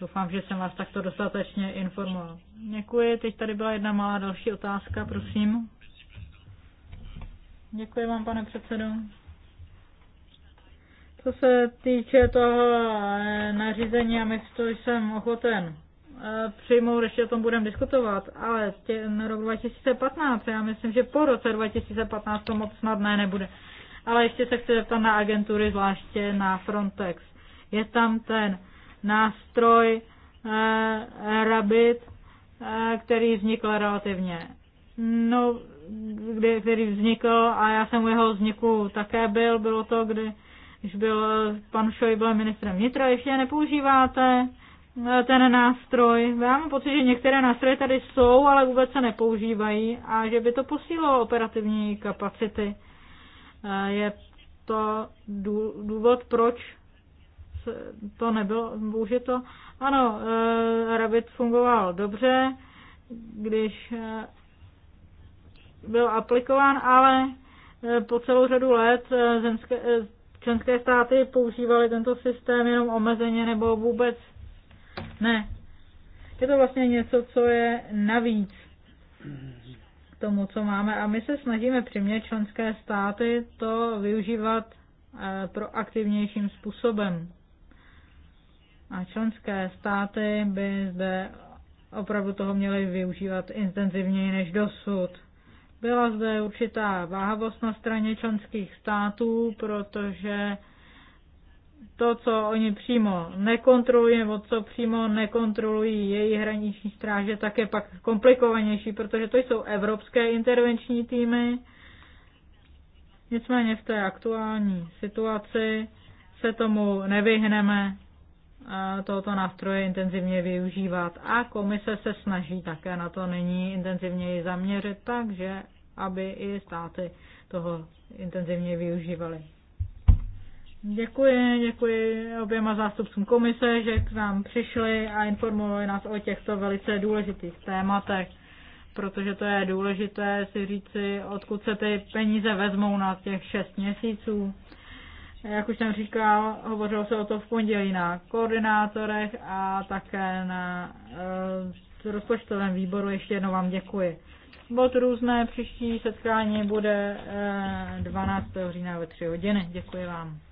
Doufám, že jsem vás takto dostatečně informoval. Děkuji. Teď tady byla jedna malá další otázka, prosím. Děkuji vám, pane předsedo. Co se týče toho eh, nařízení, a myslím, to jsem ochoten eh, přijmout, ještě o tom budeme diskutovat, ale ten rok 2015, já myslím, že po roce 2015 to moc snadné nebude. Ale ještě se chci zeptat na agentury, zvláště na Frontex. Je tam ten nástroj eh, Rabbit, eh, který vznikl relativně no, kdy, který vznikl a já jsem u jeho vzniku také byl, bylo to, kdy, když byl eh, pan Schäuble ministrem vnitra, ještě nepoužíváte ten nástroj. Já mám pocit, že některé nástroje tady jsou, ale vůbec se nepoužívají a že by to posílilo operativní kapacity. Je to důvod, proč to nebylo to. Ano, eh, Rabbit fungoval dobře, když eh, byl aplikován, ale eh, po celou řadu let zemské, členské státy používaly tento systém jenom omezeně nebo vůbec ne. Je to vlastně něco, co je navíc k tomu, co máme. A my se snažíme přimět členské státy to využívat proaktivnějším způsobem. A členské státy by zde opravdu toho měly využívat intenzivněji než dosud. Byla zde určitá váhavost na straně členských států, protože to, co oni přímo nekontrolují, nebo co přímo nekontrolují její hraniční stráže, tak je pak komplikovanější, protože to jsou evropské intervenční týmy. Nicméně v té aktuální situaci se tomu nevyhneme tohoto nástroje intenzivně využívat a komise se snaží také na to nyní intenzivněji zaměřit, takže aby i státy toho intenzivně využívaly. Děkuji, děkuji oběma zástupcům komise, že k nám přišli a informovali nás o těchto velice důležitých tématech, protože to je důležité si říci, odkud se ty peníze vezmou na těch šest měsíců jak už jsem říkal, hovořilo se o to v pondělí na koordinátorech a také na e, rozpočtovém výboru. Ještě jednou vám děkuji. Bod různé příští setkání bude e, 12. října ve 3 hodiny. Děkuji vám.